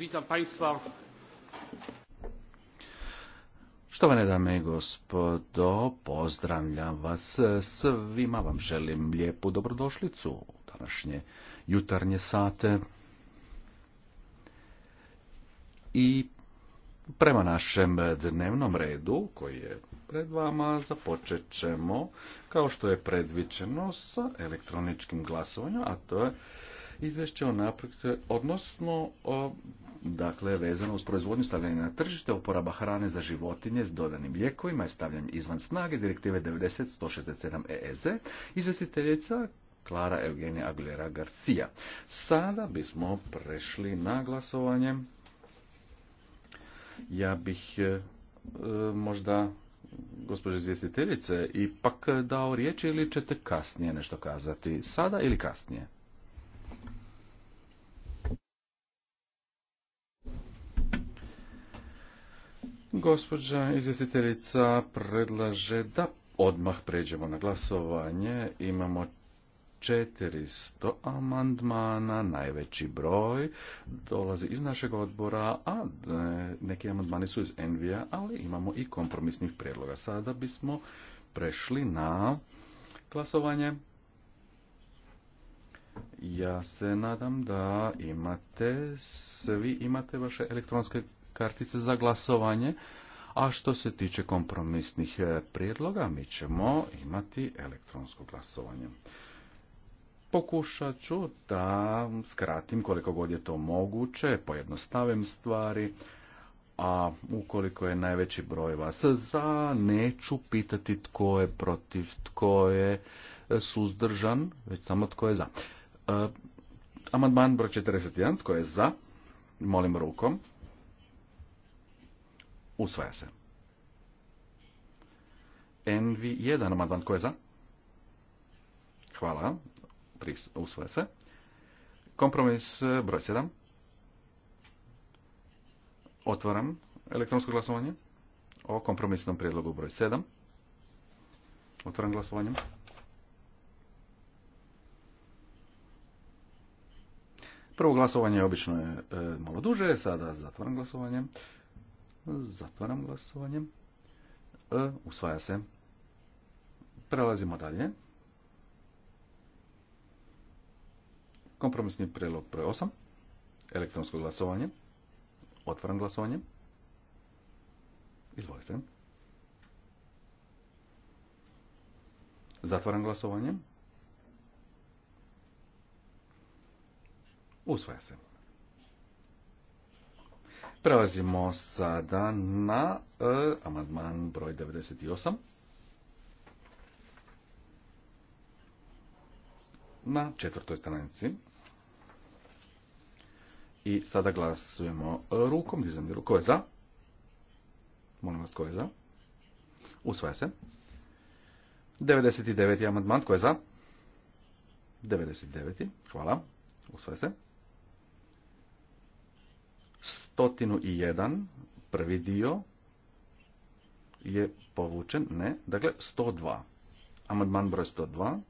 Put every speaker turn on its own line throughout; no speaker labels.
Witam Państwa.
Štovane dame i gospodo, pozdravljam vas svima, vam želim lijepu dobrodošlicu u današnje jutarnje sate. I prema našem dnevnom redu koji je pred vama započet ćemo, kao što je predvičeno sa elektroničkim glasovanjem, a to je izvješće o odnosno dakle vezano uz proizvodnju stavljanja na tržište uporaba hrane za životinje s dodanim lijekovima i stavljanje izvan snage direktive 90-167 EEZ, izvjestiteljica Klara Eugenija Aguilera Garcia. Sada bismo prešli na glasovanje. Ja bih e, možda gospođe izvjestiteljice ipak dao riječ ili ćete kasnije nešto kazati? Sada ili kasnije? Gospođa izvjestiteljica predlaže da odmah pređemo na glasovanje. Imamo 400 amandmana, najveći broj dolazi iz našeg odbora, a neki amandmani su iz Envija, ali imamo i kompromisnih prijedloga. Sada bismo prešli na glasovanje. Ja se nadam da imate, svi imate vaše elektronske kartice za glasovanje. A što se tiče kompromisnih e, prijedloga, mi ćemo imati elektronsko glasovanje. Pokušat ću da skratim koliko god je to moguće, pojednostavim stvari, a ukoliko je najveći broj vas za, neću pitati tko je protiv, tko je e, suzdržan, već samo tko je za. E, amandman broj 41, tko je za, molim rukom. Usvaja se. Envi 1 amandman za? Hvala. Usvaja se. Kompromis e, broj 7. Otvaram elektronsko glasovanje o kompromisnom prijedlogu broj 7. Otvaram glasovanje. Prvo glasovanje obično je e, malo duže, sada zatvaram glasovanje. Zatvaram glasovanje. E, usvaja se. Prelazimo dalje. Kompromisni prelog broj 8. Elektronsko glasovanje. Otvaram glasovanje. Izvolite. Zatvaram glasovanje. Usvaja se. Prelazimo sada na e, amandman broj 98. Na četvrtoj stranici. I sada glasujemo rukom, dizam je Ko je za? Molim vas, ko je za? Usvaja se. 99. amandman, ko je za? 99. Hvala. Usvaja se. 101, prvi dio je povučen, ne, dakle 102. Amandman broj 102.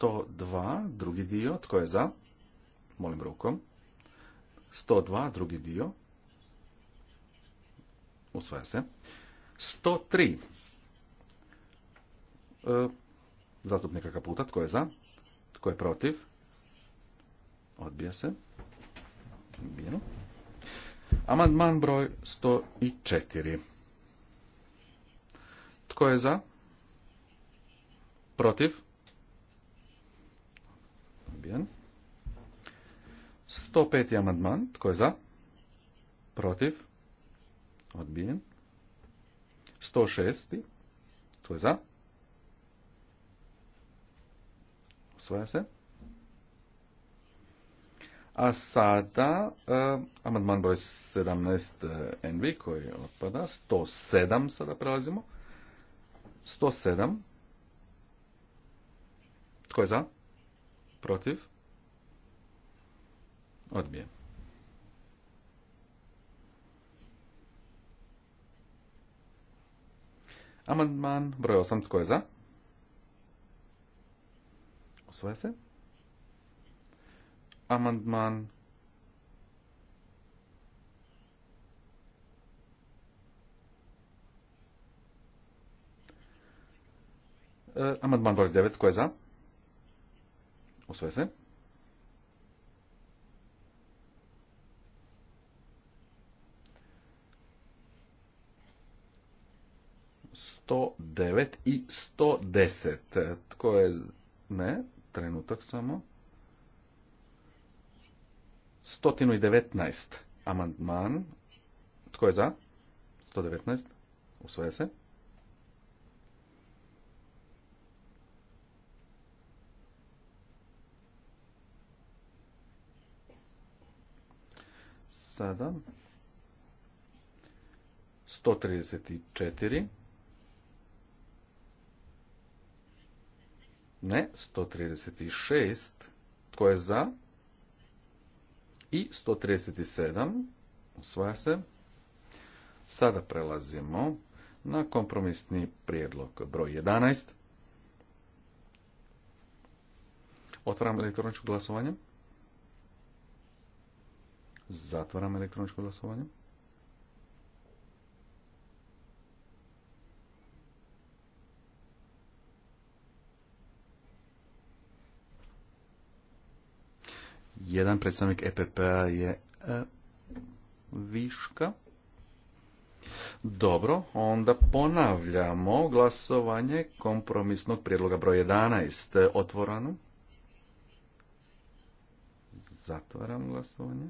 102, drugi dio, tko je za? Molim rukom. 102, drugi dio. Usvaja se. 103 e, zastupnika Kaputa. Tko je za? Tko je protiv? Odbija se. Odbijeno. Amandman broj 104. Tko je za? Protiv? Odbijen. 105. amandman. Tko je za? Protiv? Odbijen. 106. Tko je za? Osvaja se. A sada, e, amadman broj 17 e, NV koji odpada. 107 sada prelazimo. 107. Tko je za? Protiv? Odbijem. Amandman broj 8. Tko je za? Usvaja se. Amandman e, Amandman broj 9. Tko je za? Usvaja se. 109 i 110. Tko je... Ne, trenutak samo. 119. Amandman. Tko je za? 119. Usvoje se. Sada. 134. Ne, 136. Tko je za? I 137. osvaja se. Sada prelazimo na kompromisni prijedlog broj 11. Otvaram elektroničko glasovanje. Zatvaram elektroničko glasovanje. Jedan predstavnik EPP-a je e, viška. Dobro, onda ponavljamo glasovanje kompromisnog prijedloga broj 11 otvoranu. Zatvaram glasovanje.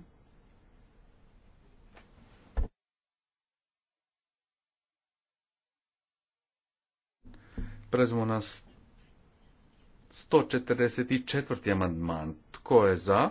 Prezimo na 144. amandman. Tko je za?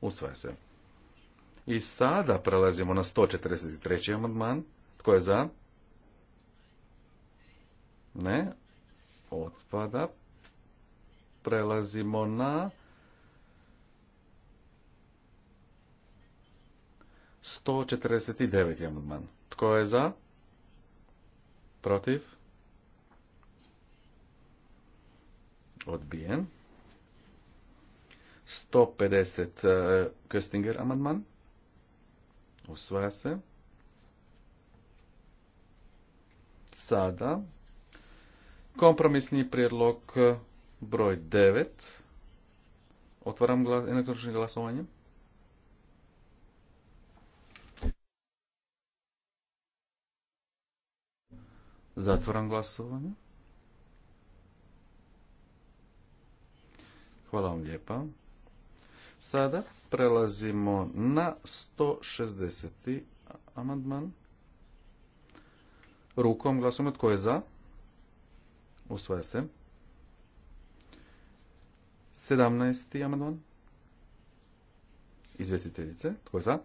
Usvaja se. I sada prelazimo na 143. amandman. Tko je za? Ne. Otpada. Prelazimo na 149. amandman. Tko je za? Protiv? Odbijen. 150 e, Köstinger amandman. Usvaja se. Sada kompromisni prijedlog broj 9. Otvaram glasovanje. Zatvaram glasovanje. Hvala vam lijepa. Sada prelazimo na 160. amandman. Rukom glasujemo tko je za. Usvaja se. 17. amandman. Izvjestiteljice. Tko je za?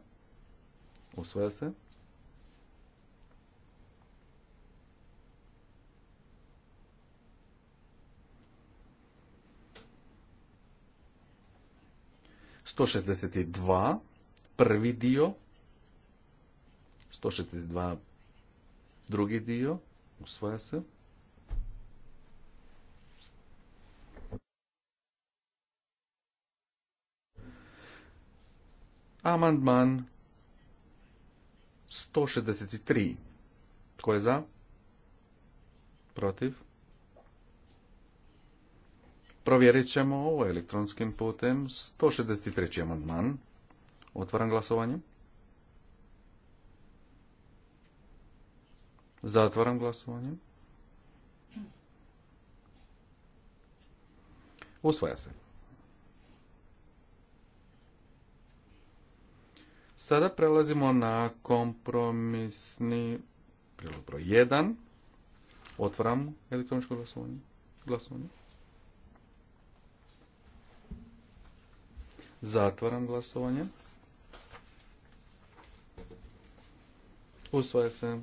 Usvaja se. 162, prvi dio, 162, drugi dio, usvaja se. Amandman 163. Tko je za? Protiv? Provjerit ćemo ovo elektronskim putem. 163. amandman. Otvaram glasovanje. Zatvaram glasovanje. Usvaja se. Sada prelazimo na kompromisni prilog broj 1. Otvaram elektroničko glasovanje. glasovanje. Zatvaram glasovanje. Usvaja se.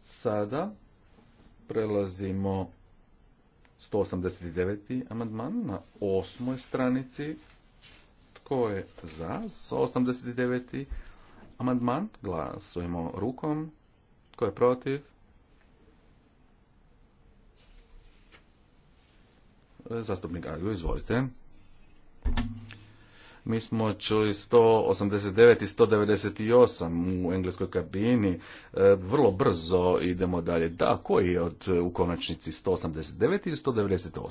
Sada prelazimo 189. amandman na osmoj stranici. Tko je za 189. amandman? Glasujemo rukom. Tko je protiv? Zastupnik Agio, izvolite. Mi smo čuli 189 i 198 u engleskoj kabini. E, vrlo brzo idemo dalje. Da, koji je u konačnici 189 ili 198?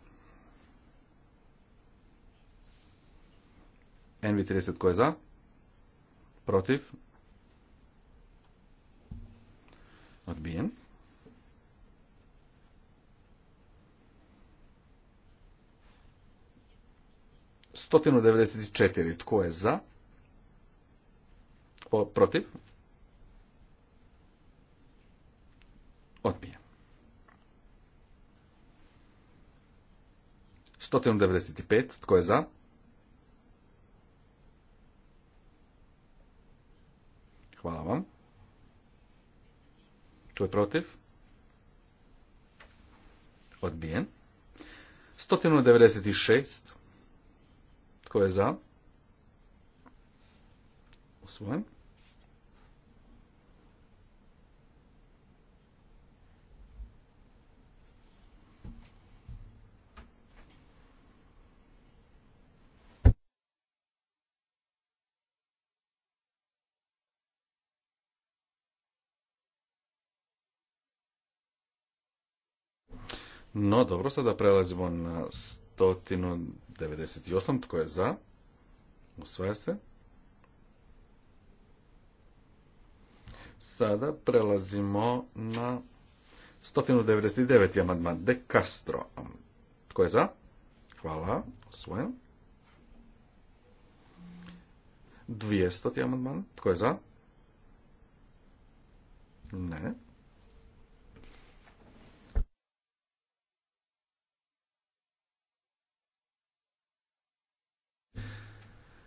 NV30 tko je za? Protiv? Odbijen. Stotinu devedeset četiri. Tko je za? protiv? Odbijen. 195. Tko je za? Hvala vam. Tko je protiv? Odbijen. 196. Tko je za? Usvojen. No, dobro, sada prelazimo na 198. Tko je za? Usvaja se. Sada prelazimo na 199. amandman De Castro. Tko je za? Hvala. Usvojen. 200. amandman. Tko je za? Ne.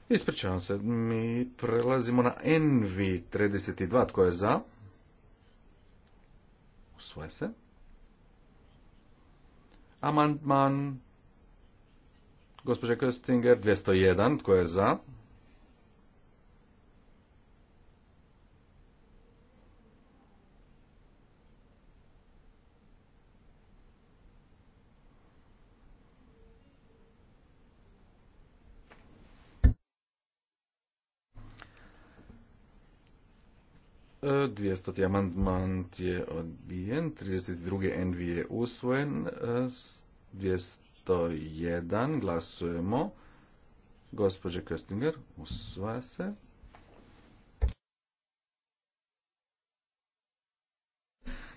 Ispričavam se, mi prelazimo na NV32, tko je za? Usvoje se. Amandman, gospođa Köstinger, 201, tko je za? 200. amandman je odbijen, 32. NV je usvojen, 201. Glasujemo. Gospođe Köstinger, usvaja se.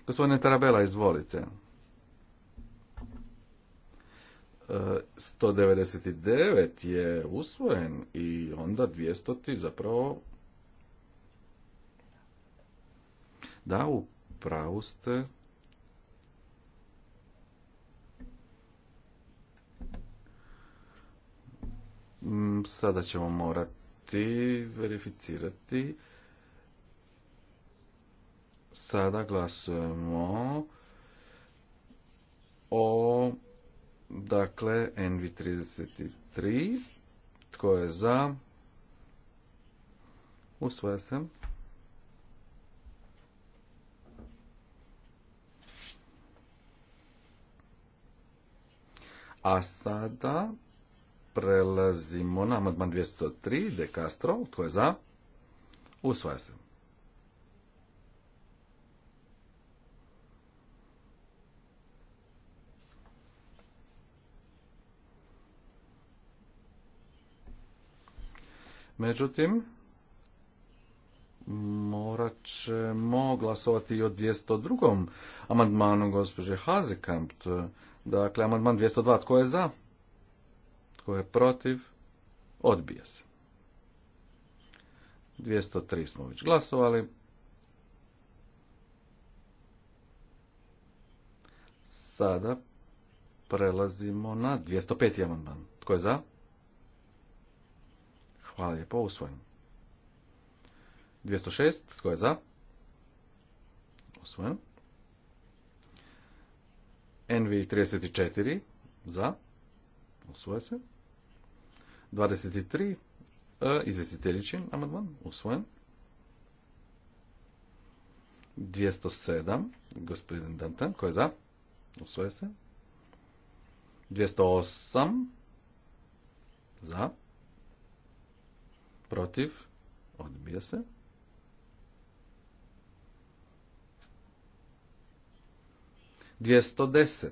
Gospodine Tarabela, izvolite. 199 je usvojen i onda 200 zapravo Da, u pravu ste. Mm, sada ćemo morati verificirati. Sada glasujemo o dakle NV33. Tko je za? usvoja se. A sada prelazimo na amadman 203, De Castro, tko je za? Usvaja se. Međutim, morat ćemo glasovati i o 202. amandmanu gospođe Hazekamp. Dakle, amandman 202. Tko je za? Tko je protiv? Odbija se. 203 smo već glasovali. Sada prelazimo na 205. amandman. Tko je za? Hvala lijepo, usvojen. 206. Tko je za? Usvojen. NV34 za, usvoje se. 23 e, izvestiteljičin, amandman, usvojen. 207, gospodin Dantan, ko je za? Usvoje se. 208, za. Protiv, odbija se. 210.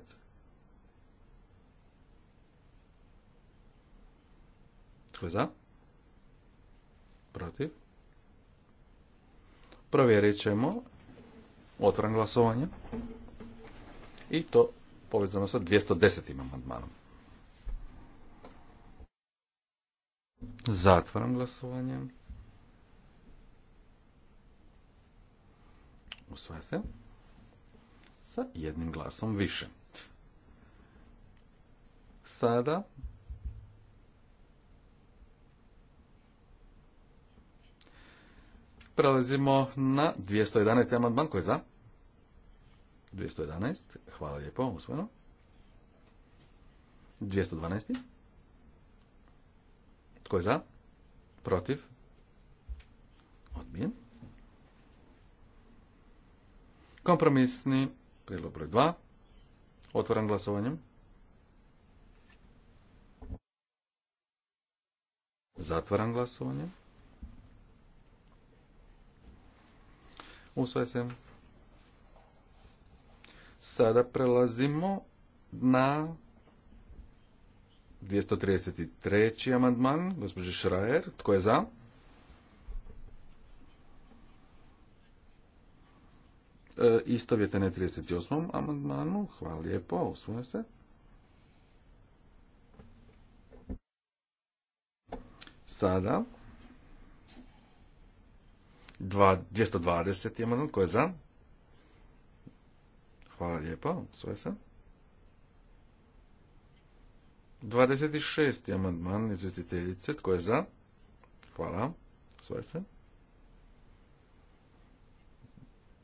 Tko je za? Protiv? Provjerit ćemo. Otvoram glasovanje. I to povezano sa 210. amandmanom. Zatvaram glasovanje. Usvaja se sa jednim glasom više. Sada prelazimo na 211. amandman koji je za. 211. Hvala lijepo, usvojeno. 212. Tko je za? Protiv? Odbijen. Kompromisni Prijedlog broj 2. Otvaram glasovanjem. Zatvaram glasovanje. Usvaj se. Sada prelazimo na 233. amandman, gospođe Šrajer. Tko je za? istovjetne na 38. amandmanu. Hvala lijepo, usvojim se. Sada 220. amandman, ko je za? Hvala lijepo, usvojim se. 26. amandman izvestiteljice, tko je za? Hvala, usvojim se.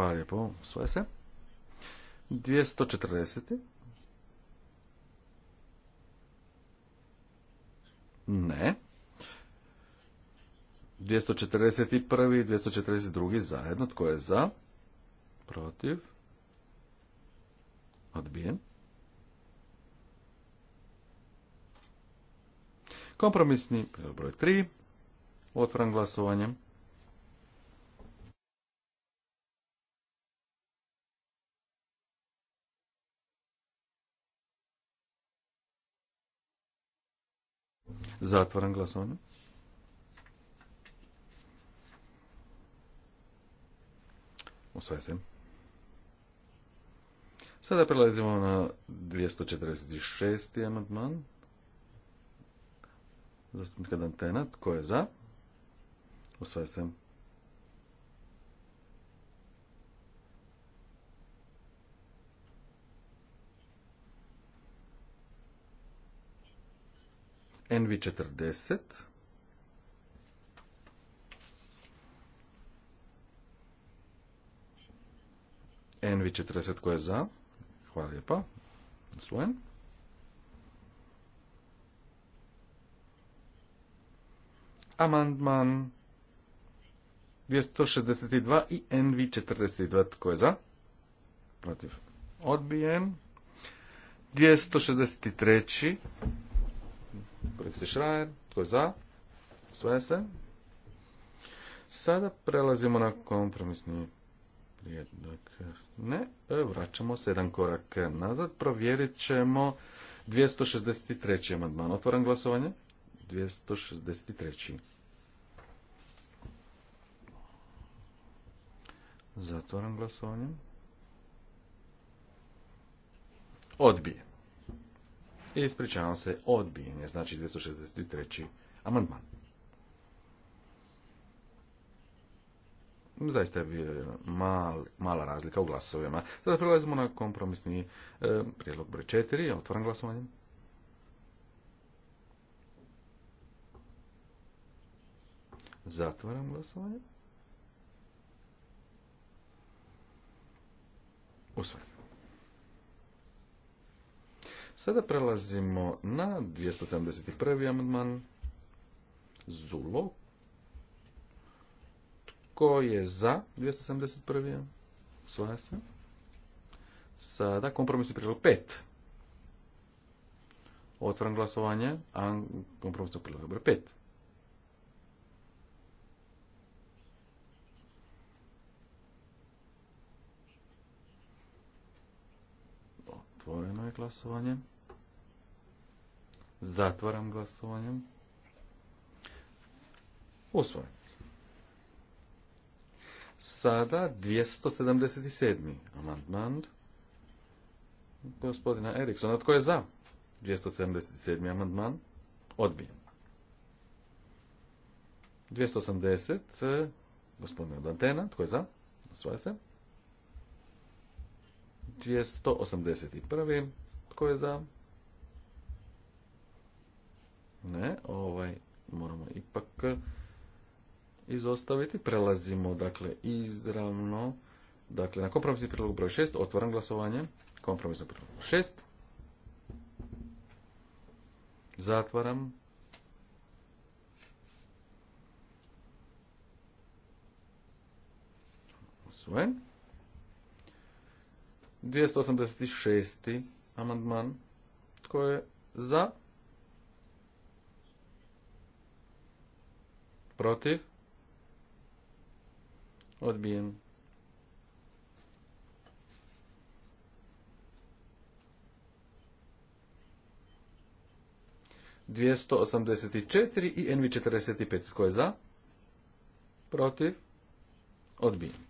Hvala lijepo. Svoje se. 240. Ne. 241. i 242. zajedno. Tko je za? Protiv? Odbijen. Kompromisni broj 3. Otvoram glasovanjem. zatvoren glasovanje. Usvesen. Sada prelazimo na 246. amandman. Zastupnika Dantena, tko je za? Usvesen. NV40. NV40 koje je za. Hvala lijepa. svojen Amandman 262 i NV42 tko je za? Protiv. Odbijen. 263 kolegice Šrajer, tko je za? Sve se. Sada prelazimo na kompromisni prijedlog. Ne, e, vraćamo se jedan korak nazad. Provjerit ćemo 263. amandman. Otvaram glasovanje. 263. Zatvaram glasovanje. Odbije. Ispričavam se, odbijenje, znači 263. amandman. Zaista je bio mala razlika u glasovima. Sada prelazimo na kompromisni e, prijedlog broj 4. otvoren glasovanje. Zatvaram glasovanje. Usvajam Sada prelazimo na 271. amandman. Zulo. Tko je za 271. Svaja se. Sada kompromisni prilog 5. Otvoran glasovanje. Kompromisni prilog 5. Otvoreno je glasovanje. Zatvaram glasovanje. Usvojen. Sada 277. amandman gospodina Eriksona. Tko je za? 277. amandman. Odbijen. 280. Eh, gospodina Dantena. Tko je za? Osvaja se. 281. Tko je za? Ne, ovaj moramo ipak izostaviti. Prelazimo, dakle, izravno. Dakle, na kompromisni prilog broj 6 otvaram glasovanje. Kompromisni prilog 6. Zatvaram. Usvojen. 286. amandman. Tko je za? Protiv? Odbijen. Dvijesto osamdeset četiri i NV četrdeset pet. Tko je za? Protiv? Odbijen.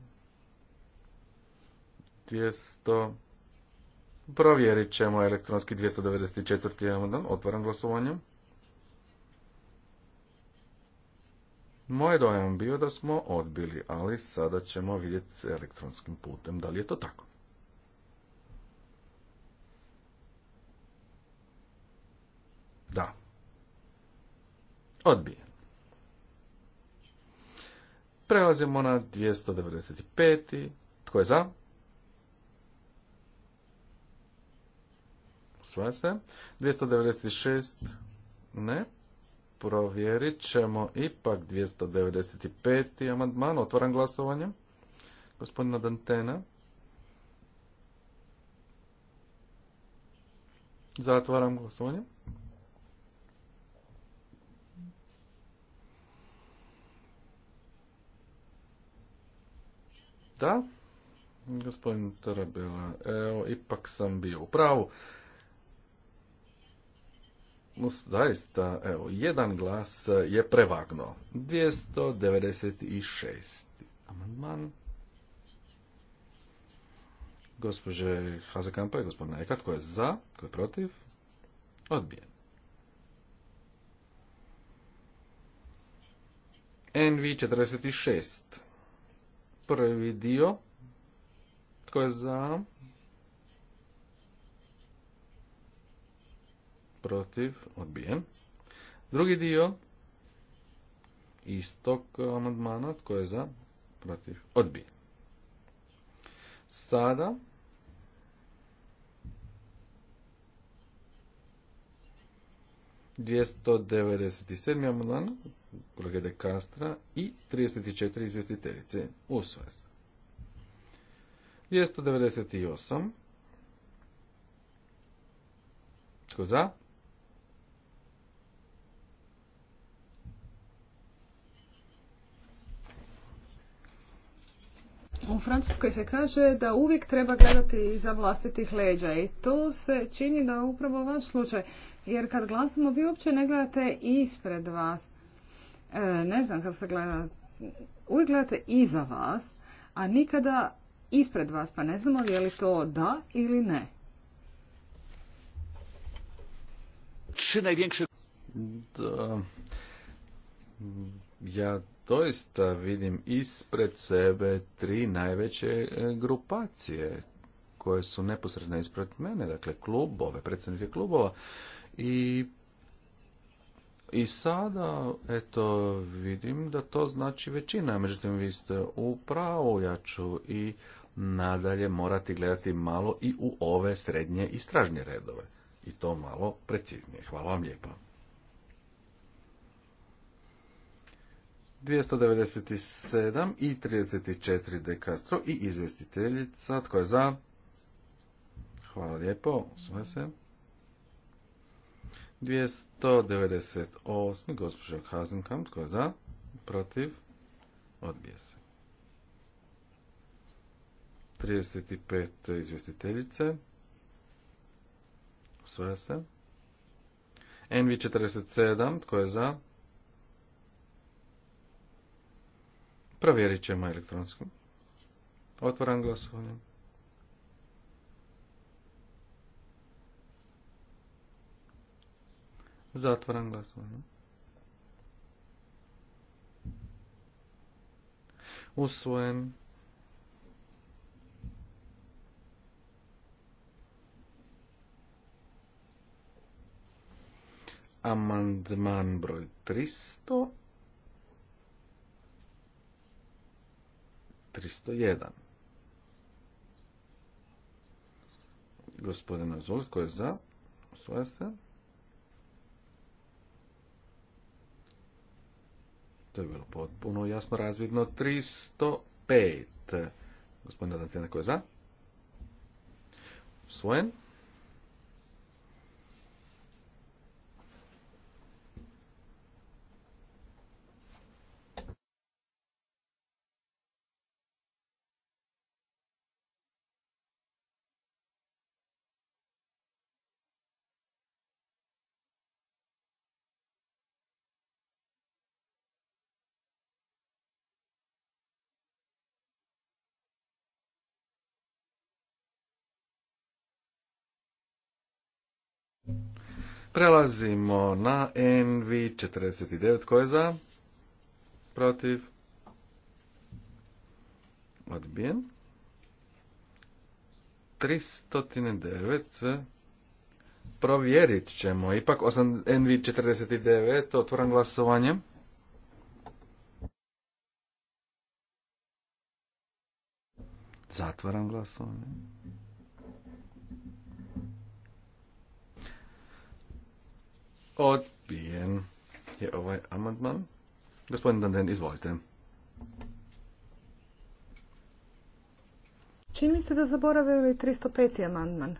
200. Provjerit ćemo elektronski 294. amandman. Otvaram glasovanje. Moj dojam bio da smo odbili, ali sada ćemo vidjeti elektronskim putem da li je to tako. Da. Odbijen. Prelazimo na 295. Tko je za? se. 296. Ne. Provjerit ćemo ipak 295. amandman. Otvaram glasovanje. Gospodina Dantena. Zatvaram glasovanje. Da, gospodin Tarabela, evo, ipak sam bio u pravu zaista, evo, jedan glas je prevagno. 296. Amandman. Gospođe Hazekampa i gospodina Eka, tko je za, tko je protiv? Odbijen. NV46. Prvi dio. Tko je za? protiv, odbijen. Drugi dio istog amandmana, tko je za, protiv, odbijen. Sada dvjesto devedeset sedam amandman kolege de Castra i 34 izvjestiteljice usvaja se. 298 tko za
U Francuskoj se kaže da uvijek treba gledati iza vlastitih leđa i to se čini da je upravo vaš slučaj. Jer kad glasamo vi uopće ne gledate ispred vas. E, ne znam kad se gleda, uvijek gledate iza vas, a nikada ispred vas. Pa ne znamo je li to da ili ne.
Trzy mm, mm,
Ja doista vidim ispred sebe tri najveće e, grupacije koje su neposredno ispred mene, dakle klubove, predstavnike klubova i i sada, eto, vidim da to znači većina, međutim vi ste u pravu, ja ću i nadalje morati gledati malo i u ove srednje i stražnje redove. I to malo preciznije. Hvala vam lijepa. 297 i 34 de Castro i izvestiteljica, Tko je za? Hvala lijepo. Sve se. 298. Gospođa Hazenkamp. Tko je za? Protiv? Odbije se. 35 izvestiteljice, Sve se. NV47. Tko je za? Provjerit ćemo elektronsko. Otvaram glasovanje. Zatvaram glasovanje. Usvojen. Amandman broj 300. 301. Gospodina Zult, tko je za? Osvoja se. To je bilo potpuno jasno razvidno. 305. Gospodina Dantina, tko je za? Usvojen. Prelazimo na NV49. Ko je za? Protiv? Odbijen. 309. Provjerit ćemo. Ipak NV49. Otvoram glasovanje. Zatvaram glasovanje. Odbijen je ovaj amandman. Gospodin Danden, izvolite.
Čini se da zaboravili ovaj 305. amandman.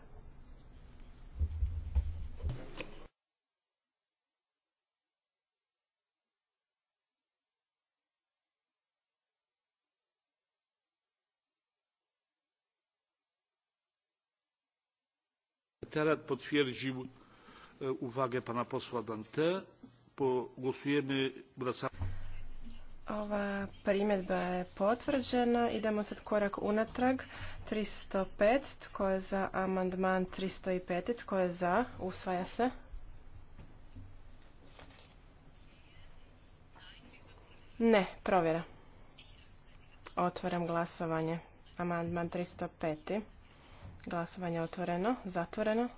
Teraz potwierdził E, uwagę pana posła Dante. Głosujemy, wracamy.
Ova primjedba je potvrđena. Idemo sad korak unatrag. 305. Tko je za amandman 305? Tko je za? Usvaja se. Ne, provjera. Otvaram glasovanje. Amandman 305. Glasovanje otvoreno, zatvoreno.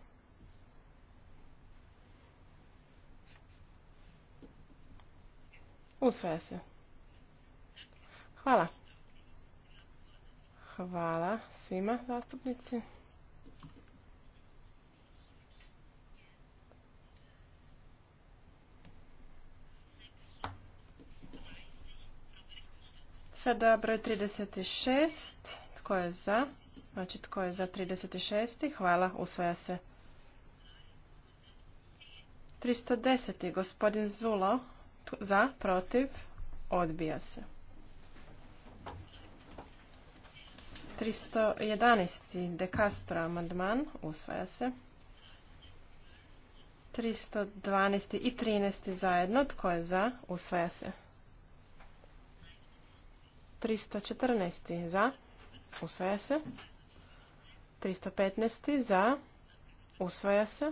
Usvaja se. Hvala. Hvala svima zastupnici. Sada broj 36. Tko je za? Znači tko je za 36. Hvala, usvaja se. 310. Gospodin Zulo. Za, protiv, odbija se. 311. De Castro amandman usvaja se. 312. i 13. zajedno. Tko je za? Usvaja se. 314. za. Usvaja se. 315. za. Usvaja se.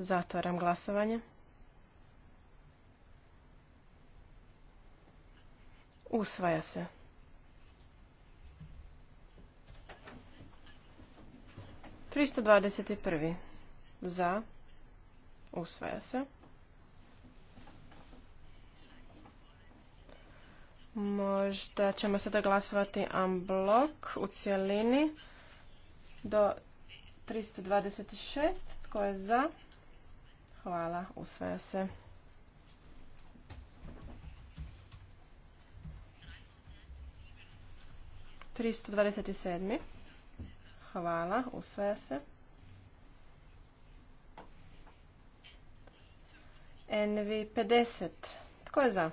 Zatvaram glasovanje. Usvaja se. Tristo dvadeset prvi za usvaja se. Možda ćemo sada glasovati unblock u cjelini do 326. Tko je za? Hvala, usvaja se. Tristo dvadeset sedmi Hvala, usvaja se. NV50. Tko je za?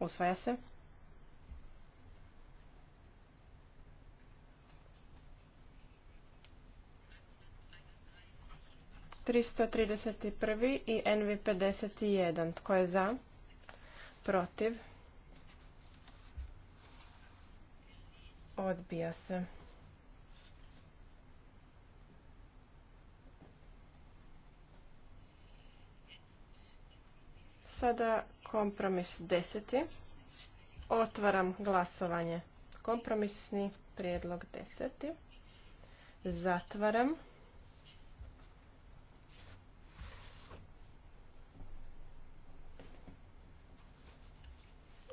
Usvaja se. 331. i NV51. Tko je za? Protiv? Odbija se. Sada kompromis deseti. Otvaram glasovanje. Kompromisni prijedlog deseti. Zatvaram.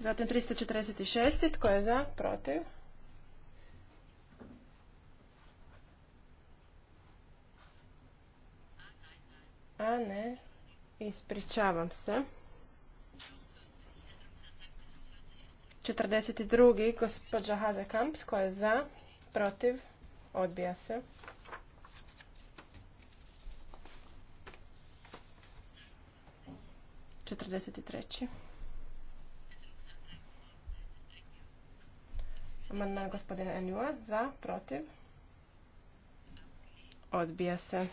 Zatim 346. Tko je za? Protiv? A ne. Ispričavam se. 42. Gospodža Hazekamp. Tko je za? Protiv? Odbija se. Četrdeset treći. Amandman gospodina Enjua za, protiv. Odbija se.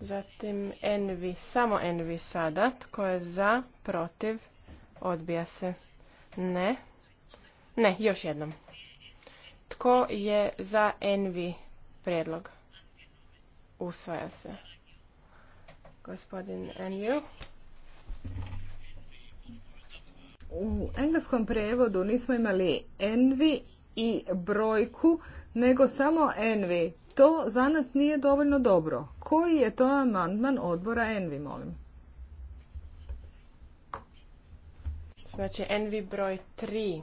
Zatim envi, samo envi sada. Tko je za, protiv, odbija se. Ne. Ne, još jednom. Tko je za Envi predlog? Usvaja
se. Gospodin Enju. U engleskom prevodu nismo imali envi i brojku, nego samo envi. To za nas nije dovoljno dobro. Koji je to amandman odbora envi, molim?
Znači envi broj 3.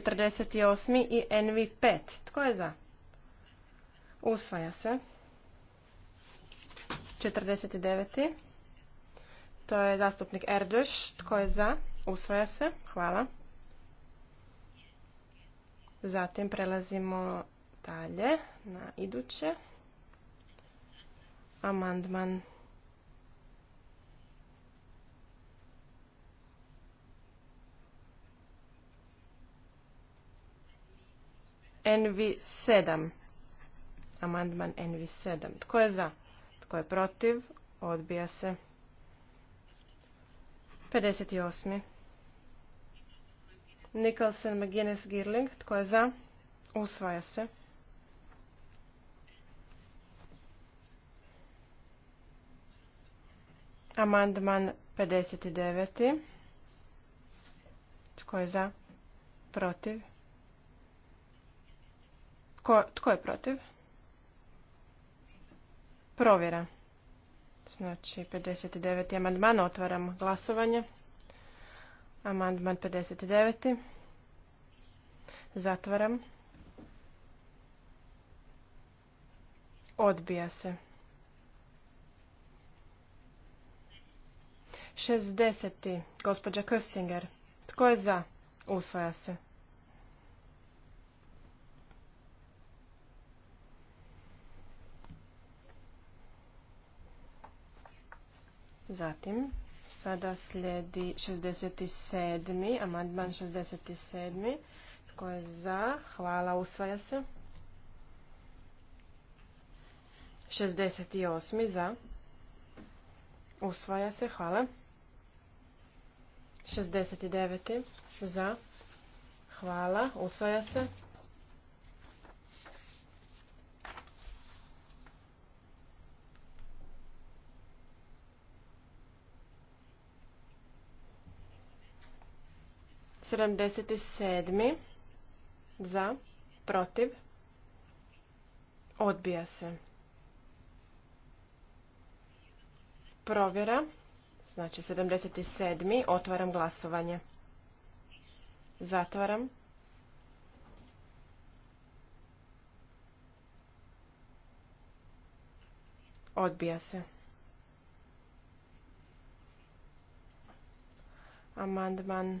48. i NV5. Tko je za? Usvaja se. 49. To je zastupnik Erdoš. Tko je za? Usvaja se. Hvala. Zatim prelazimo dalje na iduće. Amandman NV7. Amandman NV7. Tko je za? Tko je protiv? Odbija se. 58. Nicholson McGuinness, Girling. Tko je za? Usvaja se. Amandman 59. Tko je za? Protiv? tko je protiv? Provjera. Znači, 59. amandman. Otvaram glasovanje. Amandman 59. Zatvaram. Odbija se. 60. Gospođa Köstinger. Tko je za? Usvaja se. Zatim, sada slijedi 67. Amandman 67. Tko je za? Hvala, usvaja se. 68. Za. Usvaja se, hvala. 69. Za. Hvala, usvaja se. 77. Za. Protiv. Odbija se. Provjera. Znači 77. Otvaram glasovanje. Zatvaram. Odbija se. Amandman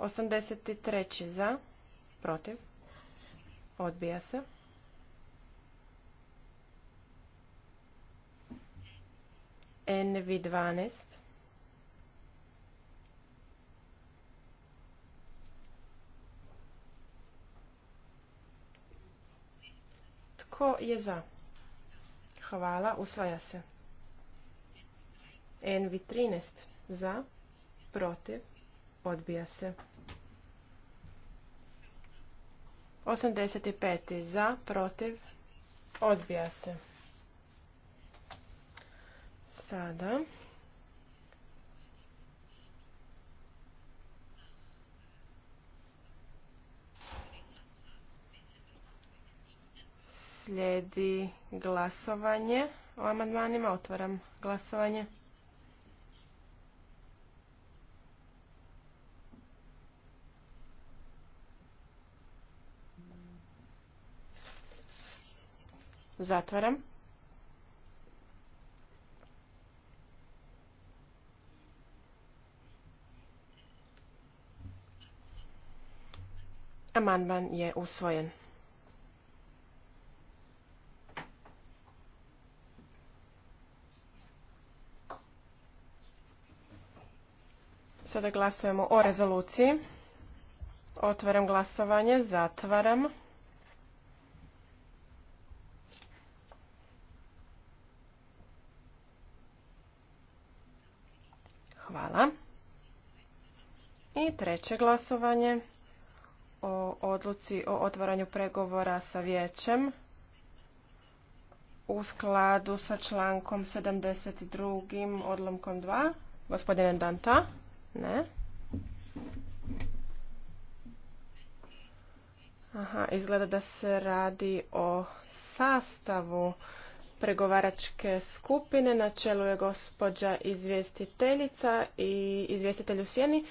83. za, protiv, odbija se. NV12. Tko je za? Hvala, usvaja se. NV13 za, protiv, odbija se. 85. za, protiv, odbija se. Sada. Slijedi glasovanje o amandmanima. Otvaram glasovanje. Zatvaram. Amandman je usvojen. Sada glasujemo o rezoluciji. Otvaram glasovanje, zatvaram. Treće glasovanje o odluci o otvaranju pregovora sa vijećem u skladu sa člankom 72. odlomkom 2. Gospodine Danta? Ne. Aha, izgleda da se radi o sastavu pregovaračke skupine. Na čelu je gospođa izvjestiteljica i izvjestitelj u sjeni.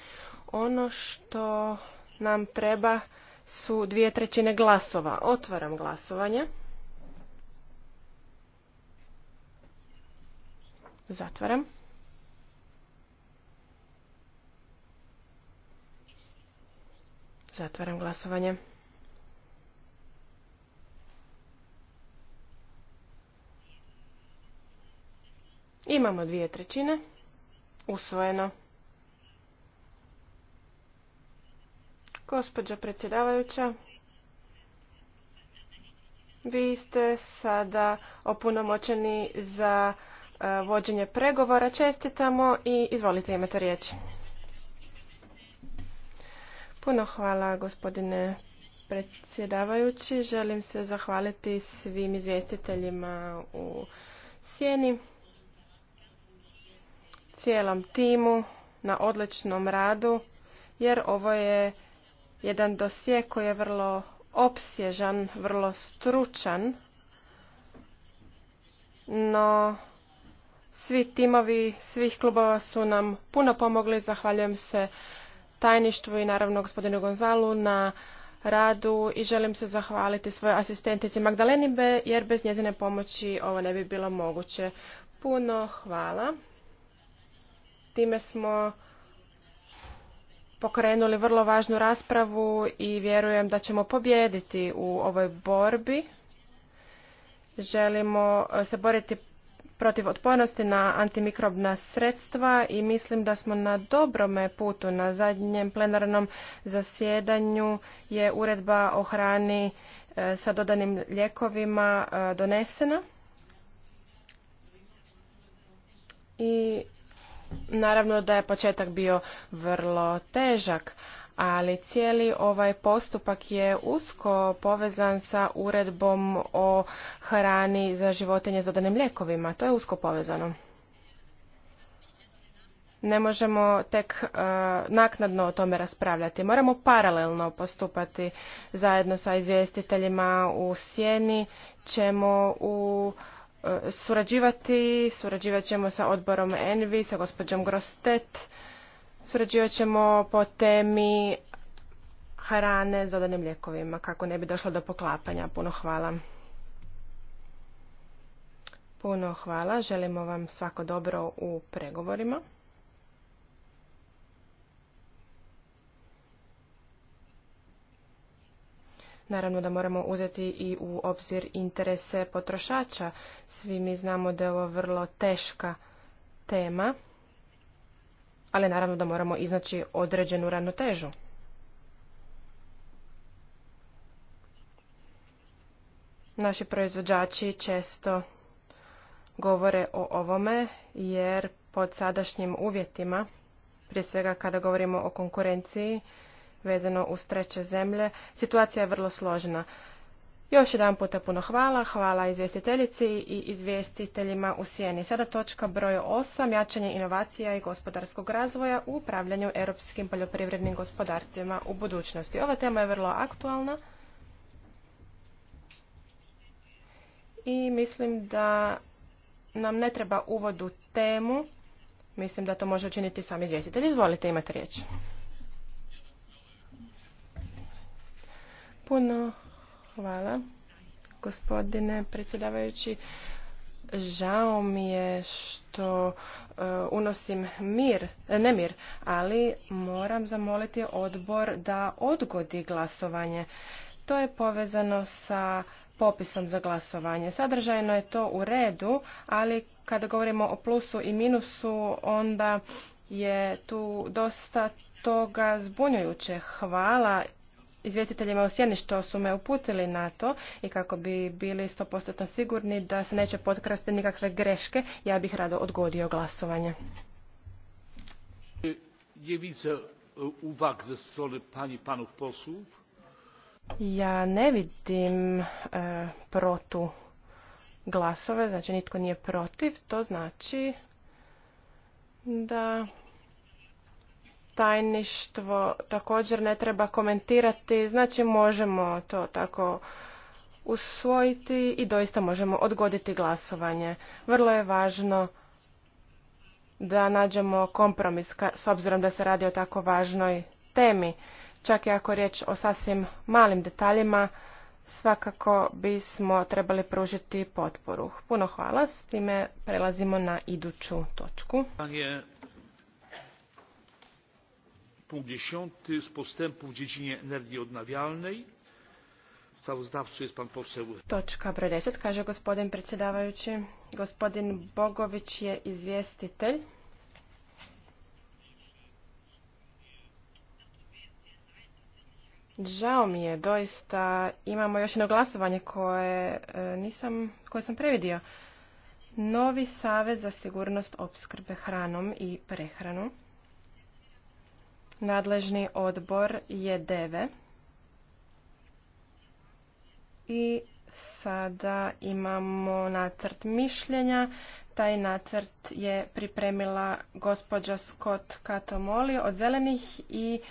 Ono što nam treba su dvije trećine glasova. Otvaram glasovanje. Zatvaram. Zatvaram glasovanje. Imamo dvije trećine. Usvojeno. Gospođo predsjedavajuća, vi ste sada opunomoćeni za e, vođenje pregovora. Čestitamo i izvolite imate riječ. Puno hvala gospodine predsjedavajući. Želim se zahvaliti svim izvjestiteljima u Sjeni, cijelom timu na odličnom radu, jer ovo je jedan dosje koji je vrlo opsježan, vrlo stručan, no svi timovi svih klubova su nam puno pomogli. Zahvaljujem se tajništvu i naravno gospodinu Gonzalu na radu i želim se zahvaliti svojoj asistentici Magdaleni jer bez njezine pomoći ovo ne bi bilo moguće. Puno hvala. Time smo pokrenuli vrlo važnu raspravu i vjerujem da ćemo pobijediti u ovoj borbi. Želimo eh, se boriti protiv otpornosti na antimikrobna sredstva i mislim da smo na dobrome putu. Na zadnjem plenarnom zasjedanju je uredba o hrani eh, sa dodanim ljekovima eh, donesena. I Naravno da je početak bio vrlo težak, ali cijeli ovaj postupak je usko povezan sa uredbom o hrani za životinje zadanim lijekovima. To je usko povezano. Ne možemo tek e, naknadno o tome raspravljati. Moramo paralelno postupati zajedno sa izvjestiteljima u sjeni ćemo u E, surađivati. Surađivat ćemo sa odborom Envi, sa gospođom Grostet. Surađivat ćemo po temi hrane s dodanim lijekovima, kako ne bi došlo do poklapanja. Puno hvala. Puno hvala. Želimo vam svako dobro u pregovorima. Naravno da moramo uzeti i u obzir interese potrošača. Svi mi znamo da je ovo vrlo teška tema, ali naravno da moramo iznaći određenu ravnotežu. Naši proizvođači često govore o ovome jer pod sadašnjim uvjetima, prije svega kada govorimo o konkurenciji, vezano uz treće zemlje. Situacija je vrlo složena. Još jedan puta puno hvala. Hvala izvjestiteljici i izvjestiteljima u Sjeni. Sada točka broj 8. Jačanje inovacija i gospodarskog razvoja u upravljanju europskim poljoprivrednim gospodarstvima u budućnosti. Ova tema je vrlo aktualna. I mislim da nam ne treba uvodu temu. Mislim da to može učiniti sam izvjestitelj. Izvolite, imate riječ. Puno hvala, gospodine predsjedavajući. Žao mi je što e, unosim mir, e, ne mir, ali moram zamoliti odbor da odgodi glasovanje. To je povezano sa popisom za glasovanje. Sadržajno je to u redu, ali kada govorimo o plusu i minusu, onda je tu dosta toga zbunjujuće. Hvala izvjestiteljima u sjeni što su me uputili na to i kako bi bili 100% sigurni da se neće potkrasti nikakve greške, ja bih rado odgodio glasovanje. E, ja ne vidim e, protu glasove, znači nitko nije protiv, to znači da tajništvo također ne treba komentirati, znači možemo to tako usvojiti i doista možemo odgoditi glasovanje. Vrlo je važno da nađemo kompromis s obzirom da se radi o tako važnoj temi. Čak i ako riječ o sasvim malim detaljima, svakako bismo trebali pružiti potporu. Puno hvala, s time prelazimo na iduću točku
punkt dziesięć z postępów w dziedzinie energii odnawialnej sprawozdawcą jest pan poseł točka broj deset
kaže gospodin predsjedavajući gospodin bogović je izvjestitelj Žao mi je, doista imamo još jedno glasovanje koje, e, koje sam previdio. Novi savez za sigurnost opskrbe hranom i prehranu. Nadležni odbor je DEVE. I sada imamo nacrt mišljenja. Taj nacrt je pripremila gospođa Scott Katomoli od Zelenih i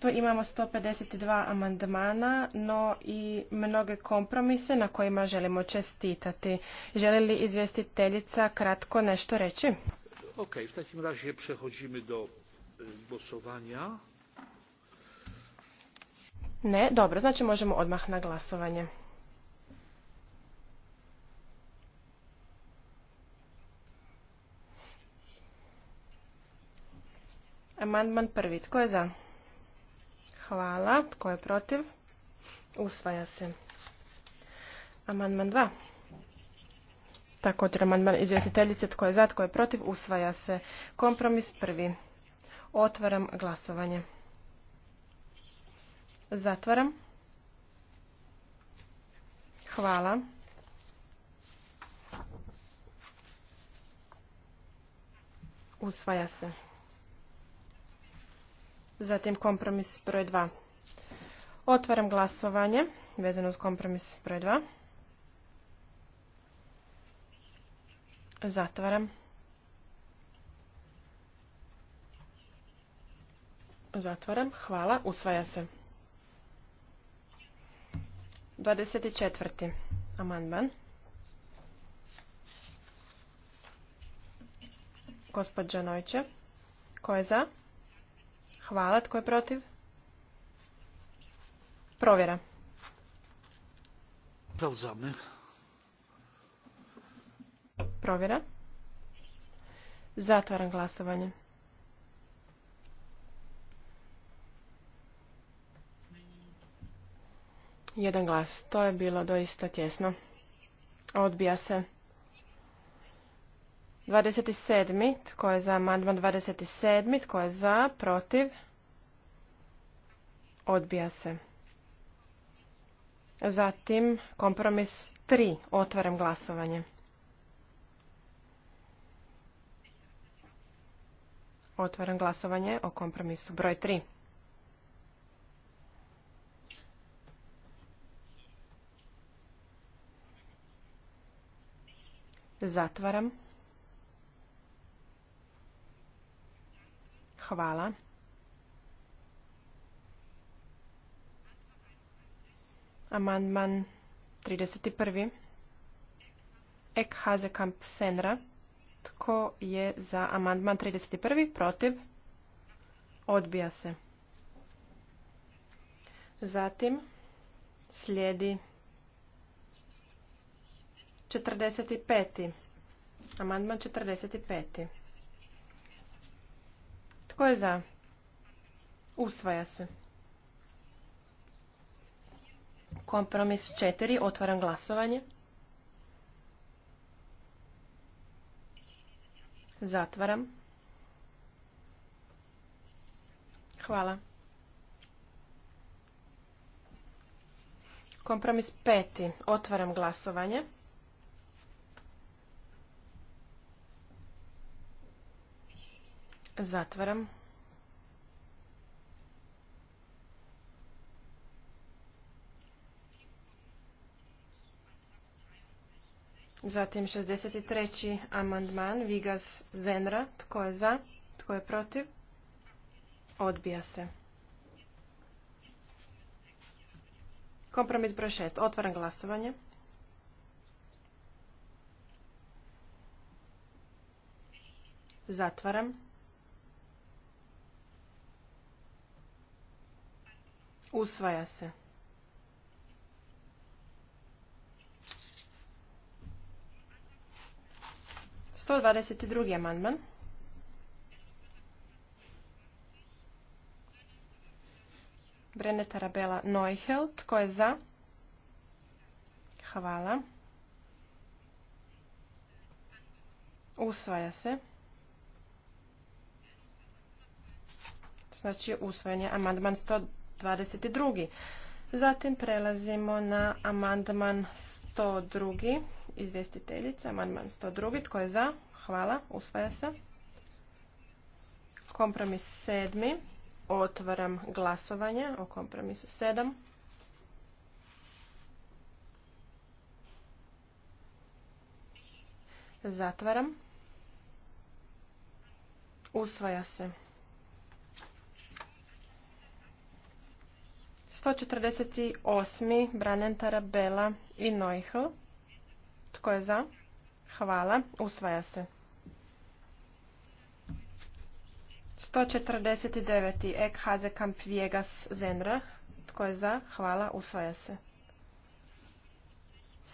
tu imamo 152 amandmana, no i mnoge kompromise na kojima želimo čestitati. Želi li izvjestiteljica kratko nešto reći?
Ok, u razie prehođimo do
ne, dobro, znači možemo odmah na glasovanje. Amandman prvi. Tko je za? Hvala. Tko je protiv? Usvaja se. Amandman dva. Također amandman izvjestiteljice. Tko je za? Tko je protiv? Usvaja se. Kompromis prvi. Otvaram glasovanje. Zatvaram. Hvala. Usvaja se. Zatim kompromis broj 2. Otvaram glasovanje vezano uz kompromis broj 2. Zatvaram. Zatvaram. Hvala. Usvaja se. 24. amandman. Gospod Nojče. Ko je za? Hvala. Tko je protiv? Provjera. Sprawdzamy. Provjera. Zatvaram glasovanje. Jedan glas. To je bilo doista tjesno. Odbija se. 27. Tko je za amandman 27. Tko je za? Protiv? Odbija se. Zatim kompromis 3. Otvaram glasovanje. Otvaram glasovanje o kompromisu broj 3. Zatvaram. Hvala. Amandman 31. Ek Hazekamp Senra. Tko je za amandman 31. protiv? Odbija se. Zatim slijedi 45. Amandman 45. Tko je za? Usvaja se. Kompromis 4. Otvaram glasovanje. Zatvaram. Hvala. Kompromis peti. Otvaram glasovanje. Zatvaram. Zatim 63. amandman Vigas Zenra. Tko je za? Tko je protiv? Odbija se. Kompromis broj 6. Otvaram glasovanje. Zatvaram. Usvaja se. Sto dvadeset drugi amandman. breneta Tarabela Neuhel. Tko je za? Hvala. Usvaja se. Znači usvojen je amandman sto 22. Zatim prelazimo na amandman 102. Izvjestiteljica, amandman 102. Tko je za? Hvala, usvaja se. Kompromis 7. Otvaram glasovanje o kompromisu 7. Zatvaram. Usvaja se. 148. Branen Tarabela i Neuhl. Tko je za? Hvala. Usvaja se. 149. Ek Hazekamp Viegas Zenrah. Tko je za? Hvala. Usvaja se.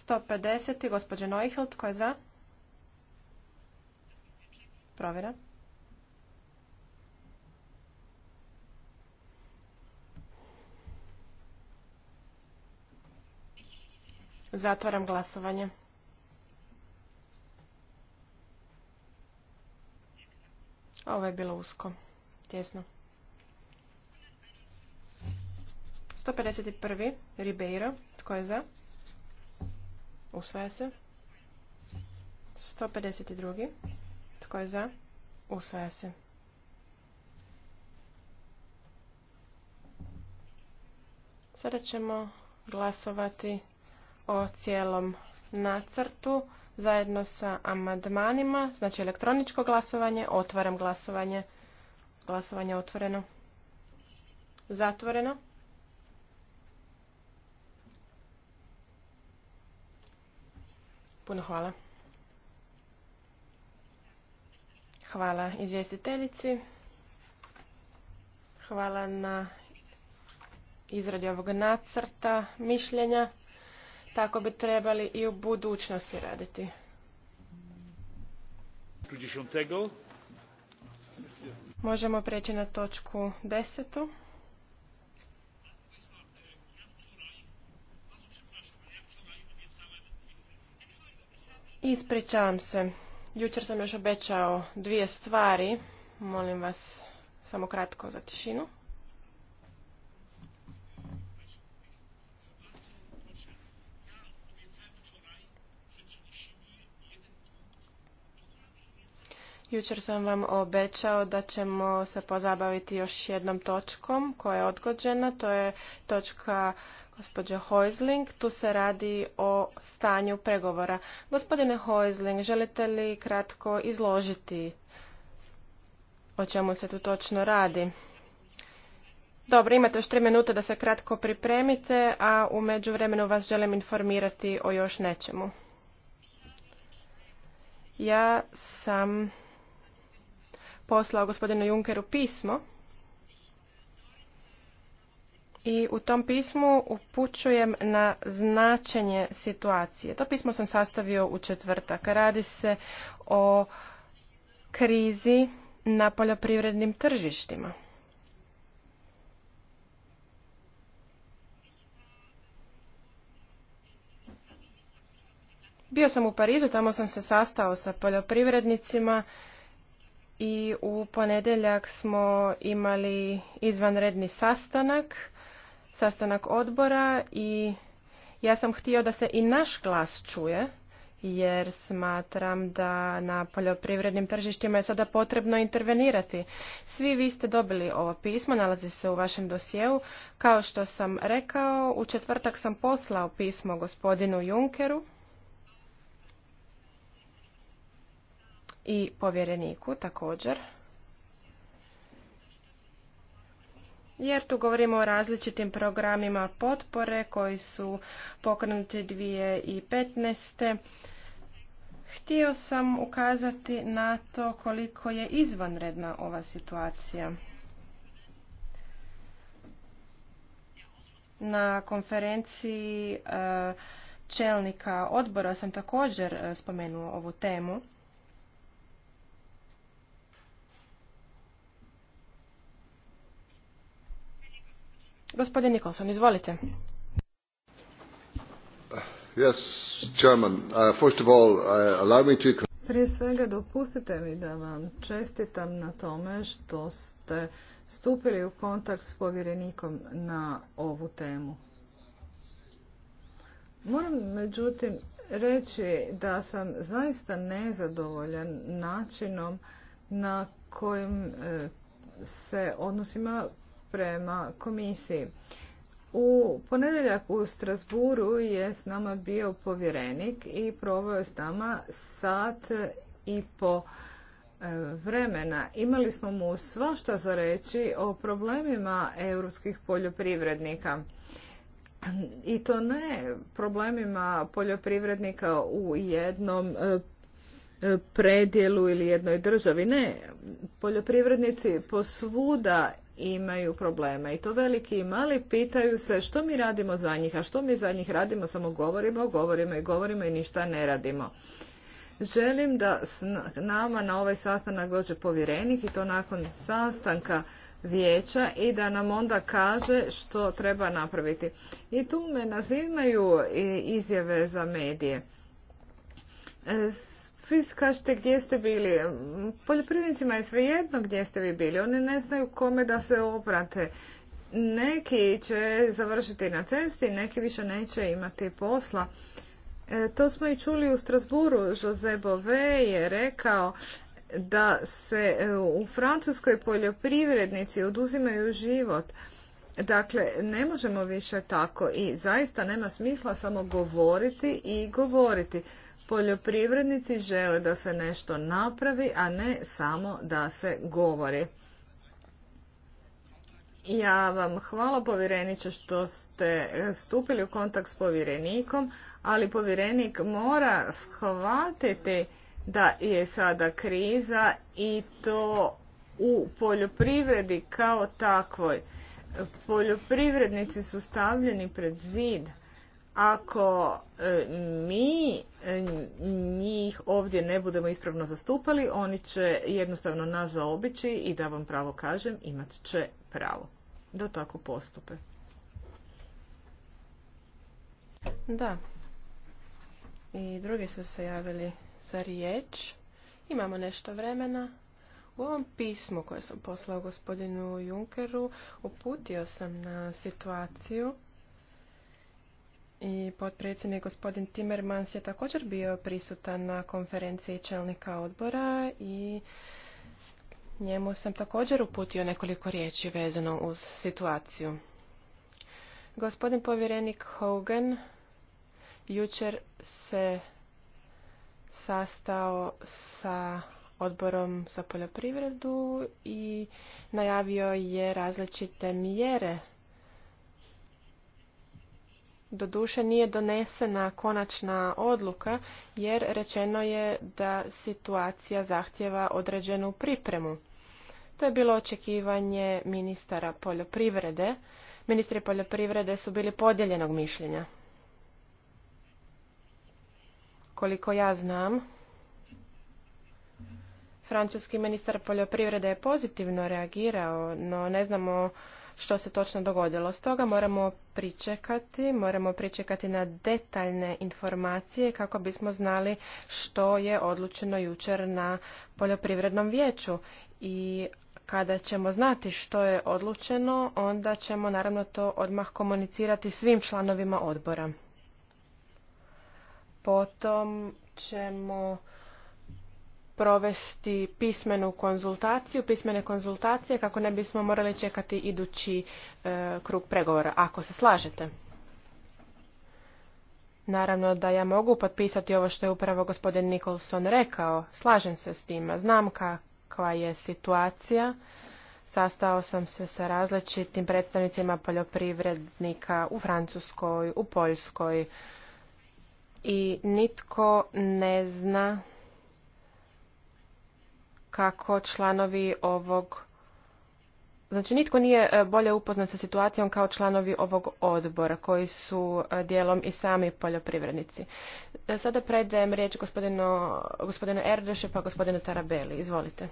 150. Gospođe Neuhl. Tko je za? Provjera. Zatvaram glasovanje. Ovo je bilo usko, tjesno. 151. Ribeiro. Tko je za? Usvaja se. 152. Tko je za? Usvaja se. Sada ćemo glasovati o cijelom nacrtu zajedno sa amandmanima, znači elektroničko glasovanje, otvaram glasovanje, glasovanje otvoreno, zatvoreno. Puno hvala. Hvala izvjestiteljici. Hvala na izradi ovog nacrta mišljenja tako bi trebali i u budućnosti raditi. Možemo preći na točku desetu. Ispričavam se. Jučer sam još obećao dvije stvari. Molim vas samo kratko za tišinu. Jučer sam vam obećao da ćemo se pozabaviti još jednom točkom koja je odgođena. To je točka gospođe Hoizling. Tu se radi o stanju pregovora. Gospodine Hoizling, želite li kratko izložiti o čemu se tu točno radi? Dobro, imate još tri minute da se kratko pripremite, a u međuvremenu vas želim informirati o još nečemu. Ja sam poslao gospodinu Junkeru pismo i u tom pismu upućujem na značenje situacije. To pismo sam sastavio u četvrtak. Radi se o krizi na poljoprivrednim tržištima. Bio sam u Parizu, tamo sam se sastao sa poljoprivrednicima i u ponedjeljak smo imali izvanredni sastanak, sastanak odbora i ja sam htio da se i naš glas čuje jer smatram da na poljoprivrednim tržištima je sada potrebno intervenirati. Svi vi ste dobili ovo pismo, nalazi se u vašem dosjeu. Kao što sam rekao, u četvrtak sam poslao pismo gospodinu Junkeru i povjereniku također. jer tu govorimo o različitim programima potpore koji su pokrenuti 2015. Htio sam ukazati na to koliko je izvanredna ova situacija. Na konferenciji eh, čelnika odbora sam također eh, spomenuo ovu temu. Gospodin Nikolson, izvolite.
Prije svega dopustite mi da vam čestitam na tome što ste stupili u kontakt s povjerenikom na ovu temu. Moram međutim reći da sam zaista nezadovoljan načinom na kojim e, se odnosima prema komisiji. U ponedjeljak u Strasburu je s nama bio povjerenik i proveo je s nama sat i po e, vremena. Imali smo mu svašta za reći o problemima europskih poljoprivrednika. I to ne problemima poljoprivrednika u jednom e, e, predjelu ili jednoj državi. Ne, poljoprivrednici posvuda imaju problema. I to veliki i mali pitaju se što mi radimo za njih, a što mi za njih radimo, samo govorimo, govorimo i govorimo i ništa ne radimo. Želim da nama na ovaj sastanak dođe povjerenik i to nakon sastanka vijeća i da nam onda kaže što treba napraviti. I tu me nazivaju e, izjave za medije. E, vi kažete gdje ste bili. Poljoprivrednicima je svejedno gdje ste vi bili. Oni ne znaju kome da se obrate. Neki će završiti na cesti, neki više neće imati posla. E, to smo i čuli u Strasburu. Jose Bove je rekao da se e, u Francuskoj poljoprivrednici oduzimaju život. Dakle, ne možemo više tako i zaista nema smisla samo govoriti i govoriti. Poljoprivrednici žele da se nešto napravi, a ne samo da se govori. Ja vam hvala povjereniče što ste stupili u kontakt s povjerenikom, ali povjerenik mora shvatiti da je sada kriza i to u poljoprivredi kao takvoj. Poljoprivrednici su stavljeni pred zid. Ako e, mi e, njih ovdje ne budemo ispravno zastupali, oni će jednostavno nas zaobići i da vam pravo kažem, imat će pravo da tako postupe.
Da. I drugi su se javili za riječ. Imamo nešto vremena. U ovom pismu koje sam poslao gospodinu Junkeru uputio sam na situaciju i potpredsjednik gospodin Timmermans je također bio prisutan na konferenciji čelnika odbora i njemu sam također uputio nekoliko riječi vezano uz situaciju. Gospodin povjerenik Hogan jučer se sastao sa odborom za poljoprivredu i najavio je različite mjere Doduše nije donesena konačna odluka jer rečeno je da situacija zahtjeva određenu pripremu. To je bilo očekivanje ministara poljoprivrede. Ministri poljoprivrede su bili podijeljenog mišljenja. Koliko ja znam, francuski ministar poljoprivrede je pozitivno reagirao, no ne znamo što se točno dogodilo. Stoga moramo pričekati, moramo pričekati na detaljne informacije kako bismo znali što je odlučeno jučer na poljoprivrednom vijeću i kada ćemo znati što je odlučeno, onda ćemo naravno to odmah komunicirati svim članovima odbora. Potom ćemo provesti pismenu konzultaciju, pismene konzultacije kako ne bismo morali čekati idući e, krug pregovora, ako se slažete. Naravno da ja mogu potpisati ovo što je upravo gospodin Nikolson rekao, slažem se s tim. znam kakva je situacija. Sastao sam se sa različitim predstavnicima poljoprivrednika u Francuskoj, u Poljskoj i nitko ne zna kako članovi ovog Znači nitko nije e, bolje upoznat sa situacijom kao članovi ovog odbora koji su e, dijelom i sami poljoprivrednici. E, sada predajem riječ gospodinu, gospodinu pa gospodinu Tarabeli. Izvolite.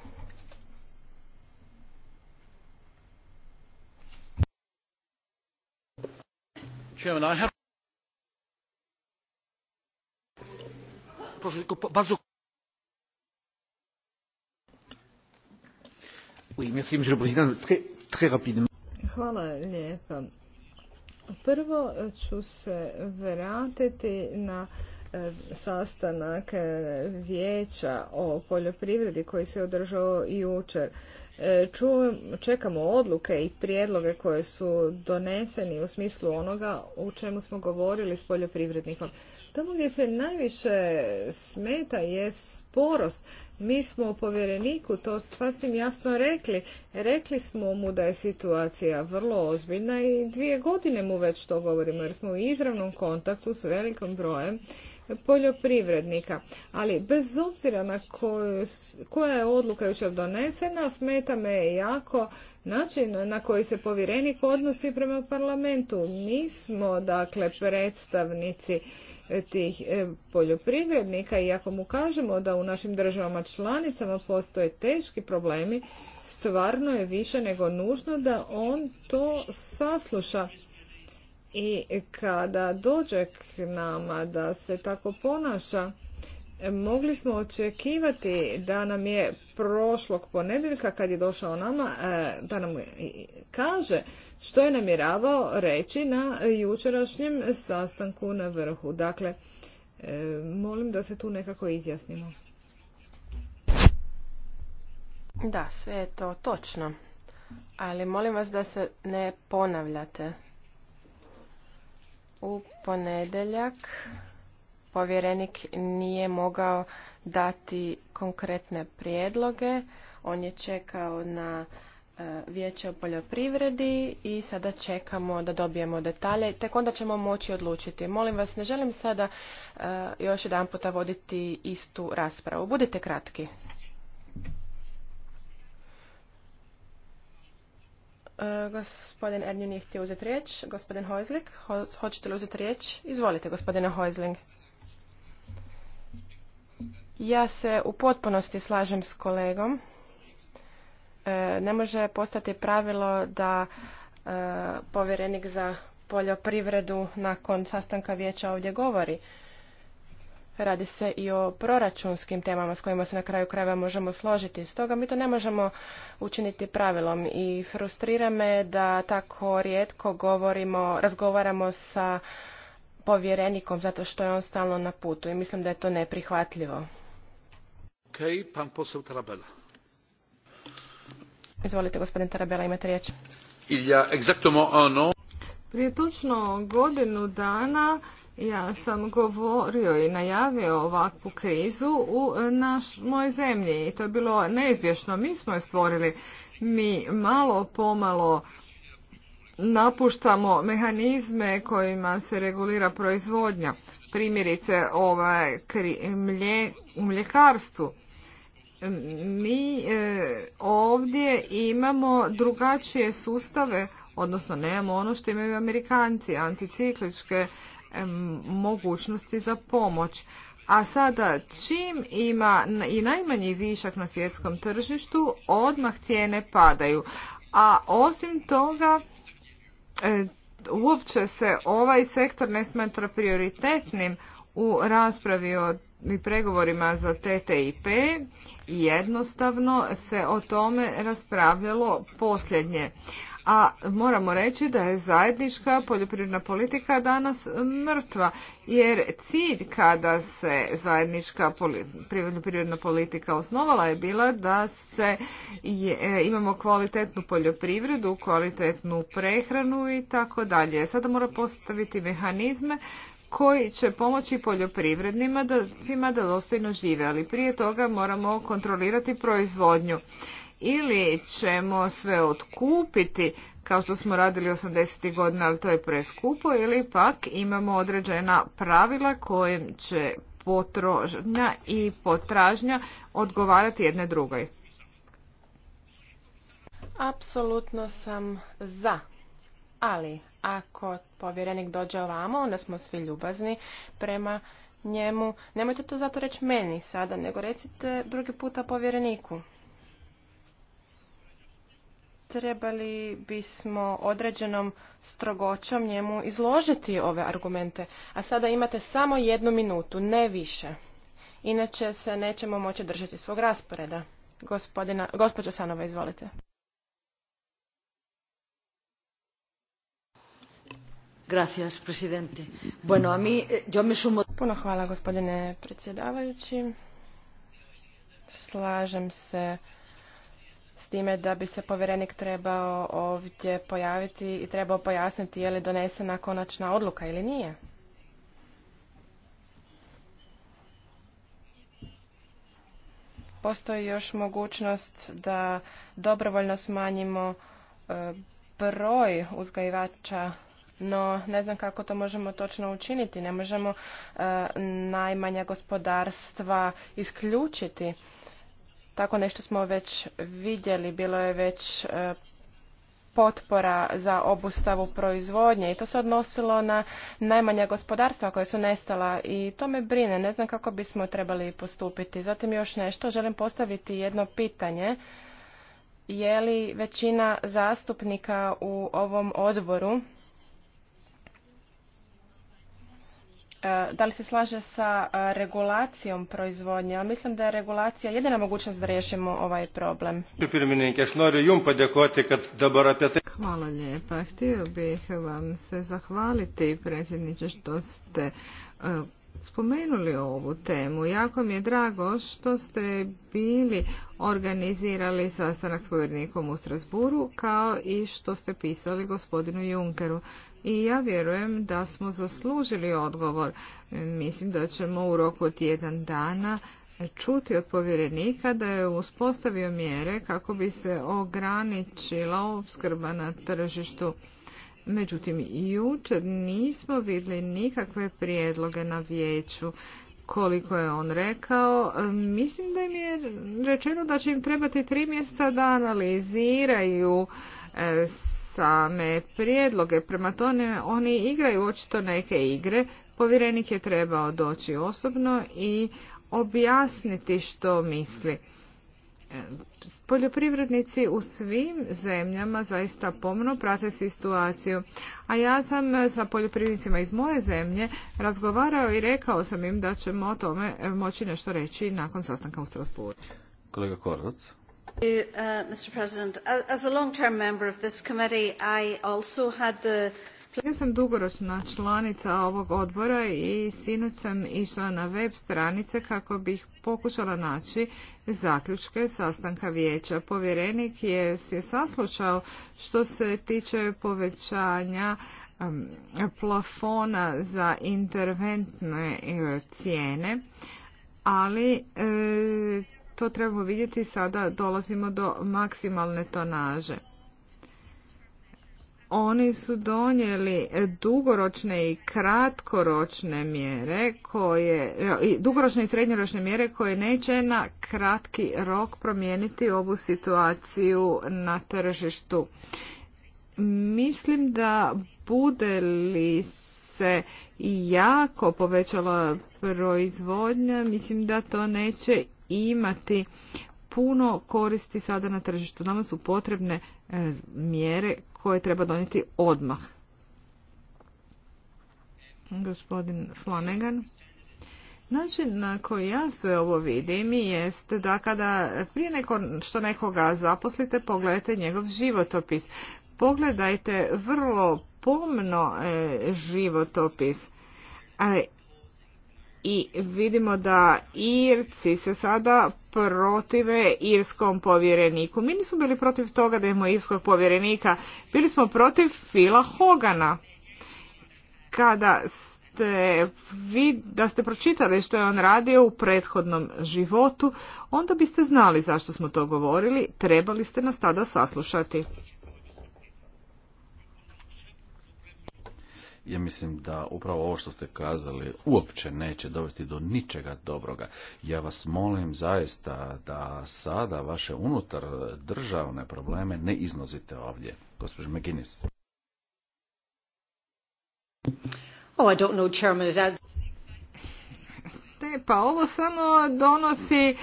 Hvala lijepa. Prvo ću se vratiti na e, sastanak e, vijeća o poljoprivredi koji se održao jučer. E, učer. čekamo odluke i prijedloge koje su doneseni u smislu onoga u čemu smo govorili s poljoprivrednikom. Tamo gdje se najviše smeta je sporost. Mi smo povjereniku to sasvim jasno rekli. Rekli smo mu da je situacija vrlo ozbiljna i dvije godine mu već to govorimo jer smo u izravnom kontaktu s velikom brojem poljoprivrednika. Ali bez obzira na koja je odluka jučer donesena, smeta me jako način na koji se povjerenik odnosi prema parlamentu. Mi smo dakle predstavnici tih e, poljoprivrednika i ako mu kažemo da u našim državama članicama postoje teški problemi, stvarno je više nego nužno da on to sasluša. I kada dođe k nama da se tako ponaša, mogli smo očekivati da nam je prošlog ponedjeljka kad je došao nama, e, da nam kaže što je namjeravao reći na jučerašnjem sastanku na vrhu. Dakle, e, molim da se tu nekako izjasnimo.
Da, sve je to točno. Ali molim vas da se ne ponavljate. U ponedeljak povjerenik nije mogao dati konkretne prijedloge. On je čekao na E, vijeće o poljoprivredi i sada čekamo da dobijemo detalje. Tek onda ćemo moći odlučiti. Molim vas, ne želim sada e, još jedan puta voditi istu raspravu. Budite kratki. E, gospodin Ernju nije htio uzeti riječ. Gospodin Hojzlik, hoćete li uzeti riječ? Izvolite, gospodine Hojzling. Ja se u potpunosti slažem s kolegom. E, ne može postati pravilo da e, povjerenik za poljoprivredu nakon sastanka vijeća ovdje govori. Radi se i o proračunskim temama s kojima se na kraju krajeva možemo složiti. Stoga mi to ne možemo učiniti pravilom i frustrira me da tako rijetko govorimo, razgovaramo sa povjerenikom zato što je on stalno na putu i mislim da je to neprihvatljivo. Okay, pan Izvolite,
gospodin Tarabela, imate riječ. Prije točno godinu dana ja sam govorio i najavio ovakvu krizu u naš, mojoj zemlji i to je bilo neizbješno. Mi smo je stvorili. Mi malo pomalo napuštamo mehanizme kojima se regulira proizvodnja. Primjerice ovaj, u mljekarstvu mi e, ovdje imamo drugačije sustave, odnosno nemamo ono što imaju Amerikanci, anticikličke mogućnosti za pomoć. A sada čim ima i najmanji višak na svjetskom tržištu, odmah cijene padaju. A osim toga, e, uopće se ovaj sektor ne smatra prioritetnim u raspravi o i pregovorima za TTIP jednostavno se o tome raspravljalo posljednje. A moramo reći da je zajednička poljoprivredna politika danas mrtva, jer cilj kada se zajednička poljoprivredna politika osnovala je bila da se e, imamo kvalitetnu poljoprivredu, kvalitetnu prehranu i tako dalje. Sada mora postaviti mehanizme koji će pomoći poljoprivrednima da, da dostojno žive, ali prije toga moramo kontrolirati proizvodnju. Ili ćemo sve otkupiti, kao što smo radili 80. godina, ali to je preskupo, ili pak imamo određena pravila kojim će potrožnja i potražnja odgovarati jedne drugoj.
Apsolutno sam za, ali ako povjerenik dođe ovamo, onda smo svi ljubazni prema njemu. Nemojte to zato reći meni sada, nego recite drugi puta povjereniku. Trebali bismo određenom strogoćom njemu izložiti ove argumente, a sada imate samo jednu minutu, ne više. Inače se nećemo moći držati svog rasporeda. Gospodina, gospođa Sanova, izvolite. mi, eh, hvala gospodine predsjedavajući. Slažem se s time da bi se povjerenik trebao ovdje pojaviti i trebao pojasniti je li donesena konačna odluka ili nije. Postoji još mogućnost da dobrovoljno smanjimo e, broj uzgajivača no ne znam kako to možemo točno učiniti. Ne možemo e, najmanja gospodarstva isključiti. Tako nešto smo već vidjeli, bilo je već e, potpora za obustavu proizvodnje i to se odnosilo na najmanja gospodarstva koje su nestala i to me brine, ne znam kako bismo trebali postupiti. Zatim još nešto, želim postaviti jedno pitanje. Je li većina zastupnika u ovom odboru E, da li se slaže sa e, regulacijom proizvodnje, a mislim da je regulacija jedina mogućnost da riješimo ovaj problem.
Hvala lijepa. Htio bih vam se zahvaliti, predsjedniče, što ste e, spomenuli ovu temu. Jako mi je drago što ste bili organizirali sastanak s povjernikom u Strasburu kao i što ste pisali gospodinu Junkeru i ja vjerujem da smo zaslužili odgovor. Mislim da ćemo u roku od jedan dana čuti od povjerenika da je uspostavio mjere kako bi se ograničila opskrba na tržištu. Međutim, jučer nismo vidjeli nikakve prijedloge na vijeću koliko je on rekao. Mislim da im je rečeno da će im trebati tri mjeseca da analiziraju e, same prijedloge. Prema tome oni igraju očito neke igre. Povjerenik je trebao doći osobno i objasniti što misli. E, poljoprivrednici u svim zemljama zaista pomno prate situaciju, a ja sam sa poljoprivrednicima iz moje zemlje razgovarao i rekao sam im da ćemo o tome moći nešto reći nakon sastanka u Strasburu.
Kolega Korvac a
I ja sam dugoročna članica ovog odbora i sinoć sam išla na web stranice kako bih pokušala naći zaključke sastanka vijeća. Povjerenik je se saslušao što se tiče povećanja um, plafona za interventne e, cijene, ali e, to trebamo vidjeti sada dolazimo do maksimalne tonaže. Oni su donijeli dugoročne i kratkoročne mjere koje, dugoročne i srednjoročne mjere koje neće na kratki rok promijeniti ovu situaciju na tržištu. Mislim da bude li se jako povećala proizvodnja, mislim da to neće imati puno koristi sada na tržištu. Nama su potrebne e, mjere koje treba donijeti odmah. Gospodin Flanagan. Način na koji ja sve ovo vidim jest da kada prije neko, što nekoga zaposlite, pogledajte njegov životopis. Pogledajte vrlo pomno e, životopis. E, i vidimo da Irci se sada protive irskom povjereniku. Mi nismo bili protiv toga da imamo irskog povjerenika, bili smo protiv Fila Hogana. Kada ste vi, da ste pročitali što je on radio u prethodnom životu, onda biste znali zašto smo to govorili, trebali ste nas tada saslušati.
ja mislim da upravo ovo što ste kazali uopće neće dovesti do ničega dobroga. Ja vas molim zaista da sada vaše unutar državne probleme ne iznozite ovdje. Gospođo McGinnis.
Oh, I don't know, Chairman. Te, pa ovo samo donosi e,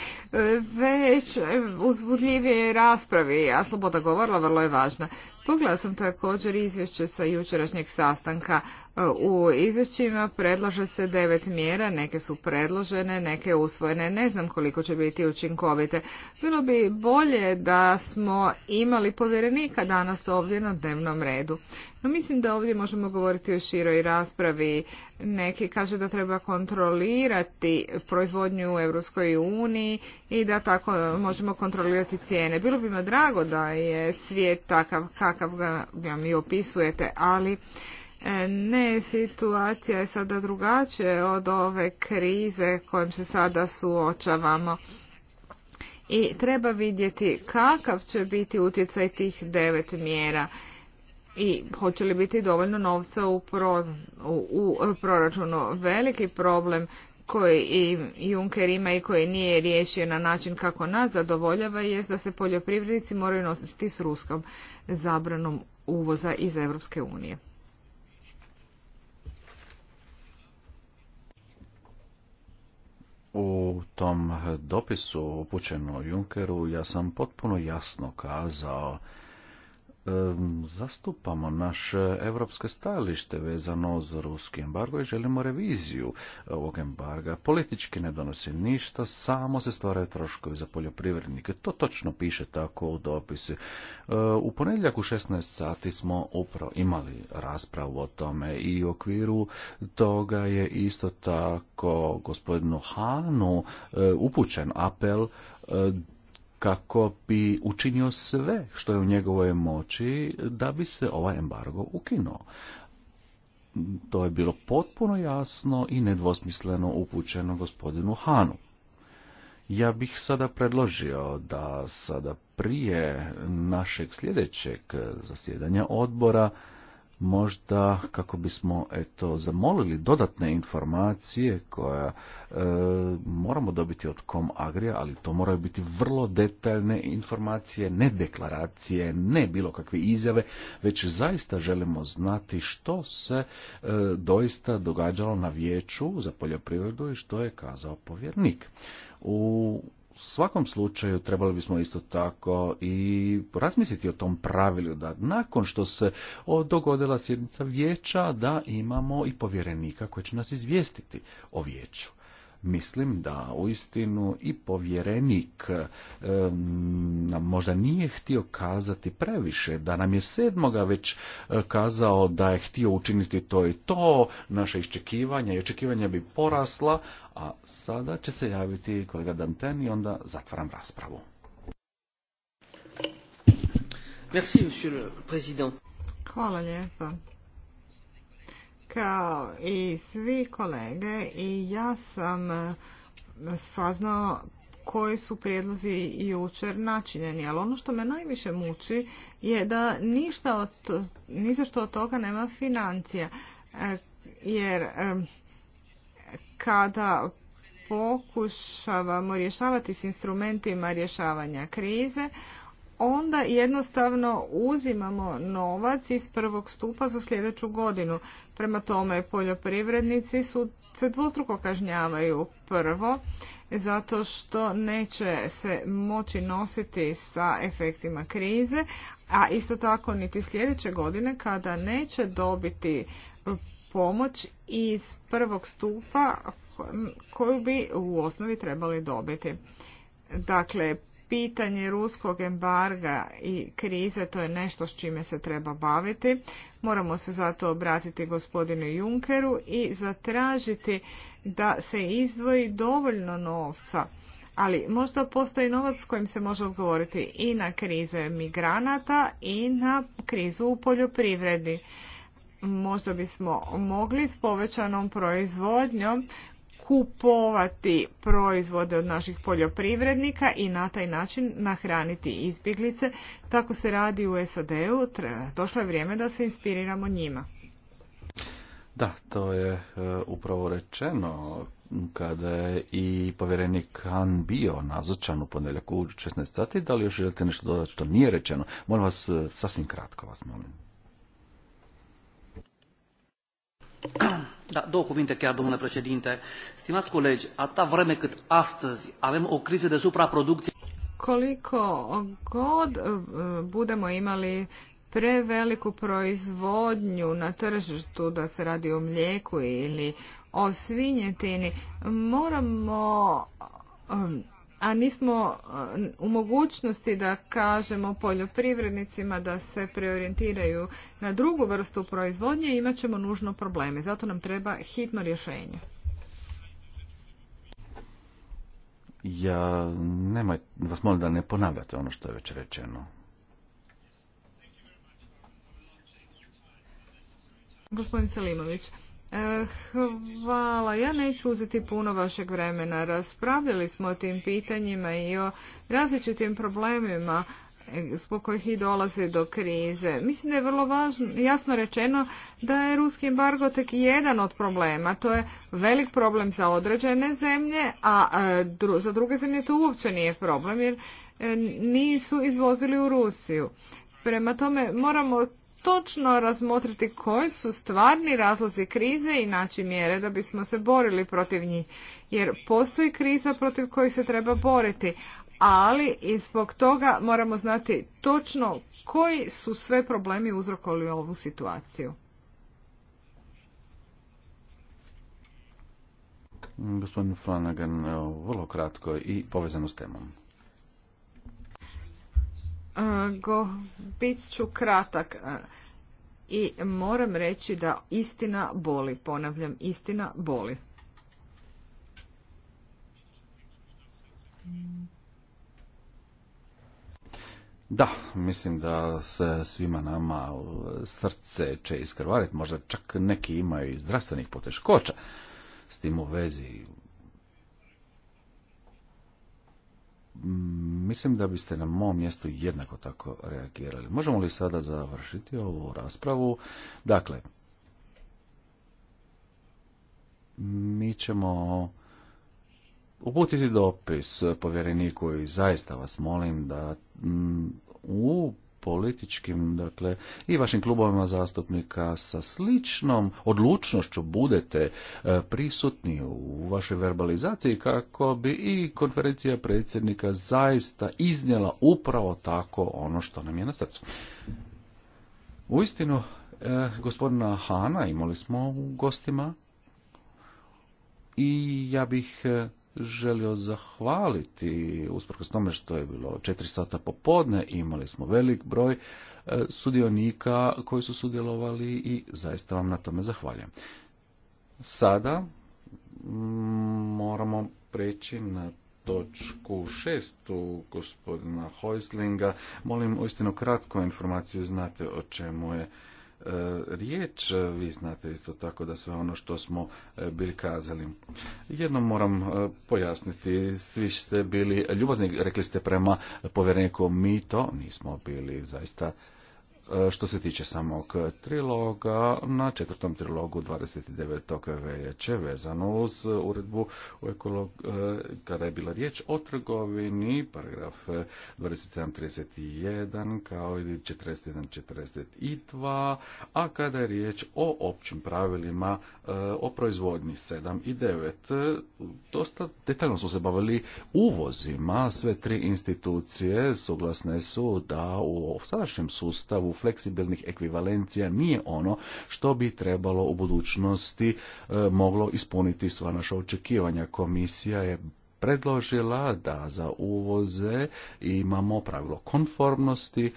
već uzbudljivije raspravi, a sloboda govorila vrlo je važna. Pogledala sam također izvješće sa jučerašnjeg sastanka. E, u izvješćima predlaže se devet mjera, neke su predložene, neke usvojene. Ne znam koliko će biti učinkovite. Bilo bi bolje da smo imali povjerenika danas ovdje na dnevnom redu. No mislim da ovdje možemo govoriti o široj raspravi. Neki kaže da treba kontrolirati proizvodnju u Europskoj uniji i da tako možemo kontrolirati cijene. Bilo bi me drago da je svijet takav kakav kakav ga, mi opisujete, ali e, ne, situacija je sada drugačija od ove krize kojom se sada suočavamo. I treba vidjeti kakav će biti utjecaj tih devet mjera i hoće li biti dovoljno novca u, u proračunu. Veliki problem koji Juncker ima i koji nije riješio na način kako nas zadovoljava je da se poljoprivrednici moraju nositi s ruskom zabranom uvoza iz Europske unije.
U tom dopisu upućeno Junkeru ja sam potpuno jasno kazao zastupamo naše evropske stajalište vezano za ruski embargo i želimo reviziju ovog embarga. Politički ne donosi ništa, samo se stvaraju troškovi za poljoprivrednike. To točno piše tako u dopisi. U ponedjeljak u 16 sati smo upravo imali raspravu o tome i u okviru toga je isto tako gospodinu Hanu upućen apel kako bi učinio sve što je u njegovoj moći da bi se ovaj embargo ukinuo. To je bilo potpuno jasno i nedvosmisleno upućeno gospodinu Hanu. Ja bih sada predložio da sada prije našeg sljedećeg zasjedanja odbora možda kako bismo eto zamolili dodatne informacije koja e, moramo dobiti od kom agrija, ali to moraju biti vrlo detaljne informacije, ne deklaracije, ne bilo kakve izjave, već zaista želimo znati što se e, doista događalo na vijeću za poljoprivredu i što je kazao povjernik. U svakom slučaju trebali bismo isto tako i razmisliti o tom pravilu da nakon što se dogodila sjednica vijeća da imamo i povjerenika koji će nas izvijestiti o vijeću. Mislim da uistinu i povjerenik nam možda nije htio kazati previše, da nam je sedmoga već e, kazao da je htio učiniti to i to, naše iščekivanja i očekivanja bi porasla, a sada će se javiti kolega Danten i onda zatvaram raspravu.
Merci,
Hvala lijepa, kao i svi kolege i ja sam eh, saznao koji su prijedlozi jučer načinjeni, ali ono što me najviše muči je da ništa od, ni za što od toga nema financija, eh, jer eh, kada pokušavamo rješavati s instrumentima rješavanja krize, onda jednostavno uzimamo novac iz prvog stupa za sljedeću godinu. Prema tome poljoprivrednici su, se dvostruko kažnjavaju prvo zato što neće se moći nositi sa efektima krize, a isto tako niti sljedeće godine kada neće dobiti pomoć iz prvog stupa koju bi u osnovi trebali dobiti. Dakle, pitanje ruskog embarga i krize, to je nešto s čime se treba baviti. Moramo se zato obratiti gospodinu Junkeru i zatražiti da se izdvoji dovoljno novca. Ali možda postoji novac s kojim se može odgovoriti i na krize migranata i na krizu u poljoprivredi. Možda bismo mogli s povećanom proizvodnjom kupovati proizvode od naših poljoprivrednika i na taj način nahraniti izbjeglice. Tako se radi u SAD-u. Došlo je vrijeme da se inspiriramo njima.
Da, to je e, upravo rečeno kada je i povjerenik Han bio nazočan u ponedjeljak u 16 sati. Da li još želite nešto dodati što nije rečeno? Molim vas, e, sasvim kratko vas molim.
Da, două cuvinte chiar, domnule președinte. Stimați colegi, atâta vreme cât astăzi avem o criză de supraproducție...
Koliko god eh, budemo imali preveliku proizvodnju na tržištu, da se radi o mlijeku ili o svinjetini, moramo eh, a nismo u mogućnosti da kažemo poljoprivrednicima da se preorijentiraju na drugu vrstu proizvodnje, imat ćemo nužno probleme. Zato nam treba hitno rješenje.
Ja vas molim da ne ponavljate ono što je već rečeno.
Gospodin Selimović, Eh, hvala. Ja neću uzeti puno vašeg vremena. Raspravljali smo o tim pitanjima i o različitim problemima eh, zbog kojih i dolaze do krize. Mislim da je vrlo važno, jasno rečeno da je ruski embargo tek jedan od problema. To je velik problem za određene zemlje, a eh, za druge zemlje to uopće nije problem jer nisu izvozili u Rusiju. Prema tome moramo točno razmotriti koji su stvarni razlozi krize i naći mjere da bismo se borili protiv njih. Jer postoji kriza protiv kojih se treba boriti, ali i zbog toga moramo znati točno koji su sve problemi uzrokovali ovu situaciju.
Gospodin Flanagan, vrlo kratko i povezano s temom.
Go, bit ću kratak i moram reći da istina boli, ponavljam, istina boli.
Da, mislim da se svima nama srce će iskrvariti, možda čak neki imaju i zdravstvenih poteškoća s tim u vezi Mm, mislim da biste na mom mjestu jednako tako reagirali. Možemo li sada završiti ovu raspravu? Dakle, mi ćemo uputiti dopis povjereniku i zaista vas molim da mm, u političkim, dakle, i vašim klubovima zastupnika sa sličnom odlučnošću budete e, prisutni u vašoj verbalizaciji kako bi i konferencija predsjednika zaista iznijela upravo tako ono što nam je na srcu. Uistinu, e, gospodina Hana imali smo u gostima i ja bih e, želio zahvaliti, usprkos tome što je bilo četiri sata popodne, imali smo velik broj e, sudionika koji su sudjelovali i zaista vam na tome zahvaljujem. Sada mm, moramo preći na točku šestu gospodina Hojslinga. Molim uistinu kratko informaciju, znate o čemu je E, riječ. E, vi znate isto tako da sve ono što smo e, bili kazali. Jednom moram pojasniti, svi ste bili ljubazni, rekli ste prema povjereniku, mi to nismo bili zaista E, što se tiče samog triloga, na četvrtom trilogu 29. veljače vezano uz uredbu u ekolog, e, kada je bila riječ o trgovini, paragraf 27.31 kao i 41.42, a kada je riječ o općim pravilima e, o proizvodnji 7 i 9. Dosta detaljno smo se bavili uvozima, sve tri institucije suglasne su da u sadašnjem sustavu fleksibilnih ekvivalencija nije ono što bi trebalo u budućnosti e, moglo ispuniti sva naša očekivanja. Komisija je predložila da za uvoze imamo pravilo konformnosti. E,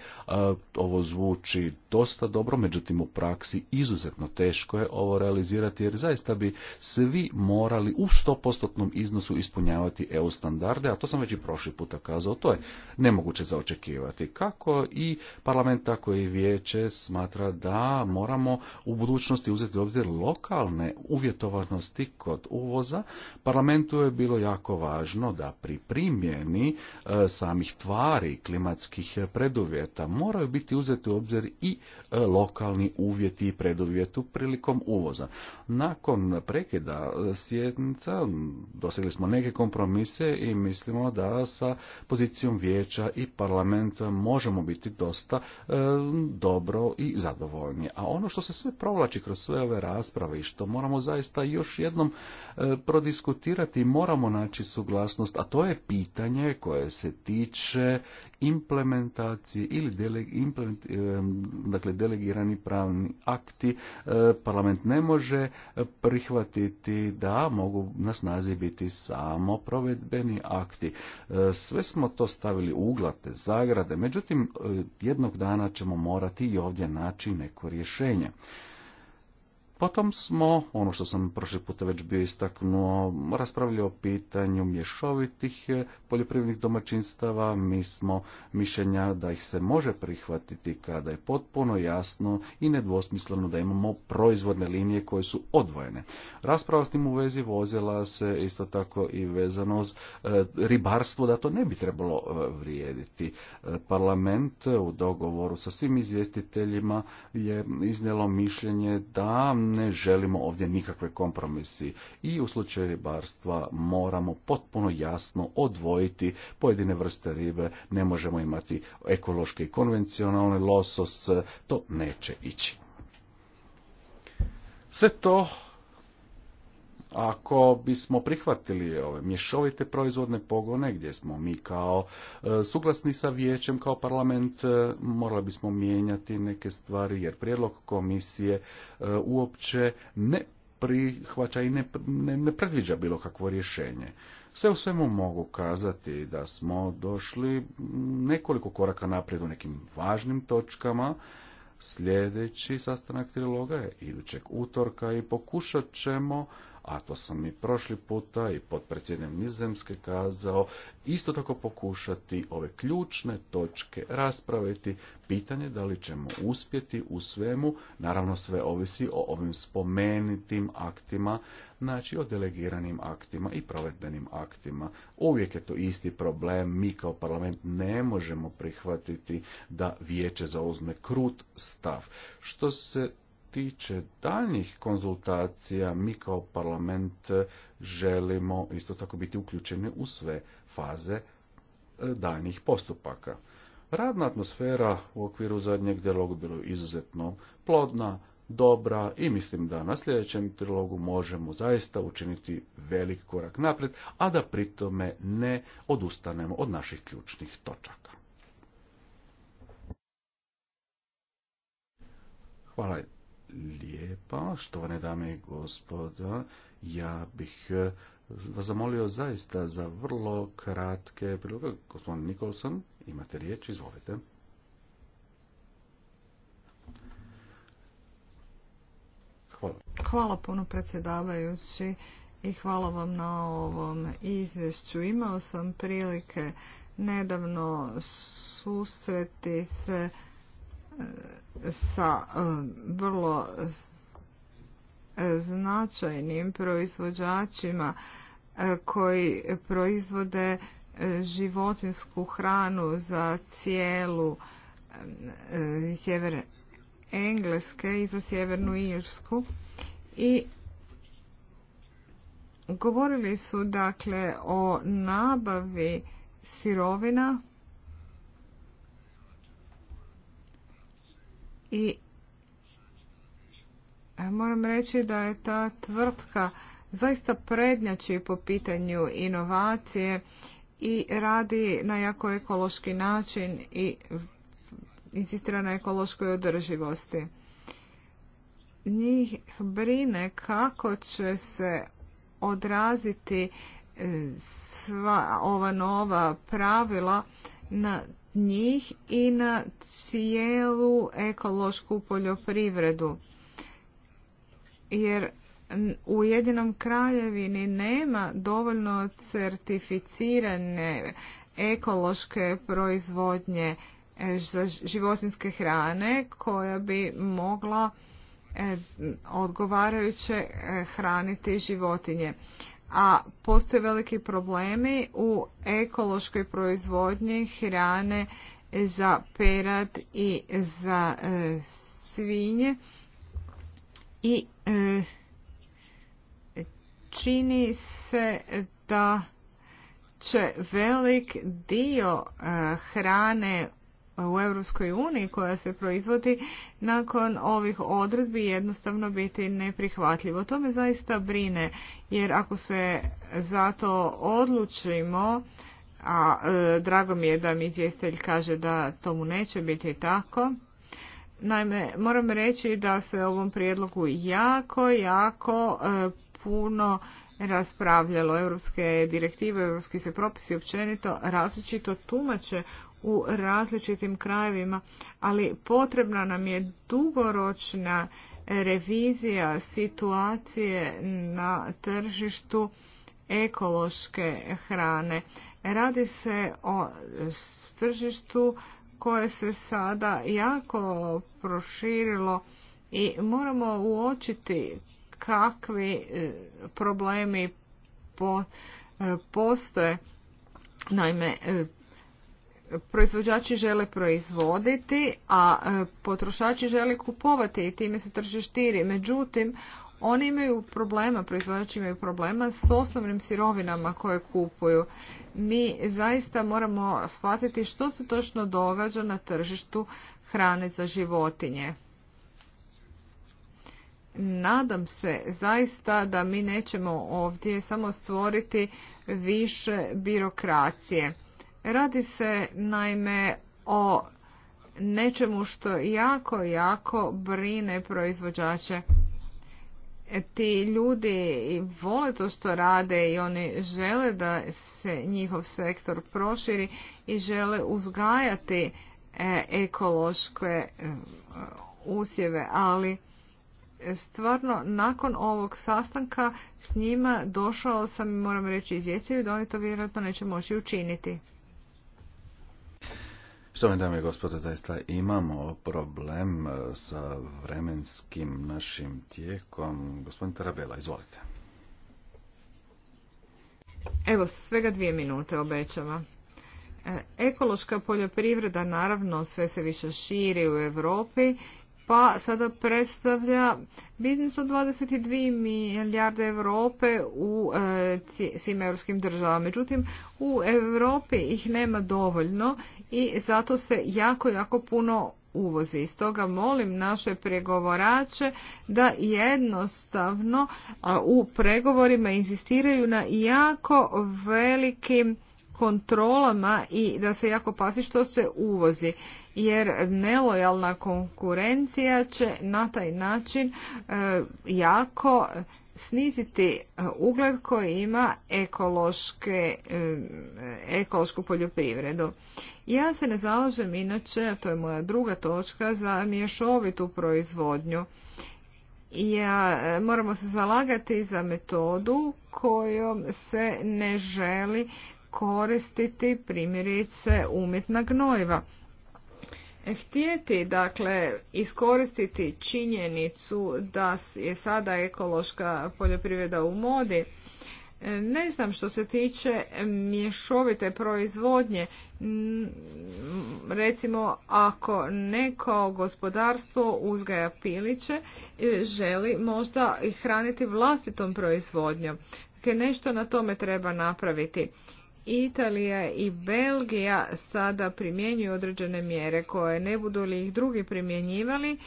ovo zvuči dosta dobro, međutim u praksi izuzetno teško je ovo realizirati jer zaista bi svi morali u 100% iznosu ispunjavati EU standarde, a to sam već i prošli puta kazao, to je nemoguće zaočekivati. Kako i parlament, tako i vijeće smatra da moramo u budućnosti uzeti u obzir lokalne uvjetovanosti kod uvoza. Parlamentu je bilo jako važno važno da pri primjeni e, samih tvari klimatskih preduvjeta moraju biti uzeti u obzir i e, lokalni uvjeti i preduvjetu prilikom uvoza. Nakon prekida sjednica dosegli smo neke kompromise i mislimo da sa pozicijom vijeća i parlamenta možemo biti dosta e, dobro i zadovoljni. A ono što se sve provlači kroz sve ove rasprave i što moramo zaista još jednom prodiskutirati, moramo naći su suglasnost, a to je pitanje koje se tiče implementacije ili deleg, implement, dakle, delegirani pravni akti. E, parlament ne može prihvatiti da mogu na snazi biti samo provedbeni akti. E, sve smo to stavili u uglate, zagrade, međutim e, jednog dana ćemo morati i ovdje naći neko rješenje. Potom smo, ono što sam prošli puta već bio istaknuo, raspravljali o pitanju mješovitih eh, poljoprivrednih domaćinstava. Mi smo mišljenja da ih se može prihvatiti kada je potpuno jasno i nedvosmisleno da imamo proizvodne linije koje su odvojene. Rasprava s tim u vezi vozila se isto tako i vezano s eh, ribarstvo, da to ne bi trebalo eh, vrijediti. Parlament u dogovoru sa svim izvjestiteljima je iznijelo mišljenje da ne želimo ovdje nikakve kompromisi i u slučaju ribarstva moramo potpuno jasno odvojiti pojedine vrste ribe, ne možemo imati ekološki i konvencionalni losos, to neće ići. Sve to ako bismo prihvatili ove mješovite proizvodne pogone gdje smo mi kao e, suglasni sa vijećem kao parlament e, morali bismo mijenjati neke stvari jer prijedlog komisije e, uopće ne prihvaća i ne, ne predviđa bilo kakvo rješenje. Sve u svemu mogu kazati da smo došli nekoliko koraka naprijed u nekim važnim točkama. Sljedeći sastanak triloga je idućeg utorka i pokušat ćemo a to sam i prošli puta i potpredsjednik Nizemske kazao, isto tako pokušati ove ključne točke raspraviti. Pitanje da li ćemo uspjeti u svemu, naravno sve ovisi o ovim spomenitim aktima, znači o delegiranim aktima i provedbenim aktima. Uvijek je to isti problem, mi kao parlament ne možemo prihvatiti da vijeće zauzme krut stav. Što se tiče daljnjih konzultacija, mi kao parlament želimo isto tako biti uključeni u sve faze e, daljnjih postupaka. Radna atmosfera u okviru zadnjeg dijaloga bilo izuzetno plodna, dobra i mislim da na sljedećem trilogu možemo zaista učiniti velik korak naprijed, a da pritome ne odustanemo od naših ključnih točaka. Hvala lijepa, štovane dame i gospoda. Ja bih eh, vas zamolio zaista za vrlo kratke priloga. Gospodin Nikolson, imate riječ, izvolite. Hvala.
Hvala puno predsjedavajući i hvala vam na ovom izvješću. Imao sam prilike nedavno susreti se sa e, vrlo e, značajnim proizvođačima e, koji proizvode životinsku hranu za cijelu sjever Engleske i za sjevernu Irsku i govorili su dakle o nabavi sirovina i moram reći da je ta tvrtka zaista prednjači po pitanju inovacije i radi na jako ekološki način i insistira na ekološkoj održivosti. Njih brine kako će se odraziti e, sva ova nova pravila na njih i na cijelu ekološku poljoprivredu. Jer u jedinom kraljevini nema dovoljno certificirane ekološke proizvodnje e, za životinske hrane koja bi mogla e, odgovarajuće e, hraniti životinje a postoje veliki problemi u ekološkoj proizvodnji hrane za perad i za e, svinje i e, čini se da će velik dio e, hrane u Europskoj uniji koja se proizvodi nakon ovih odredbi jednostavno biti neprihvatljivo. To me zaista brine jer ako se zato odlučimo, a e, drago mi je da mi izvjestelj kaže da tomu neće biti tako, Naime, moram reći da se ovom prijedlogu jako, jako e, puno raspravljalo. Europske direktive, europski se propisi općenito različito tumače u različitim krajevima, ali potrebna nam je dugoročna revizija situacije na tržištu ekološke hrane. Radi se o tržištu koje se sada jako proširilo i moramo uočiti kakvi e, problemi e, postoje. Naime, e, proizvođači žele proizvoditi, a e, potrošači žele kupovati i time se trže štiri. Međutim, oni imaju problema, proizvođači imaju problema s osnovnim sirovinama koje kupuju. Mi zaista moramo shvatiti što se točno događa na tržištu hrane za životinje. Nadam se zaista da mi nećemo ovdje samo stvoriti više birokracije Radi se naime o nečemu što jako, jako brine proizvođače. E, ti ljudi vole to što rade i oni žele da se njihov sektor proširi i žele uzgajati e, ekološke e, usjeve, ali stvarno nakon ovog sastanka s njima došao sam i moram reći i da oni to vjerojatno neće moći učiniti.
Što mi dame i gospode, zaista imamo problem e, sa vremenskim našim tijekom. Gospodin Tarabela, izvolite.
Evo, svega dvije minute obećava. E, ekološka poljoprivreda naravno sve se više širi u Europi pa sada predstavlja biznis od 22 milijarde Europe u e, svim europskim državama. Međutim, u Europi ih nema dovoljno i zato se jako, jako puno uvozi. stoga molim naše pregovorače da jednostavno u pregovorima insistiraju na jako velikim kontrolama i da se jako pazi što se uvozi jer nelojalna konkurencija će na taj način eh, jako sniziti eh, ugled koji ima ekološke, eh, ekološku poljoprivredu. Ja se ne zalažem inače, a to je moja druga točka, za mješovitu proizvodnju. Ja, moramo se zalagati za metodu kojom se ne želi koristiti primjerice umjetna gnojiva. E, htjeti dakle iskoristiti činjenicu da je sada ekološka poljoprivreda u modi, e, ne znam što se tiče mješovite proizvodnje, mm, recimo ako neko gospodarstvo uzgaja piliće, e, želi možda i hraniti vlastitom proizvodnjom. Dakle, nešto na tome treba napraviti. Italija i Belgija sada primjenjuju određene mjere koje ne budu li ih drugi primjenjivali,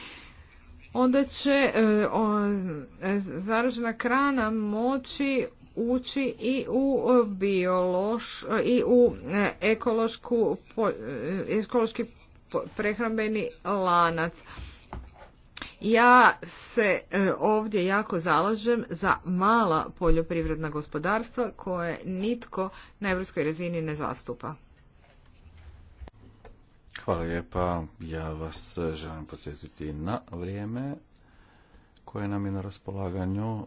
onda će e, zaražena krana moći ući i u biološ i u e, ekološku e, ekološki prehrambeni lanac ja se e, ovdje jako zalažem za mala poljoprivredna gospodarstva koje nitko na europskoj razini ne zastupa.
Hvala lijepa. Ja vas e, želim podsjetiti na vrijeme koje nam je na raspolaganju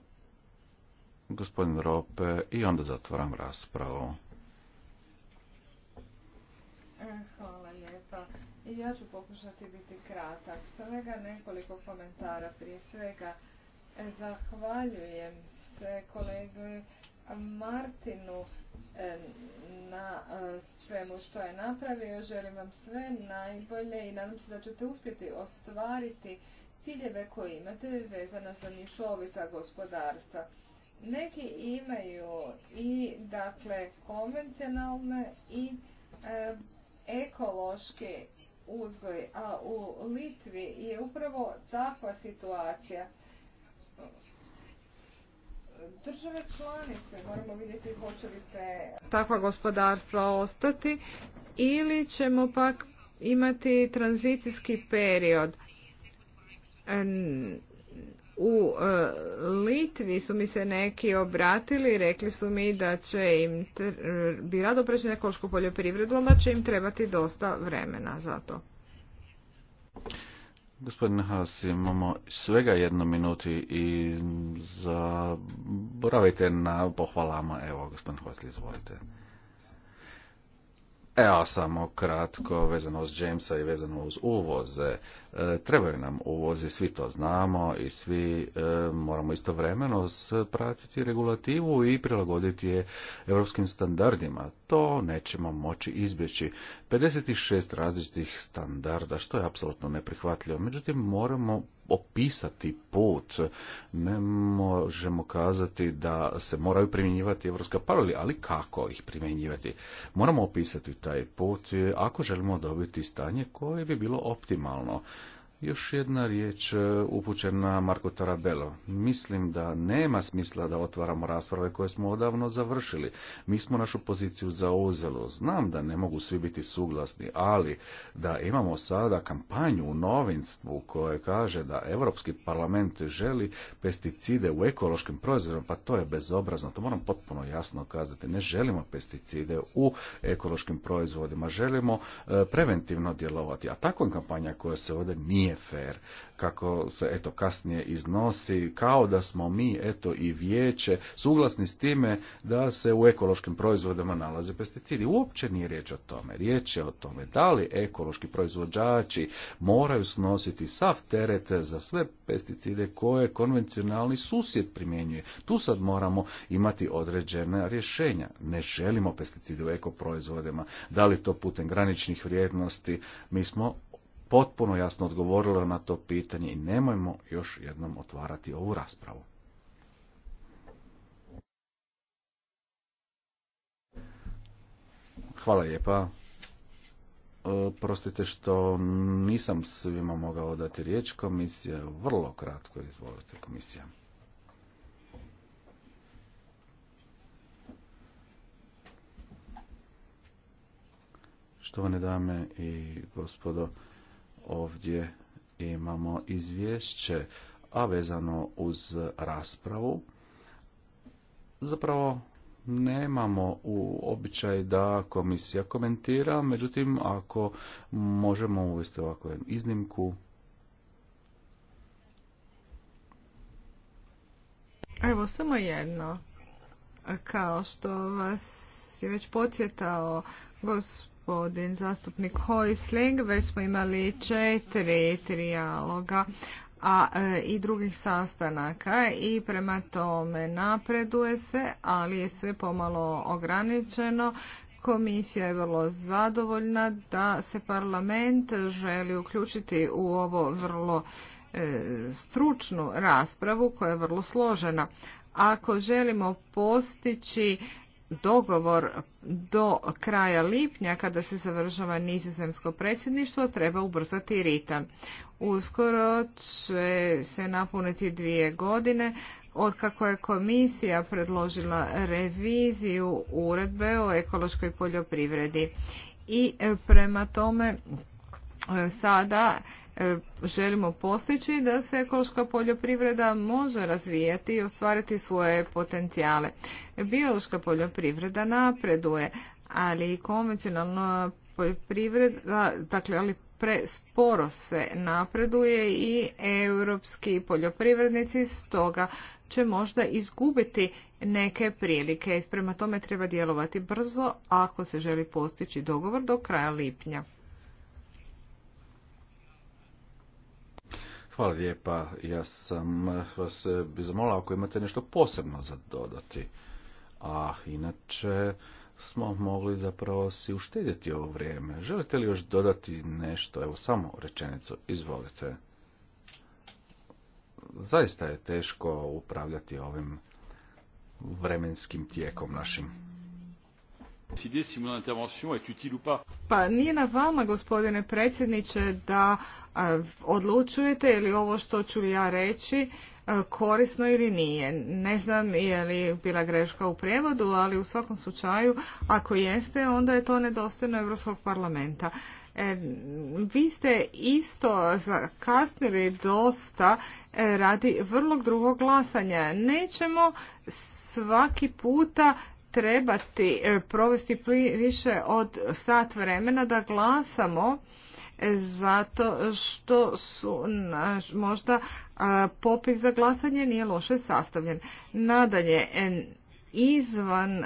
gospodin Rope i onda zatvaram raspravu.
E, hvala lijepa. Ja ću pokušati biti kratak. Svega nekoliko komentara. Prije svega e, zahvaljujem se kolegu Martinu e, na e, svemu što je napravio. Želim vam sve najbolje i nadam se da ćete uspjeti ostvariti ciljeve koje imate vezano za nišovita gospodarstva. Neki imaju i dakle konvencionalne i ekološke uzgoj, a u Litvi je upravo takva situacija. Države članice, moramo vidjeti hoće li takva gospodarstva ostati ili ćemo pak imati tranzicijski period u e, Litvi su mi se neki obratili i rekli su mi da će im, bi rado prešli na ekološku poljoprivredu, da će im trebati dosta vremena za to.
Gospodin Haas, imamo svega jednu minutu i zaboravite na pohvalama. Evo, gospodin Haas, izvolite. Evo samo kratko vezano uz Jamesa i vezano uz uvoze. E, trebaju nam uvozi, svi to znamo i svi e, moramo istovremeno pratiti regulativu i prilagoditi je europskim standardima. To nećemo moći izbjeći. 56 različitih standarda, što je apsolutno neprihvatljivo. Međutim, moramo opisati put. Ne možemo kazati da se moraju primjenjivati evropska pravila, ali kako ih primjenjivati? Moramo opisati taj put ako želimo dobiti stanje koje bi bilo optimalno. Još jedna riječ e, upućena Marko Tarabelo. Mislim da nema smisla da otvaramo rasprave koje smo odavno završili. Mi smo našu poziciju zauzelo. Znam da ne mogu svi biti suglasni, ali da imamo sada kampanju u novinstvu koje kaže da Europski parlament želi pesticide u ekološkim proizvodima, pa to je bezobrazno. To moram potpuno jasno kazati. Ne želimo pesticide u ekološkim proizvodima. Želimo e, preventivno djelovati. A takva kampanja koja se ovdje nije nije fer, kako se eto kasnije iznosi, kao da smo mi eto i vijeće suglasni s time da se u ekološkim proizvodima nalaze pesticidi. Uopće nije riječ o tome. Riječ je o tome da li ekološki proizvođači moraju snositi sav teret za sve pesticide koje konvencionalni susjed primjenjuje. Tu sad moramo imati određena rješenja. Ne želimo pesticide u ekoproizvodima. Da li to putem graničnih vrijednosti? Mi smo potpuno jasno odgovorila na to pitanje i nemojmo još jednom otvarati ovu raspravu. Hvala lijepa. E, prostite što nisam svima mogao dati riječ. Komisija vrlo kratko. Izvolite komisija. Štovane dame i gospodo, ovdje imamo izvješće, a vezano uz raspravu. Zapravo nemamo u običaj da komisija komentira, međutim ako možemo uvesti ovakvu iznimku,
Evo, samo jedno. Kao što vas je već podsjetao gospodin gospodin zastupnik Hojsling. Već smo imali četiri trijaloga a e, i drugih sastanaka i prema tome napreduje se, ali je sve pomalo ograničeno. Komisija je vrlo zadovoljna da se parlament želi uključiti u ovo vrlo e, stručnu raspravu koja je vrlo složena. Ako želimo postići dogovor do kraja lipnja kada se završava nizozemsko predsjedništvo treba ubrzati ritam. Uskoro će se napuniti dvije godine od kako je komisija predložila reviziju uredbe o ekološkoj poljoprivredi i e, prema tome e, sada E, želimo postići da se ekološka poljoprivreda može razvijati i ostvariti svoje potencijale. Biološka poljoprivreda napreduje, ali konvencionalna poljoprivreda, dakle ali presporo se napreduje i europski poljoprivrednici stoga će možda izgubiti neke prilike. Prema tome treba djelovati brzo ako se želi postići dogovor do kraja lipnja.
Hvala lijepa. Ja sam vas eh, zamolao ako imate nešto posebno za dodati. A inače smo mogli zapravo si uštedjeti ovo vrijeme. Želite li još dodati nešto? Evo samo rečenicu. Izvolite. Zaista je teško upravljati ovim vremenskim tijekom našim.
Pa nije na vama, gospodine predsjedniče, da odlučujete ili ovo što ću ja reći korisno ili nije. Ne znam je li bila greška u prijevodu, ali u svakom slučaju, ako jeste, onda je to nedostojno Europskog parlamenta. E, vi ste isto zakasnili dosta e, radi vrlo drugog glasanja. Nećemo svaki puta trebati e, provesti više od sat vremena da glasamo e, zato što su naš, možda e, popis za glasanje nije loše sastavljen. Nadalje, izvan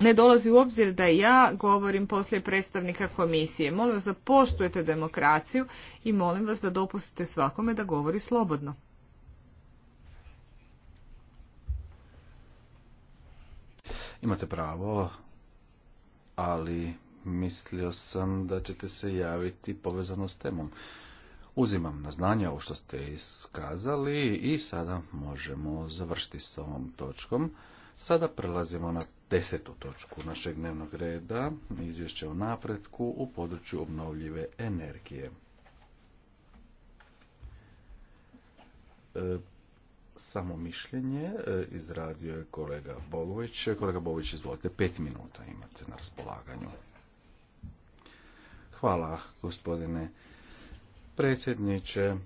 ne dolazi u obzir da ja govorim poslije predstavnika komisije. Molim vas da poštujete demokraciju i molim vas da dopustite svakome da govori slobodno.
Imate pravo, ali mislio sam da ćete se javiti povezano s temom. Uzimam na znanje ovo što ste iskazali i sada možemo završiti s ovom točkom. Sada prelazimo na desetu točku našeg dnevnog reda, izvješće o napretku u području obnovljive energije. E, samo mišljenje e, izradio je kolega Bolović. Kolega Bolović, izvolite, pet minuta imate na raspolaganju. Hvala, gospodine predsjedniče.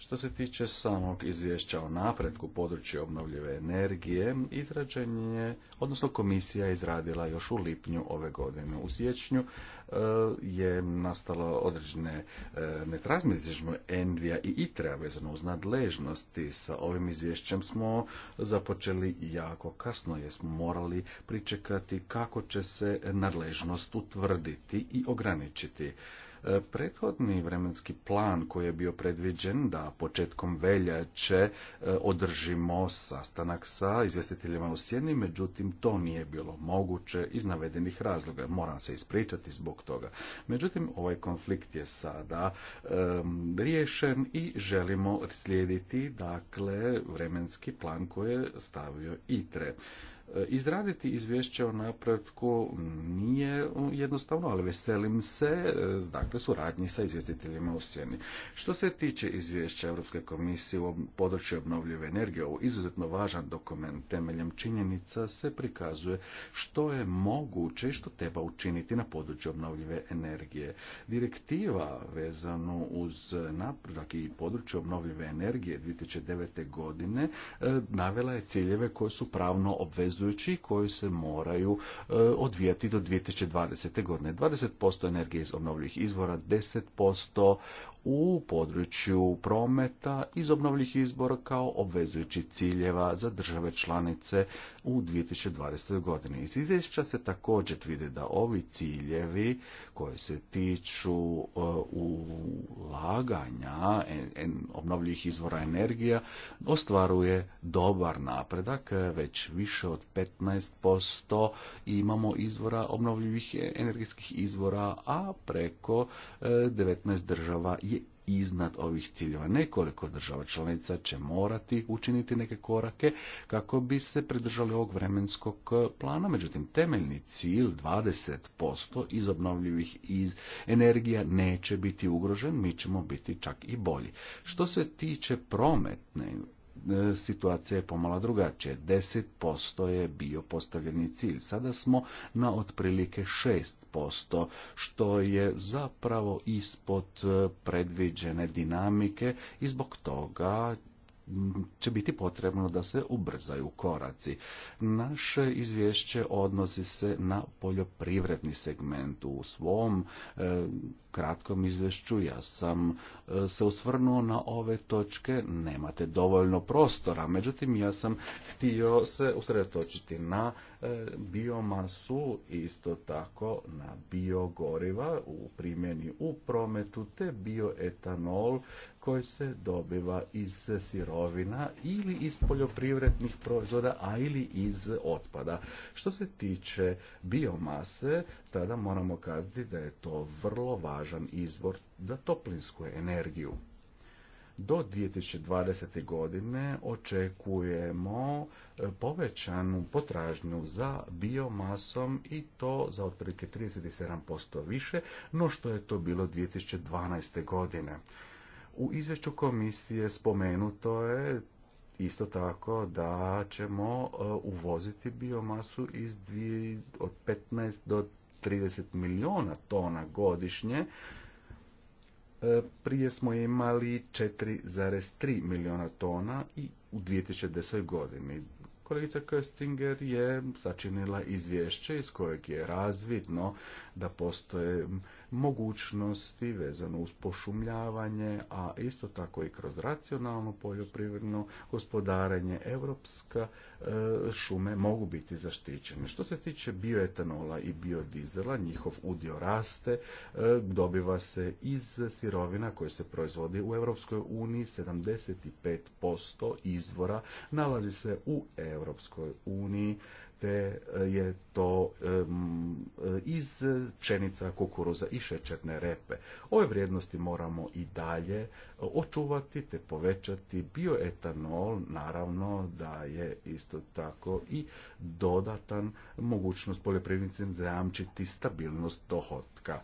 Što se tiče samog izvješća o napretku području obnovljive energije, izrađen je, odnosno komisija izradila još u lipnju ove godine. U siječnju e, je nastalo određene e, Envija i ITRA, vezano uz nadležnosti. Sa ovim izvješćem smo započeli jako kasno jer smo morali pričekati kako će se nadležnost utvrditi i ograničiti. E, prethodni vremenski plan koji je bio predviđen da početkom veljače e, održimo sastanak sa izvjestiteljima u sjeni, međutim to nije bilo moguće iz navedenih razloga. Moram se ispričati zbog toga. Međutim, ovaj konflikt je sada um, riješen i želimo slijediti dakle vremenski plan koji je stavio ITRE. E, izraditi izvješće o napretku nije jednostavno, ali veselim se, e, dakle, suradnji sa izvjestiteljima u sjeni. Što se tiče izvješća Europske komisije u području obnovljive energije, ovo izuzetno važan dokument temeljem činjenica se prikazuje što je moguće i što treba učiniti na području obnovljive energije. Direktiva vezano uz napredak i područje obnovljive energije 2009. godine e, navela je ciljeve koje su pravno obvezujući obvezujući koji se moraju e, odvijati do 2020. godine. 20% energije iz obnovljivih izvora, 10% u području prometa iz obnovljih izbora kao obvezujući ciljeva za države članice u 2020. godini. Iz izvješća se također vidi da ovi ciljevi koji se tiču e, ulaganja e, e, obnovljih izvora energija ostvaruje dobar napredak, već više od 15% imamo izvora obnovljivih energetskih izvora, a preko 19 država iznad ovih ciljeva. Nekoliko država članica će morati učiniti neke korake kako bi se pridržali ovog vremenskog eh, plana. Međutim, temeljni cilj 20% iz obnovljivih iz energija neće biti ugrožen, mi ćemo biti čak i bolji. Što se tiče prometne E, situacija je pomala drugačija. 10% je bio postavljeni cilj. Sada smo na otprilike 6%, što je zapravo ispod e, predviđene dinamike i zbog toga će biti potrebno da se ubrzaju koraci. Naše izvješće odnosi se na poljoprivredni segment. U svom e, kratkom izvješću ja sam e, se osvrnuo na ove točke, nemate dovoljno prostora, međutim ja sam htio se usredotočiti na E, biomasu, isto tako na biogoriva u primjeni u prometu, te bioetanol koji se dobiva iz sirovina ili iz poljoprivrednih proizvoda, a ili iz otpada. Što se tiče biomase, tada moramo kazati da je to vrlo važan izvor za toplinsku energiju. Do 2020. godine očekujemo e, povećanu potražnju za biomasom i to za otprilike 37% više no što je to bilo 2012. godine. U izvješću komisije spomenuto je Isto tako da ćemo e, uvoziti biomasu iz od 15 do 30 milijuna tona godišnje, E, prije smo imali 4,3 milijuna tona i u 2010. godini. Kolegica Köstinger je sačinila izvješće iz kojeg je razvidno da postoje mogućnosti vezano uz pošumljavanje, a isto tako i kroz racionalno poljoprivredno gospodarenje europska e, šume mogu biti zaštićene. Što se tiče bioetanola i biodizela, njihov udio raste, e, dobiva se iz sirovina koje se proizvodi u Europskoj uniji, 75% izvora nalazi se u Europskoj uniji, te e, je to e, e, iz pšenica, kukuruza i šećerne repe. Ove vrijednosti moramo i dalje očuvati te povećati. Bioetanol naravno da je isto tako i dodatan mogućnost poljoprivrednicima zajamčiti stabilnost dohodka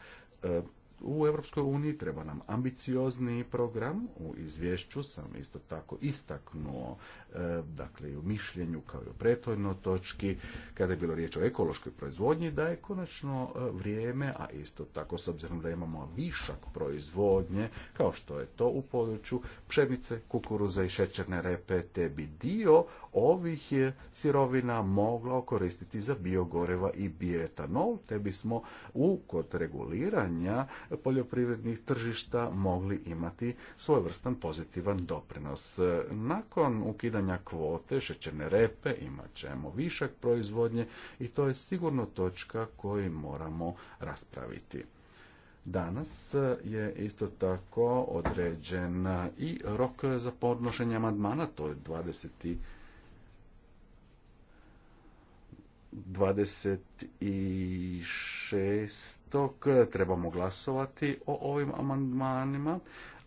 u Europskoj uniji treba nam ambiciozni program. U izvješću sam isto tako istaknuo, e, dakle i u mišljenju kao i u prethodnoj točki, kada je bilo riječ o ekološkoj proizvodnji, da je konačno e, vrijeme, a isto tako s obzirom da imamo višak proizvodnje, kao što je to u području pšenice, kukuruza i šećerne repe, te bi dio ovih je sirovina mogla koristiti za biogoreva i bioetanol, te bismo u kod reguliranja poljoprivrednih tržišta mogli imati svojevrstan pozitivan doprinos. Nakon ukidanja kvote šećerne repe imat ćemo višak proizvodnje i to je sigurno točka koju moramo raspraviti. Danas je isto tako određen i rok za podnošenje amandmana, to je 26. trebamo glasovati o ovim amandmanima,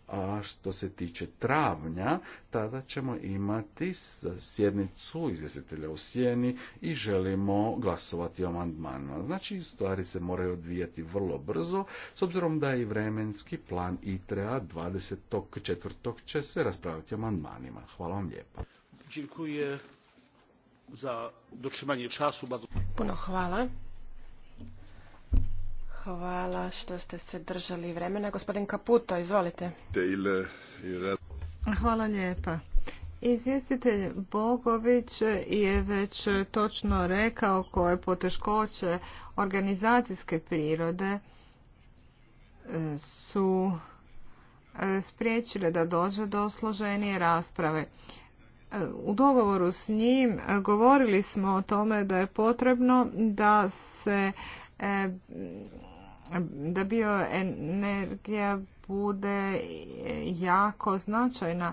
a što se tiče travnja, tada ćemo imati sjednicu izvjestitelja u sjeni i želimo glasovati o amandmanima. Znači, stvari se moraju odvijati vrlo brzo, s obzirom da je i vremenski plan ITREA 24. će se raspraviti o amandmanima. Hvala vam lijepa
za dotrzymanie czasu. Bardzo...
Puno hvala. Hvala što ste se držali vremena. Gospodin Kaputo, izvolite.
Hvala lijepa. Izvjestitelj Bogović je već točno rekao koje poteškoće organizacijske prirode e, su e, spriječile da dođe do složenije rasprave u dogovoru s njim e, govorili smo o tome da je potrebno da se e, da bioenergija bude jako značajna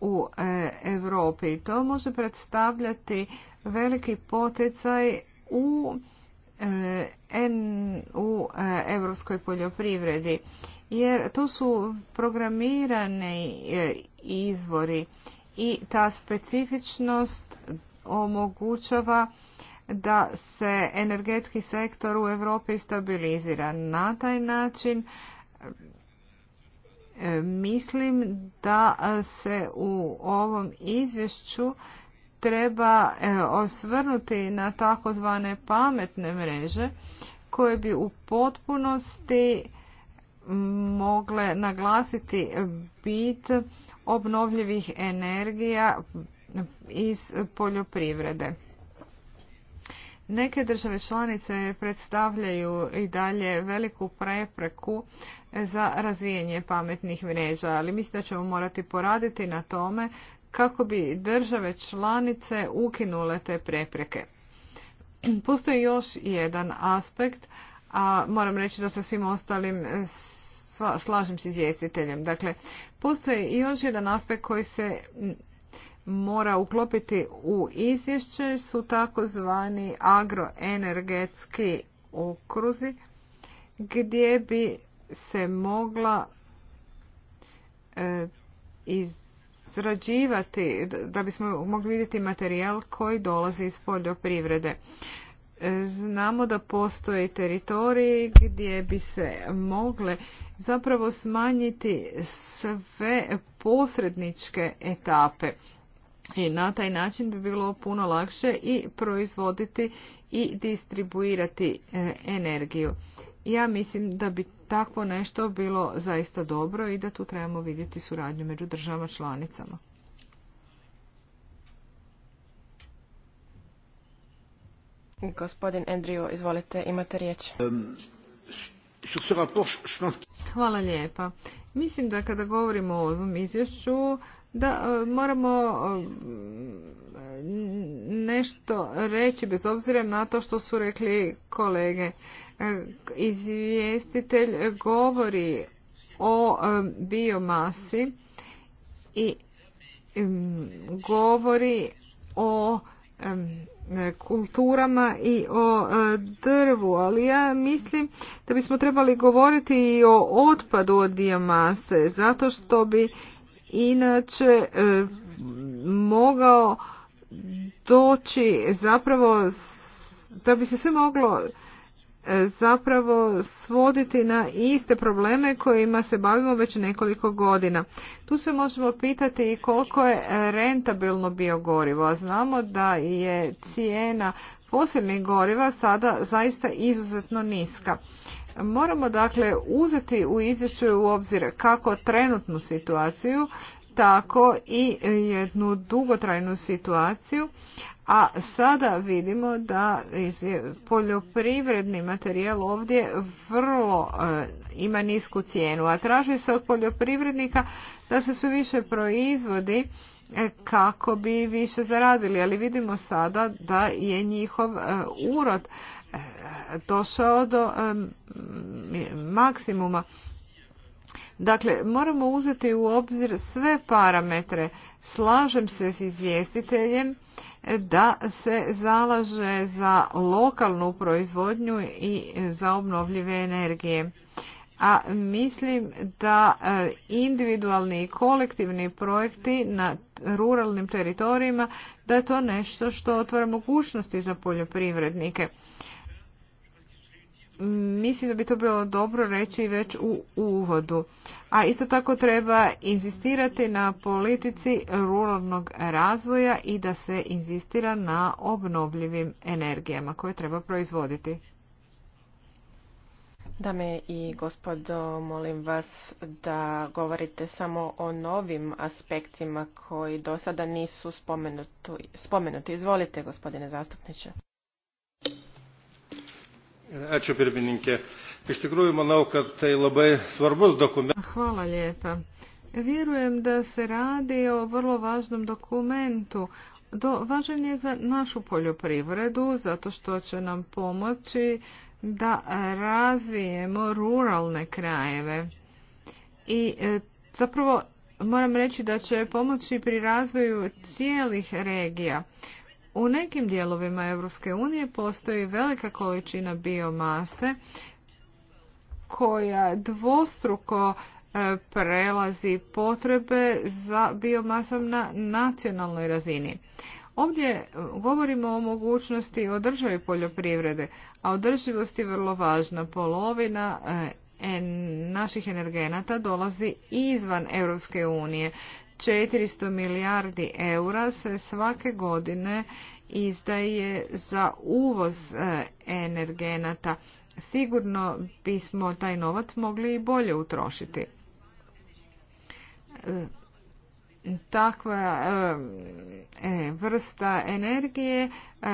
u e, Europi. To može predstavljati veliki poticaj u u europskoj poljoprivredi jer to su programirani izvori i ta specifičnost omogućava da se energetski sektor u Europi stabilizira. Na taj način e, mislim da se u ovom izvješću treba e, osvrnuti na takozvane pametne mreže koje bi u potpunosti mogle naglasiti bit obnovljivih energija iz poljoprivrede. Neke države članice predstavljaju i dalje veliku prepreku za razvijenje pametnih mreža, ali mislim da ćemo morati poraditi na tome kako bi države članice ukinule te prepreke. Postoji još jedan aspekt, a moram reći da se svim ostalim slažem s izvjestiteljem. Dakle, postoji i još jedan aspekt koji se mora uklopiti u izvješće su takozvani agroenergetski okruzi gdje bi se mogla e, izrađivati, da bismo mogli vidjeti materijal koji dolazi iz poljoprivrede. E, znamo da postoje teritoriji gdje bi se mogle zapravo smanjiti sve posredničke etape. I na taj način bi bilo puno lakše i proizvoditi i distribuirati e, energiju. Ja mislim da bi takvo nešto bilo zaista dobro i da tu trebamo vidjeti suradnju među državama članicama.
Gospodin Andriju, izvolite, imate riječ.
Hvala lijepa. Mislim da kada govorimo o ovom izvješću, da e, moramo e, nešto reći bez obzira na to što su rekli kolege. E, izvjestitelj govori o biomasi i govori o kulturama i o e, drvu, ali ja mislim da bismo trebali govoriti i o otpadu od dijamase, zato što bi inače e, mogao doći zapravo da bi se sve moglo zapravo svoditi na iste probleme kojima se bavimo već nekoliko godina. Tu se možemo pitati i koliko je rentabilno biogorivo, a znamo da je cijena fosilnih goriva sada zaista izuzetno niska. Moramo dakle uzeti u izvješću u obzir kako trenutnu situaciju, tako i jednu dugotrajnu situaciju, a sada vidimo da poljoprivredni materijal ovdje vrlo e, ima nisku cijenu, a traži se od poljoprivrednika da se su više proizvodi e, kako bi više zaradili, ali vidimo sada da je njihov e, urod došao do maksimuma Dakle, moramo uzeti u obzir sve parametre. Slažem se s izvjestiteljem da se zalaže za lokalnu proizvodnju i za obnovljive energije. A mislim da e, individualni i kolektivni projekti na ruralnim teritorijima da je to nešto što otvara mogućnosti za poljoprivrednike mislim da bi to bilo dobro reći već u uvodu. A isto tako treba inzistirati na politici ruralnog razvoja i da se inzistira na obnovljivim energijama koje treba proizvoditi.
Dame i gospodo, molim vas da govorite samo o novim aspektima koji do sada nisu spomenuti. Izvolite, gospodine zastupniče
manau, kad
Hvala lijepa. Vjerujem da se radi o vrlo važnom dokumentu. važan je za našu poljoprivredu, zato što će nam pomoći da razvijemo ruralne krajeve. I e, zapravo moram reći da će pomoći pri razvoju cijelih regija. U nekim dijelovima Europske unije postoji velika količina biomase koja dvostruko e, prelazi potrebe za biomasom na nacionalnoj razini. Ovdje govorimo o mogućnosti održive poljoprivrede, a održivost je vrlo važna. Polovina e, naših energenata dolazi izvan Europske unije. 400 milijardi eura se svake godine izdaje za uvoz e, energenata. Sigurno bismo taj novac mogli i bolje utrošiti. E, takva e, vrsta energije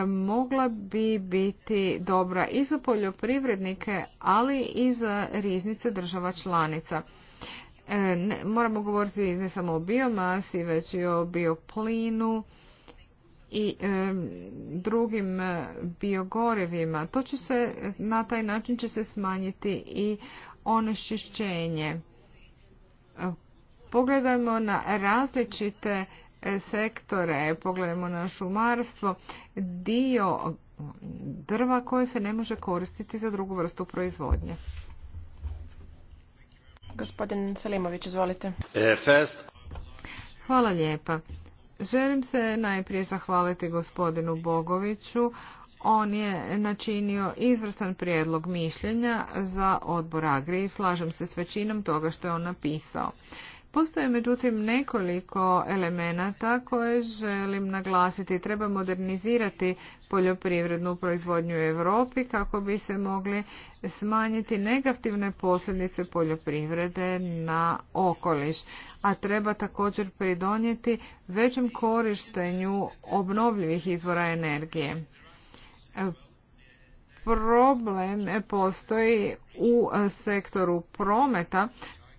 mogla bi biti dobra i za poljoprivrednike, ali i za riznice država članica. E, ne, moramo govoriti ne samo o biomasi, već i o bioplinu i e, drugim e, biogorevima. To će se, na taj način će se smanjiti i onečišćenje. Pogledajmo na različite sektore, pogledajmo na šumarstvo, dio drva koje se ne može koristiti za drugu vrstu proizvodnje. Gospodin Selimović, izvolite. E, Hvala lijepa. Želim se najprije zahvaliti gospodinu Bogoviću. On je načinio izvrstan prijedlog mišljenja za odbor Agri i slažem se s većinom toga što je on napisao. Postoje međutim nekoliko elemenata koje želim naglasiti. Treba modernizirati poljoprivrednu proizvodnju u Europi kako bi se mogli smanjiti negativne posljedice poljoprivrede na okoliš, a treba također pridonijeti većem korištenju obnovljivih izvora energije. Problem postoji u sektoru prometa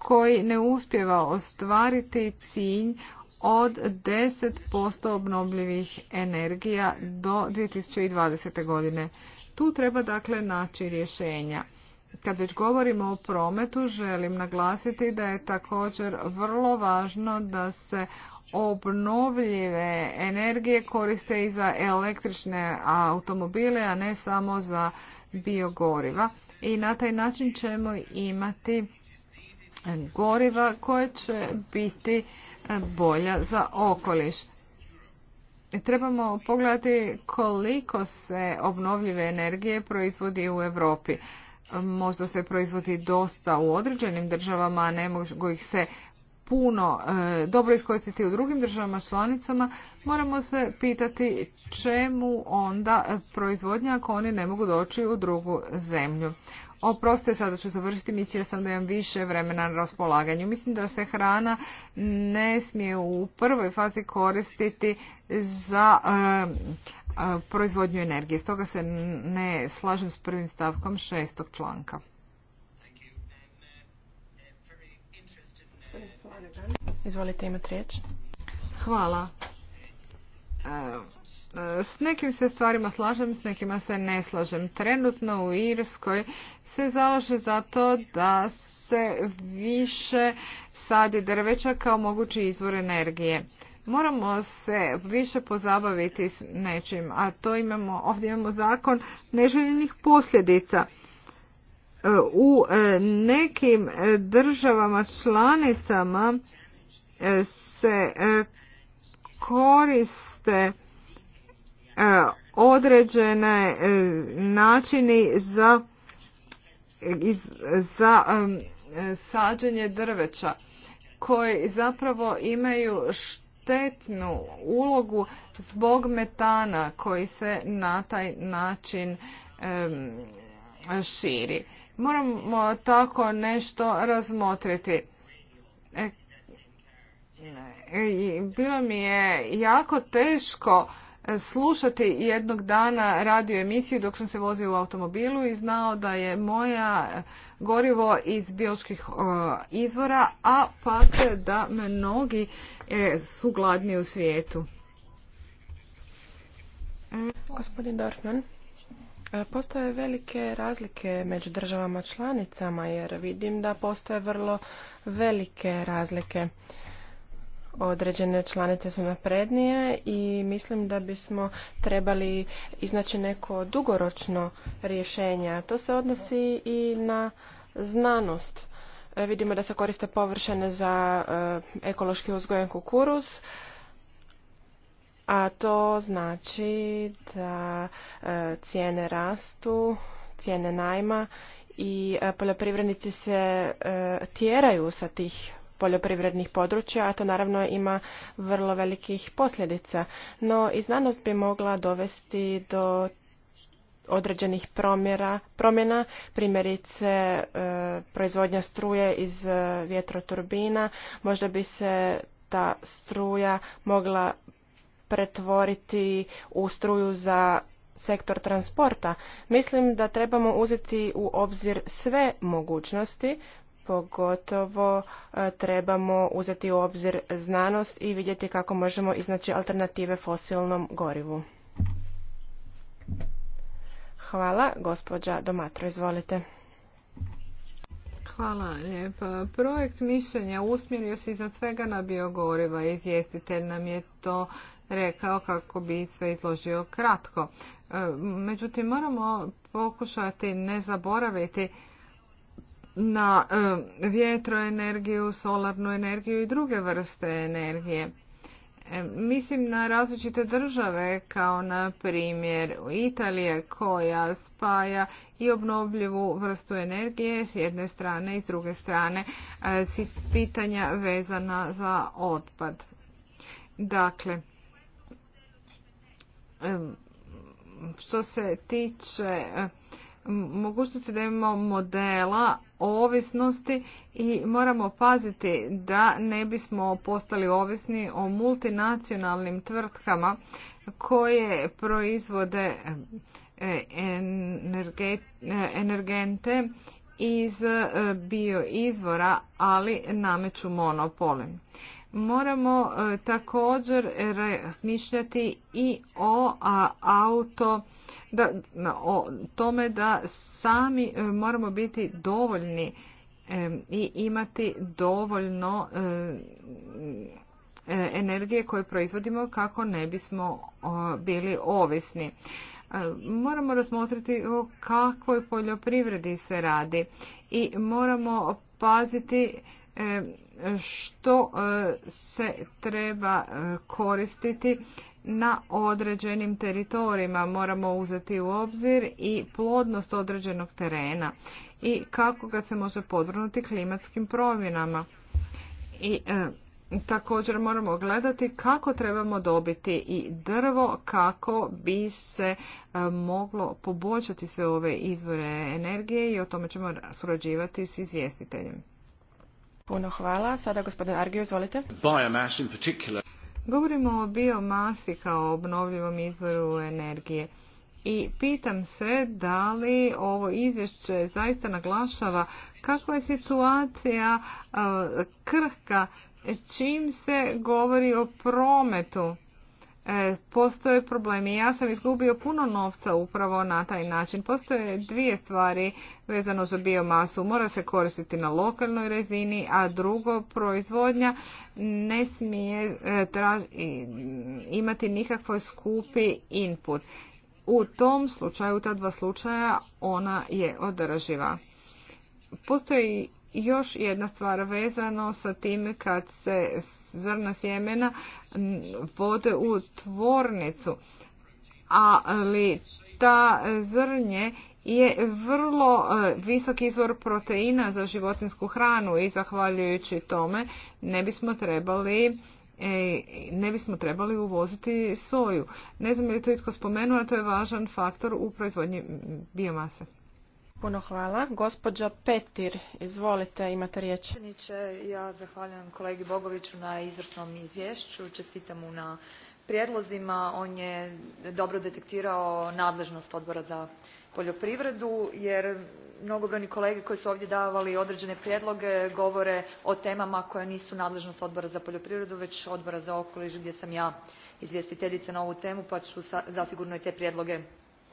koji ne uspjeva ostvariti cilj od 10% obnovljivih energija do 2020. godine. Tu treba dakle naći rješenja. Kad već govorimo o prometu, želim naglasiti da je također vrlo važno da se obnovljive energije koriste i za električne automobile, a ne samo za biogoriva. I na taj način ćemo imati goriva koja će biti e, bolja za okoliš. Trebamo pogledati koliko se obnovljive energije proizvodi u Europi. Možda se proizvodi dosta u određenim državama, a ne mogu ih se puno e, dobro iskoristiti u drugim državama članicama, moramo se pitati čemu onda proizvodnja ako oni ne mogu doći u drugu zemlju. Oprostite, sada ću završiti, mislio sam da imam više vremena na raspolaganju. Mislim da se hrana ne smije u prvoj fazi koristiti za e, e, proizvodnju energije. Stoga se ne slažem s prvim stavkom šestog članka. Izvolite imati riječ. Hvala. E, E, s nekim se stvarima slažem, s nekima se ne slažem. Trenutno u Irskoj se zalaže za to da se više sadi drveća kao mogući izvor energije. Moramo se više pozabaviti s nečim, a to imamo, ovdje imamo zakon neželjenih posljedica. E, u e, nekim državama članicama se koriste E, određene e, načini za, za e, sađenje drveća koji zapravo imaju štetnu ulogu zbog metana koji se na taj način širi. Moramo tako nešto razmotriti. Bilo mi je jako teško E, slušati jednog dana radio emisiju dok sam se vozio u automobilu i znao da je moja gorivo iz bioloških e, izvora, a pak da mnogi e, su gladni u svijetu.
Gospodin Dorfman, postoje velike razlike među državama članicama jer vidim da postoje vrlo velike razlike određene članice su naprednije i mislim da bismo trebali iznaći neko dugoročno rješenje. To se odnosi i na znanost. E, vidimo da se koriste površine za e, ekološki uzgojen kukuruz, a to znači da e, cijene rastu, cijene najma i poljoprivrednici se tjeraju sa tih poljoprivrednih područja, a to naravno ima vrlo velikih posljedica. No i znanost bi mogla dovesti do određenih promjera, promjena, primjerice e, proizvodnja struje iz e, vjetroturbina, možda bi se ta struja mogla pretvoriti u struju za sektor transporta. Mislim da trebamo uzeti u obzir sve mogućnosti, pogotovo e, trebamo uzeti u obzir znanost i vidjeti kako možemo iznaći alternative fosilnom gorivu.
Hvala, gospođa Domatro, izvolite. Hvala lijepa. Projekt mišljenja usmjerio se iznad svega na biogoriva. Izvjestitelj nam je to rekao kako bi sve izložio kratko. E, međutim, moramo pokušati ne zaboraviti na e, vjetroenergiju, solarnu energiju i druge vrste energije. E, mislim na različite države kao na primjer Italije koja spaja i obnovljivu vrstu energije s jedne strane i s druge strane e, pitanja vezana za otpad. Dakle, što se tiče mogućnosti da imamo modela ovisnosti i moramo paziti da ne bismo postali ovisni o multinacionalnim tvrtkama koje proizvode e, e, energente iz e, bioizvora, ali nameću monopolim. Moramo e, također razmišljati i o auto, da, o tome da sami e, moramo biti dovoljni e, i imati dovoljno energije koje proizvodimo kako ne bismo bili ovisni. Moramo razmotriti o kakvoj poljoprivredi se radi i moramo paziti što e, se treba e, koristiti na određenim teritorijima. Moramo uzeti u obzir i plodnost određenog terena i kako ga se može podvrnuti klimatskim promjenama. I e, također moramo gledati kako trebamo dobiti i drvo kako bi se moglo poboljšati sve ove izvore energije i o tome ćemo surađivati s izvjestiteljem. Puno hvala. Sada gospodin Argio, izvolite. Govorimo o biomasi kao obnovljivom izvoru energije. I pitam se da li ovo izvješće zaista naglašava kakva je situacija e, krhka čim se govori o prometu. E, postoje problemi. Ja sam izgubio puno novca upravo na taj način. Postoje dvije stvari vezano za biomasu. Mora se koristiti na lokalnoj rezini, a drugo, proizvodnja ne smije e, imati nikakvoj skupi input. U tom slučaju, u ta dva slučaja, ona je održiva. Postoji još jedna stvar vezano sa tim kad se zrna sjemena vode u tvornicu, ali ta zrnje je vrlo e, visok izvor proteina za životinsku hranu i zahvaljujući tome ne bismo trebali e, ne bismo trebali uvoziti soju. Ne znam je li to itko spomenuo, a to je važan faktor u proizvodnji biomase.
Puno hvala. Gospođa Petir, izvolite, imate riječ.
Ja zahvaljam kolegi Bogoviću na izvrsnom izvješću, čestitam mu na prijedlozima. On je dobro detektirao nadležnost odbora za poljoprivredu jer mnogobrojni kolege koji su ovdje davali određene prijedloge govore o temama koje nisu nadležnost odbora za poljoprivredu već odbora za okoliš gdje sam ja izvjestiteljica na ovu temu pa ću zasigurno i te prijedloge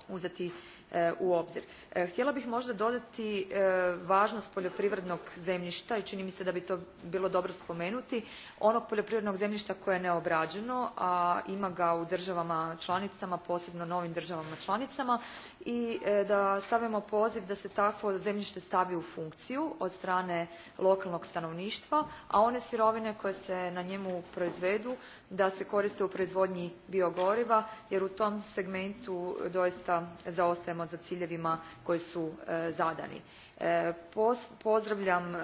uzeti E, u obzir. E, htjela bih možda dodati e, važnost poljoprivrednog zemljišta i čini mi se da bi to bilo dobro spomenuti, onog poljoprivrednog zemljišta koje je neobrađeno, a ima ga u državama članicama, posebno novim državama članicama i da stavimo poziv da se takvo zemljište stavi u funkciju od strane lokalnog stanovništva, a one sirovine koje se na njemu proizvedu da se koriste u proizvodnji biogoriva jer u tom segmentu doista zaostaje za ciljevima koji su e, zadani. E, pozdravljam e,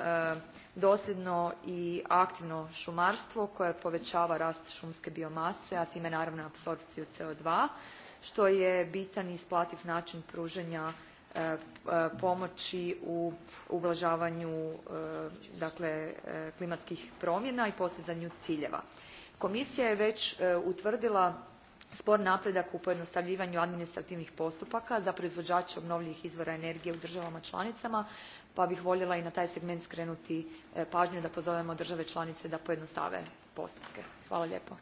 dosljedno i aktivno šumarstvo koje povećava rast šumske biomase a time naravno apsorpciju co two što je bitan i isplativ način pružanja pomoći u ublažavanju dakle klimatskih promjena i postizanju ciljeva. komisija je već utvrdila spor napredak u pojednostavljivanju administrativnih postupaka za proizvođače obnovljivih izvora energije u državama članicama pa bih voljela i na taj segment skrenuti e, pažnju da pozovemo države članice da pojednostave postupke. Hvala lijepo.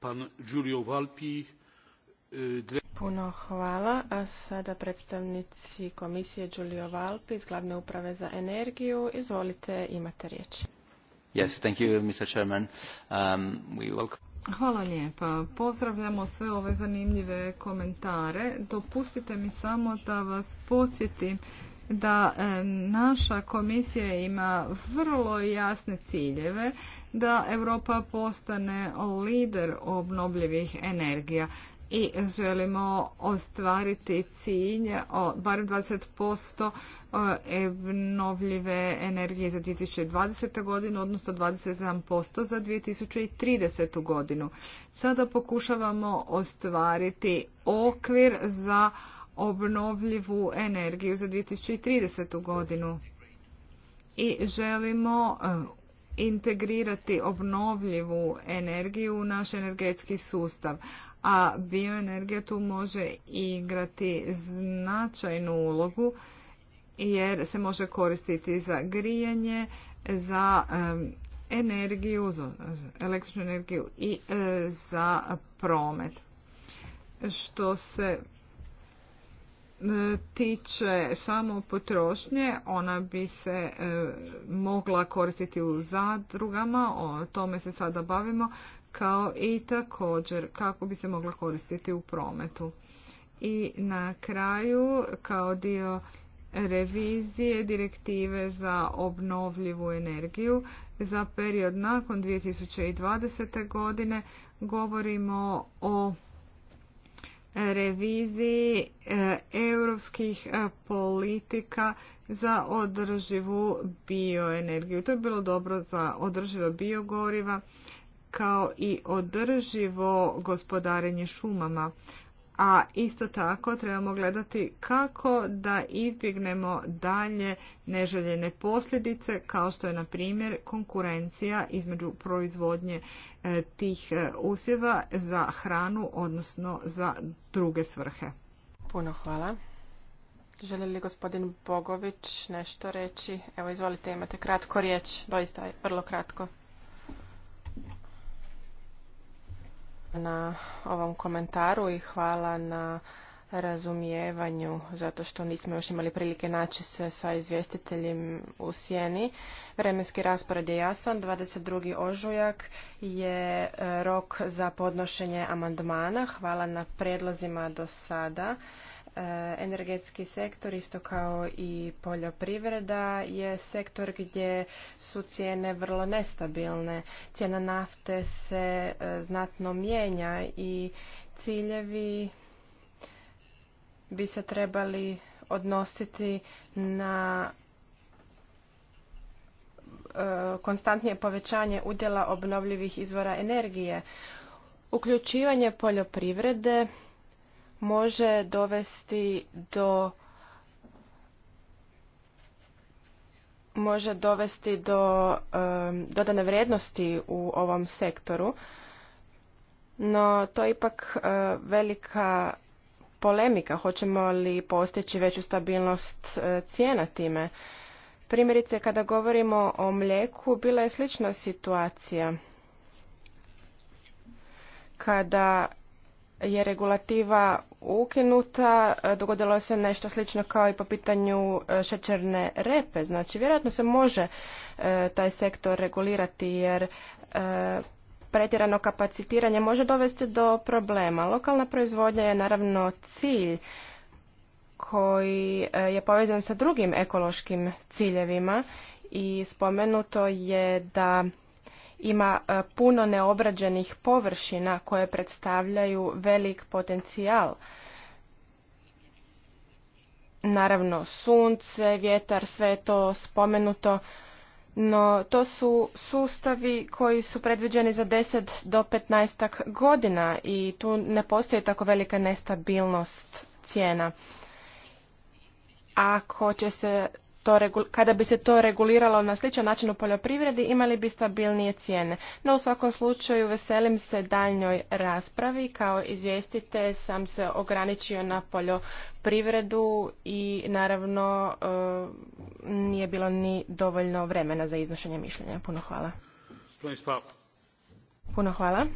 pan Giulio Valpi, e,
Puno hvala. A sada predstavnici komisije Giulio Valpi iz glavne uprave za energiju. Izvolite, imate
riječ. Yes, thank you, Mr. Chairman. Um, we welcome...
Hvala lijepa. Pozdravljamo sve ove zanimljive komentare. Dopustite mi samo da vas podsjetim da e, naša komisija ima vrlo jasne ciljeve da Europa postane lider obnovljivih energija i želimo ostvariti cilj o barem 20% e, obnovljive energije za 2020. godinu, odnosno 27% za 2030. godinu. Sada pokušavamo ostvariti okvir za obnovljivu energiju za 2030. godinu i želimo e, integrirati obnovljivu energiju u naš energetski sustav, a bioenergija tu može igrati značajnu ulogu jer se može koristiti za grijanje, za energiju, za električnu energiju i e, za promet. Što se tiče samo potrošnje, ona bi se e, mogla koristiti u zadrugama, o tome se sada bavimo, kao i također kako bi se mogla koristiti u prometu. I na kraju, kao dio revizije direktive za obnovljivu energiju za period nakon 2020. godine govorimo o reviziji e, europskih e, politika za održivu bioenergiju. To je bilo dobro za održivo biogoriva kao i održivo gospodarenje šumama a isto tako trebamo gledati kako da izbjegnemo dalje neželjene posljedice kao što je na primjer konkurencija između proizvodnje e, tih e, usjeva za hranu odnosno za druge svrhe. Puno hvala.
Želi li gospodin Bogović nešto reći? Evo izvolite imate kratko riječ, doista vrlo kratko. na ovom komentaru i hvala na razumijevanju zato što nismo još imali prilike naći se sa izvjestiteljem u sjeni. Vremenski raspored je jasan, 22. ožujak je e, rok za podnošenje amandmana. Hvala na prijedlozima do sada. E, energetski sektor isto kao i poljoprivreda je sektor gdje su cijene vrlo nestabilne cijena nafte se e, znatno mijenja i ciljevi bi se trebali odnositi na e, konstantnije povećanje udjela obnovljivih izvora energije uključivanje poljoprivrede može dovesti do može dovesti do dodane vrijednosti u ovom sektoru no to je ipak e, velika polemika hoćemo li postići veću stabilnost e, cijena time primjerice kada govorimo o mlijeku bila je slična situacija kada je regulativa ukinuta, e, dogodilo se nešto slično kao i po pitanju e, šećerne repe. Znači, vjerojatno se može e, taj sektor regulirati jer pretjerano kapacitiranje može dovesti do problema. Lokalna proizvodnja je naravno cilj koji je povezan sa drugim ekološkim ciljevima i spomenuto je da ima e, puno neobrađenih površina koje predstavljaju velik potencijal. Naravno, sunce, vjetar, sve je to spomenuto, no to su sustavi koji su predviđeni za 10 do 15 godina i tu ne postoji tako velika nestabilnost cijena. Ako će se to, kada bi se to reguliralo na sličan način u poljoprivredi, imali bi stabilnije cijene. No u svakom slučaju veselim se daljnjoj raspravi. Kao izvjestite, sam se ograničio na poljoprivredu i naravno e, nije bilo ni dovoljno vremena za iznošenje mišljenja. Puno hvala. Puno hvala.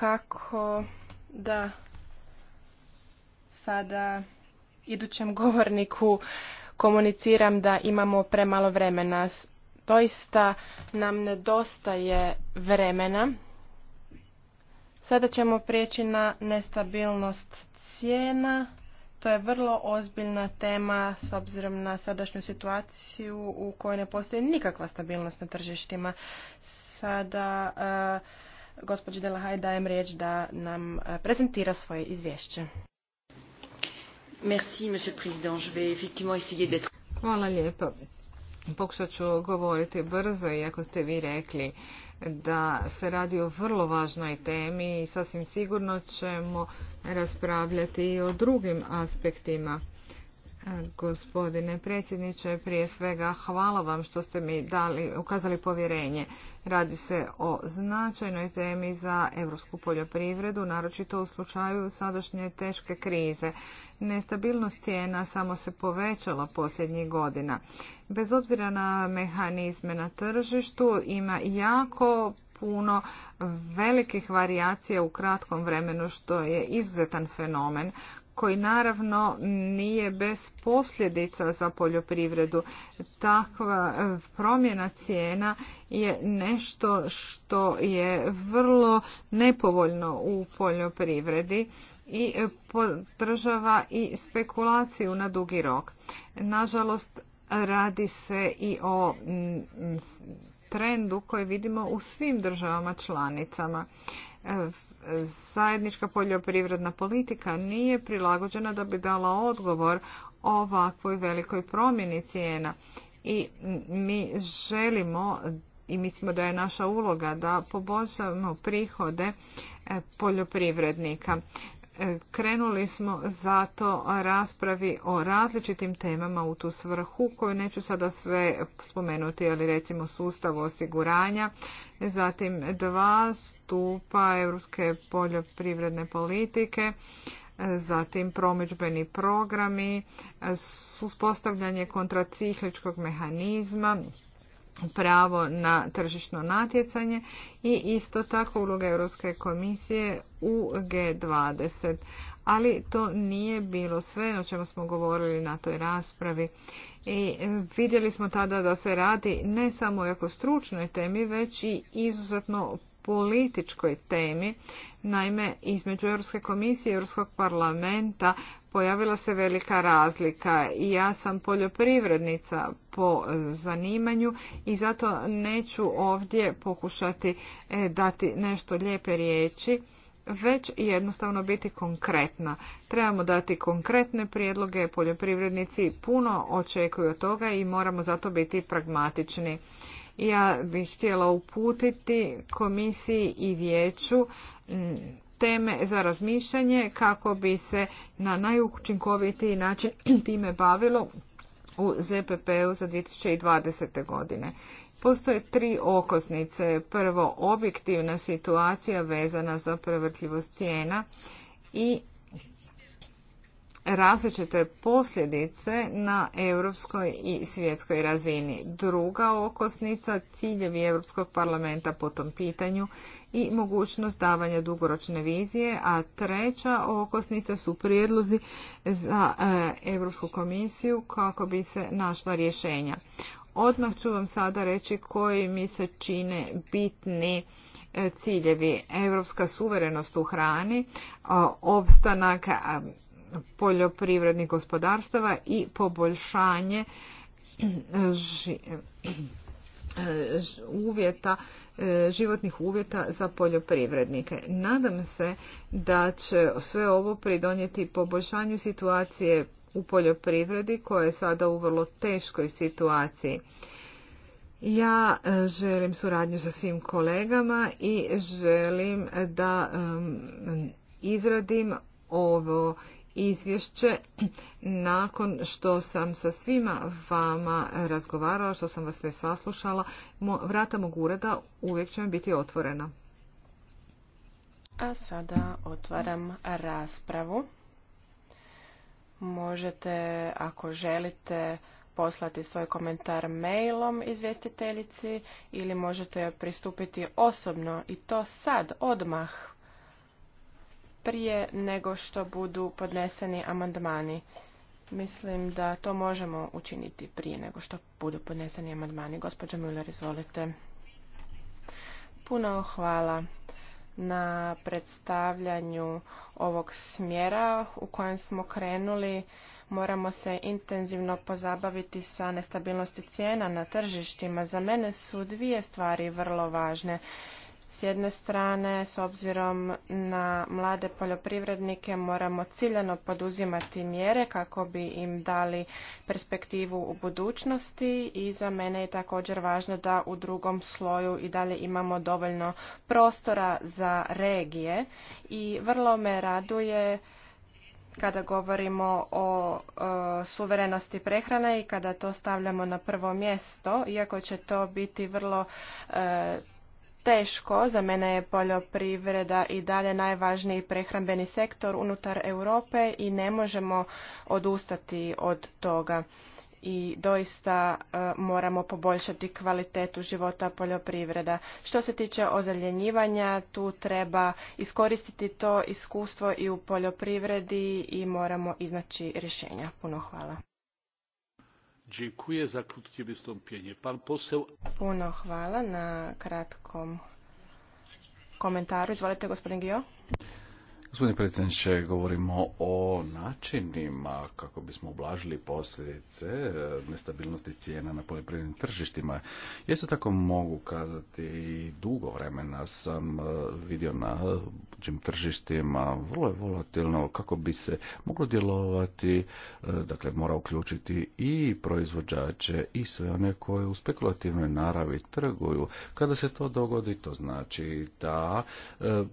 kako da sada idućem govorniku komuniciram da imamo premalo vremena. Doista nam nedostaje vremena. Sada ćemo prijeći na nestabilnost cijena. To je vrlo ozbiljna tema s obzirom na sadašnju situaciju u kojoj ne postoji nikakva stabilnost na tržištima. Sada eh, Gospođi Delahaj dajem riječ da nam e, prezentira svoje izvješće.
Merci, monsieur président. Je vais effectivement essayer d'être... Hvala lijepo. Pokušat ću govoriti brzo, iako ste vi rekli da se radi o vrlo važnoj temi i sasvim sigurno ćemo raspravljati i o drugim aspektima. Gospodine predsjedniče, prije svega hvala vam što ste mi dali, ukazali povjerenje. Radi se o značajnoj temi za europsku poljoprivredu, naročito u slučaju sadašnje teške krize. Nestabilnost cijena samo se povećala posljednjih godina. Bez obzira na mehanizme na tržištu ima jako puno velikih varijacija u kratkom vremenu što je izuzetan fenomen koji naravno nije bez posljedica za poljoprivredu. Takva e, promjena cijena je nešto što je vrlo nepovoljno u poljoprivredi i podržava i spekulaciju na dugi rok. Nažalost, radi se i o trendu koji vidimo u svim državama članicama zajednička poljoprivredna politika nije prilagođena da bi dala odgovor ovakvoj velikoj promjeni cijena. I mi želimo i mislimo da je naša uloga da poboljšamo prihode e, poljoprivrednika krenuli smo zato raspravi o različitim temama u tu svrhu koju neću sada sve spomenuti, ali recimo sustav osiguranja, zatim dva stupa europske poljoprivredne politike, zatim promidžbeni programi, uspostavljanje kontracikličkog mehanizma, pravo na tržišno natjecanje i isto tako uloga Europske komisije u G20. Ali to nije bilo sve o čemu smo govorili na toj raspravi. I vidjeli smo tada da se radi ne samo o stručnoj temi, već i izuzetno političkoj temi. Naime, između Europske komisije i Europskog parlamenta pojavila se velika razlika i ja sam poljoprivrednica po zanimanju i zato neću ovdje pokušati e, dati nešto lijepe riječi već jednostavno biti konkretna. Trebamo dati konkretne prijedloge, poljoprivrednici puno očekuju od toga i moramo zato biti pragmatični. Ja bih htjela uputiti komisiji i vijeću teme za razmišljanje kako bi se na najučinkovitiji način time bavilo u ZPP-u za 2020. godine. Postoje tri okosnice. Prvo, objektivna situacija vezana za prevrtljivost cijena i različite posljedice na europskoj i svjetskoj razini. Druga okosnica ciljevi Europskog parlamenta po tom pitanju i mogućnost davanja dugoročne vizije, a treća okosnica su prijedlozi za e, Europsku komisiju kako bi se našla rješenja. Odmah ću vam sada reći koji mi se čine bitni e, ciljevi. Europska suverenost u hrani, e, opstanak poljoprivrednih gospodarstava i poboljšanje uvjeta, životnih uvjeta za poljoprivrednike. Nadam se da će sve ovo pridonijeti poboljšanju situacije u poljoprivredi koja je sada u vrlo teškoj situaciji. Ja e, želim suradnju sa svim kolegama i želim da izradim ovo izvješće nakon što sam sa svima vama razgovarala, što sam vas sve saslušala. Vrata mog ureda uvijek će mi biti otvorena.
A sada otvaram raspravu. Možete, ako želite, poslati svoj komentar mailom izvjestiteljici ili možete joj pristupiti osobno i to sad, odmah, prije nego što budu podneseni amandmani. Mislim da to možemo učiniti prije nego što budu podneseni amandmani. Gospođa Müller, izvolite. Puno hvala na predstavljanju ovog smjera u kojem smo krenuli. Moramo se intenzivno pozabaviti sa nestabilnosti cijena na tržištima. Za mene su dvije stvari vrlo važne. S jedne strane, s obzirom na mlade poljoprivrednike, moramo ciljano poduzimati mjere kako bi im dali perspektivu u budućnosti i za mene je također važno da u drugom sloju i dalje imamo dovoljno prostora za regije i vrlo me raduje kada govorimo o e, suverenosti prehrane i kada to stavljamo na prvo mjesto, iako će to biti vrlo e, teško. Za mene je poljoprivreda i dalje najvažniji prehrambeni sektor unutar Europe i ne možemo odustati od toga i doista e, moramo poboljšati kvalitetu života poljoprivreda. Što se tiče ozaljenjivanja, tu treba iskoristiti to iskustvo i u poljoprivredi i moramo iznaći rješenja. Puno hvala.
Dziękuję za krótkie wystąpienie. Pan poseł...
Puno hvala na kratkom komentaru. Izvolite, gospodin Gio.
Gospodine predsjedniče, govorimo o načinima kako bismo ublažili posljedice e, nestabilnosti cijena na poljoprivrednim tržištima. Ja tako mogu kazati i dugo vremena sam e, vidio na čim tržištima vrlo je volatilno kako bi se moglo djelovati, e, dakle mora uključiti i proizvođače i sve one koje u spekulativnoj naravi trguju. Kada se to dogodi, to znači da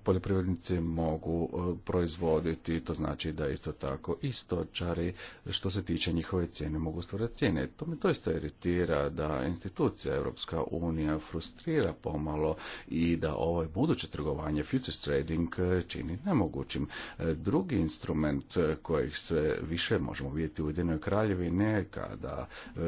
poljoprivrednici mogu proizvoditi, to znači da isto tako i stočari što se tiče njihove cijene mogu stvoriti cijene. To me doista iritira da institucija Europska unija frustrira pomalo i da ovo buduće trgovanje futures trading čini nemogućim. Drugi instrument kojih sve više možemo vidjeti u Ujedinoj kraljevini kada e,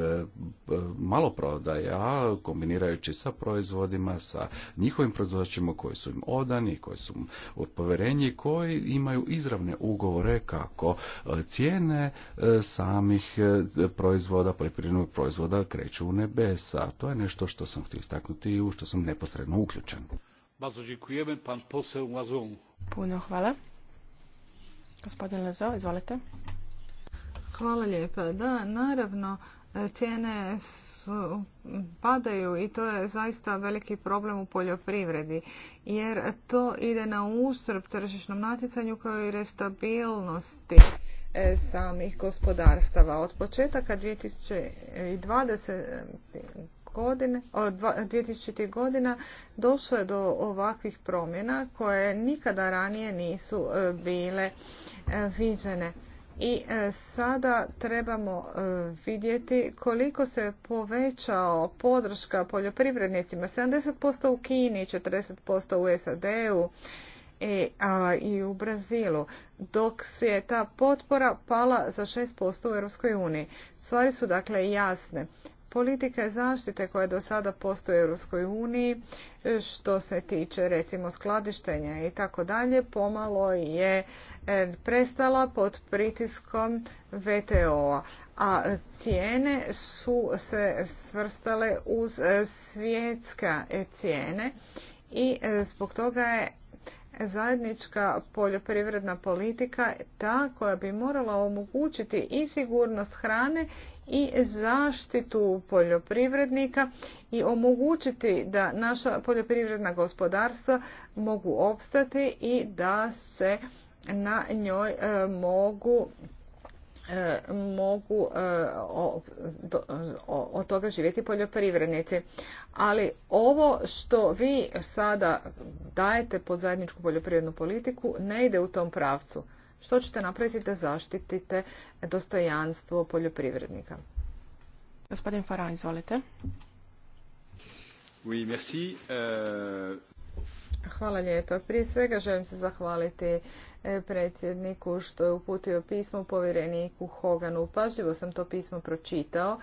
malo prodaja kombinirajući sa proizvodima, sa njihovim proizvođačima koji su im odani, koji su u povjerenji, koji imaju izravne ugovore kako e, cijene e, samih e, proizvoda, poljoprivrednog proizvoda kreću u nebesa. To je nešto što sam htio istaknuti i u što sam neposredno
uključen. Puno
hvala. Gospodin Lezo, izvolite. Hvala lijepa. Da, naravno, cijene padaju i to je zaista veliki problem u poljoprivredi jer to ide na usrb tržišnom natjecanju kao i restabilnosti e, samih gospodarstava. Od početaka 2020 godine, od 2000. godina došlo je do ovakvih promjena koje nikada ranije nisu e, bile e, viđene i e, sada trebamo e, vidjeti koliko se povećao podrška poljoprivrednicima. 70% u Kini, 40% u SAD-u e, i u Brazilu, dok je ta potpora pala za 6% u EU. Stvari su dakle jasne. Politika zaštite koja do sada postoji u Europskoj uniji što se tiče recimo skladištenja i tako dalje pomalo je e, prestala pod pritiskom VTO-a, a cijene su se svrstale uz e, svjetska cijene i e, zbog toga je zajednička poljoprivredna politika ta koja bi morala omogućiti i sigurnost hrane i zaštitu poljoprivrednika i omogućiti da naša poljoprivredna gospodarstva mogu opstati i da se na njoj e, mogu e, mogu e, od toga živjeti poljoprivrednici. Ali ovo što vi sada dajete pod zajedničku poljoprivrednu politiku ne ide u tom pravcu. Što ćete napraviti da zaštitite dostojanstvo poljoprivrednika? Gospodin Farah, izvolite.
Oui, merci. Euh,
Hvala lijepa. Prije svega želim se zahvaliti e, predsjedniku što je uputio pismo povjereniku Hoganu. Pažljivo sam to pismo pročitao.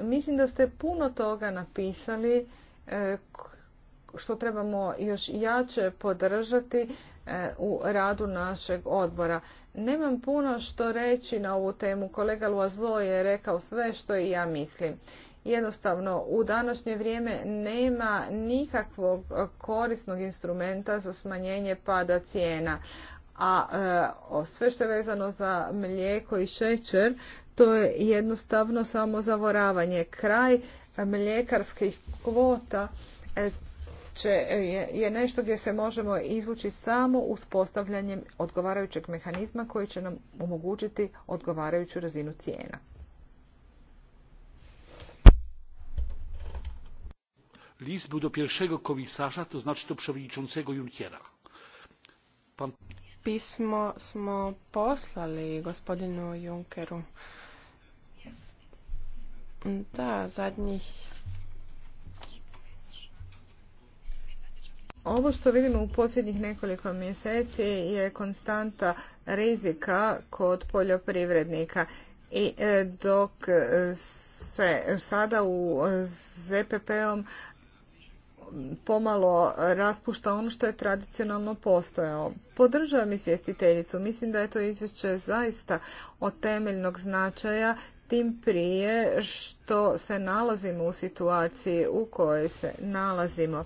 Mislim da ste puno toga napisali e, što trebamo još jače podržati e, u radu našeg odbora. Nemam puno što reći na ovu temu. Kolega Luazo je rekao sve što i ja mislim. Jednostavno, u današnje vrijeme nema nikakvog korisnog instrumenta za smanjenje pada cijena. A e, sve što je vezano za mlijeko i šećer, to je jednostavno samo zavoravanje. Kraj mljekarskih kvota e, će, je nešto gdje se možemo izvući samo uspostavljanjem odgovarajućeg mehanizma koji će nam omogućiti odgovarajuću razinu cijena.
List był do pierwszego komisarza, to znaczy do przewodniczącego Junckera. Pan...
Pismo smo poslali gospodinu Junckeru.
Da, zadnjih Ovo što vidimo u posljednjih nekoliko mjeseci je konstanta rizika kod poljoprivrednika i e, dok se sada u ZPP-om pomalo raspušta ono što je tradicionalno postojao. Podržavam izvjestiteljicu. Mislim da je to izvješće zaista od temeljnog značaja tim prije što se nalazimo u situaciji u kojoj se nalazimo.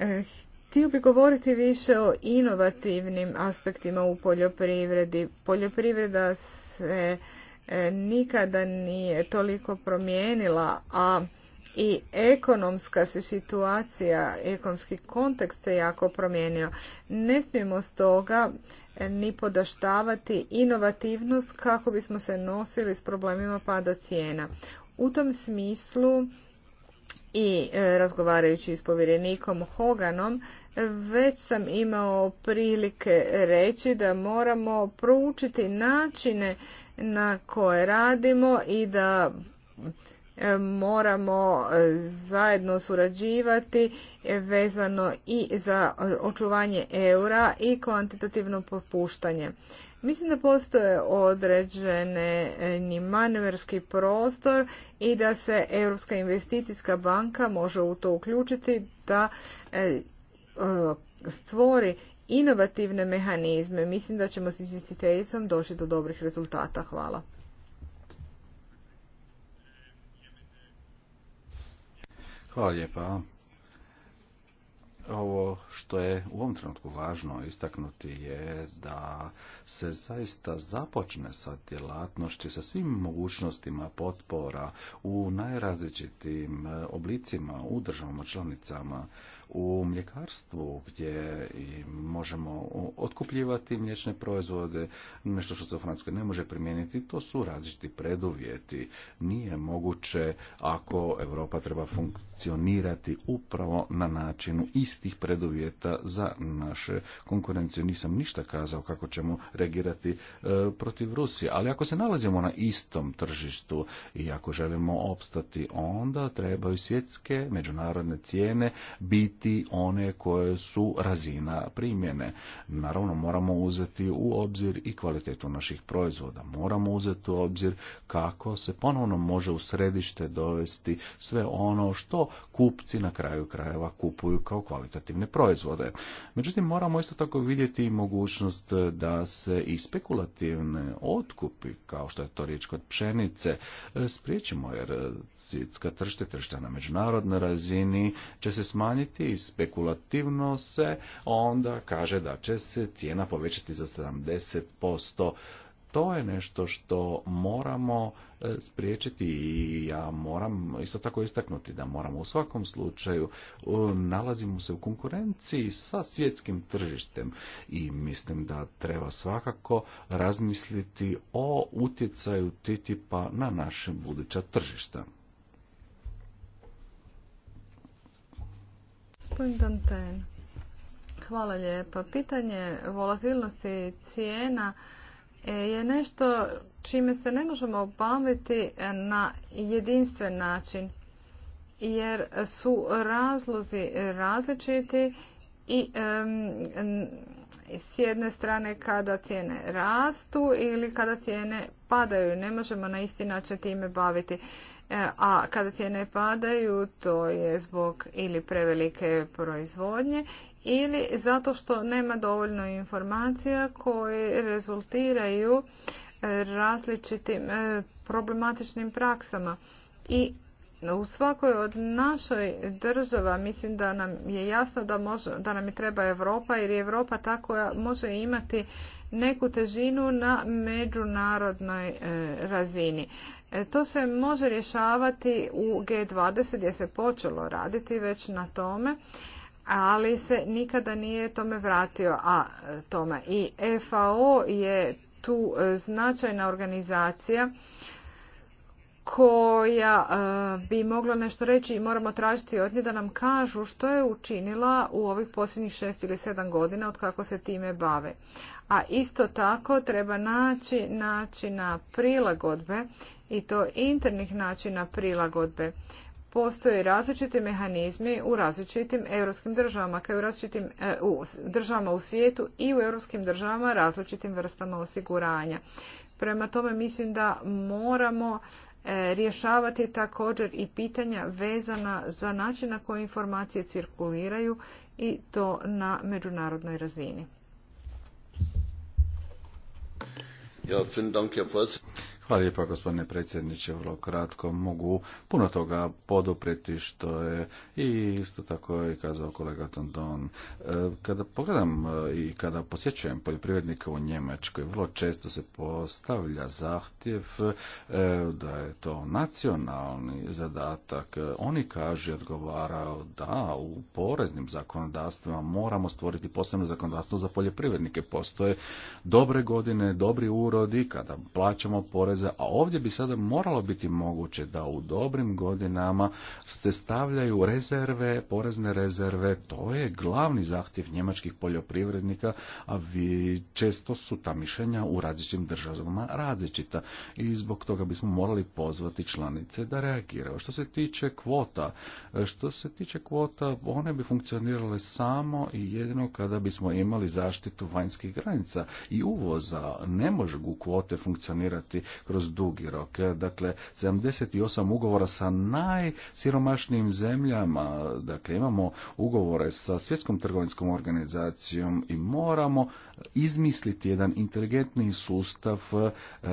E, htio bih govoriti više o inovativnim aspektima u poljoprivredi. Poljoprivreda se e, nikada nije toliko promijenila, a i ekonomska se situacija, ekonomski kontekst se jako promijenio. Ne smijemo stoga e, ni podaštavati inovativnost kako bismo se nosili s problemima pada cijena. U tom smislu i e, razgovarajući s povjerenikom Hoganom već sam imao prilike reći da moramo proučiti načine na koje radimo i da e, moramo e, zajedno surađivati vezano i za očuvanje eura i kvantitativno popuštanje. Mislim da postoje određene e, ni prostor i da se Europska investicijska banka može u to uključiti da e, e, stvori inovativne mehanizme. Mislim da ćemo s izvjestiteljicom doći do dobrih rezultata. Hvala.
Hvala lijepa. Ovo što je u ovom trenutku važno istaknuti je da se zaista započne sa djelatnošću, sa svim mogućnostima potpora u najrazličitim e, oblicima u državama članicama u mljekarstvu gdje možemo otkupljivati mliječne proizvode, nešto što se u Francuskoj ne može primijeniti, to su različiti preduvjeti. Nije moguće ako Europa treba funkcionirati upravo na načinu istih preduvjeta za naše konkurenciju. Nisam ništa kazao kako ćemo reagirati e, protiv Rusije, ali ako se nalazimo na istom tržištu i ako želimo opstati, onda trebaju svjetske međunarodne cijene biti ti one koje su razina primjene. Naravno, moramo uzeti u obzir i kvalitetu naših proizvoda. Moramo uzeti u obzir kako se ponovno može u središte dovesti sve ono što kupci na kraju krajeva kupuju kao kvalitativne proizvode. Međutim, moramo isto tako vidjeti i mogućnost da se i spekulativne otkupi, kao što je to riječ kod pšenice, spriječimo, jer svjetska tržište, tržišta na međunarodnoj razini će se smanjiti i spekulativno se onda kaže da će se cijena povećati za 70%. To je nešto što moramo e, spriječiti i ja moram isto tako istaknuti da moramo u svakom slučaju nalazimo se u konkurenciji sa svjetskim tržištem i mislim da treba svakako razmisliti o utjecaju TTIP-a na naše buduća tržišta.
Gospodin Danten. Hvala lijepa. Pitanje volatilnosti cijena e, je nešto čime se ne možemo baviti na jedinstven način jer su razlozi različiti i s jedne strane kada cijene rastu ili kada cijene padaju. Ne možemo na isti način time baviti. E, a kada cijene padaju to je zbog ili prevelike proizvodnje ili zato što nema dovoljno informacija koje rezultiraju e, različitim e, problematičnim praksama i u svakoj od našoj država mislim da nam je jasno da, može, da nam je treba Europa jer je Europa ta može imati neku težinu na međunarodnoj razini. E, to se može rješavati u G20 gdje se počelo raditi već na tome, ali se nikada nije tome vratio. A e, tome i FAO je tu e, značajna organizacija koja e, bi mogla nešto reći i moramo tražiti od nje da nam kažu što je učinila u ovih posljednjih šest ili sedam godina od kako se time bave. A isto tako treba naći načina prilagodbe i to internih načina prilagodbe. Postoje različiti mehanizmi u različitim europskim državama, kao i u različitim e, državama u svijetu i u europskim državama različitim vrstama osiguranja. Prema tome mislim da moramo E, rješavati također i pitanja vezana za način na koji informacije cirkuliraju i to na međunarodnoj razini.
Hvala lijepa gospodine predsjedniče, vrlo kratko mogu puno toga poduprijeti što je i isto tako je kazao kolega Tondon. E, kada pogledam e, i kada posjećujem poljoprivrednika u Njemačkoj, vrlo često se postavlja zahtjev e, da je to nacionalni zadatak. Oni kažu odgovarao da u poreznim zakonodavstvima moramo stvoriti posebno zakonodavstvo za poljoprivrednike. Postoje dobre godine, dobri urodi kada plaćamo porez a ovdje bi sada moralo biti moguće da u dobrim godinama se stavljaju rezerve, porezne rezerve, to je glavni zahtjev njemačkih poljoprivrednika, a vi često su ta mišljenja u različitim državama različita i zbog toga bismo morali pozvati članice da reagiraju. Što se tiče kvota, što se tiče kvota, one bi funkcionirale samo i jedino kada bismo imali zaštitu vanjskih granica i uvoza. Ne mogu kvote funkcionirati kroz dugi rok. E, dakle, 78 ugovora sa najsiromašnijim zemljama, dakle imamo ugovore sa svjetskom trgovinskom organizacijom i moramo izmisliti jedan inteligentni sustav, e,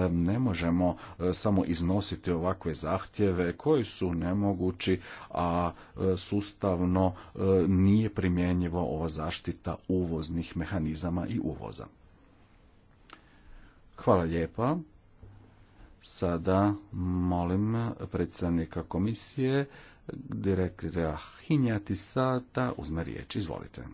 ne možemo e, samo iznositi ovakve zahtjeve koji su nemogući, a sustavno nije primjenjivo ova zaštita uvoznih mehanizama i uvoza. Hvala lijepa. Sada molim predstavnika komisije, direktora Hinjati da uzme riječ. Izvolite.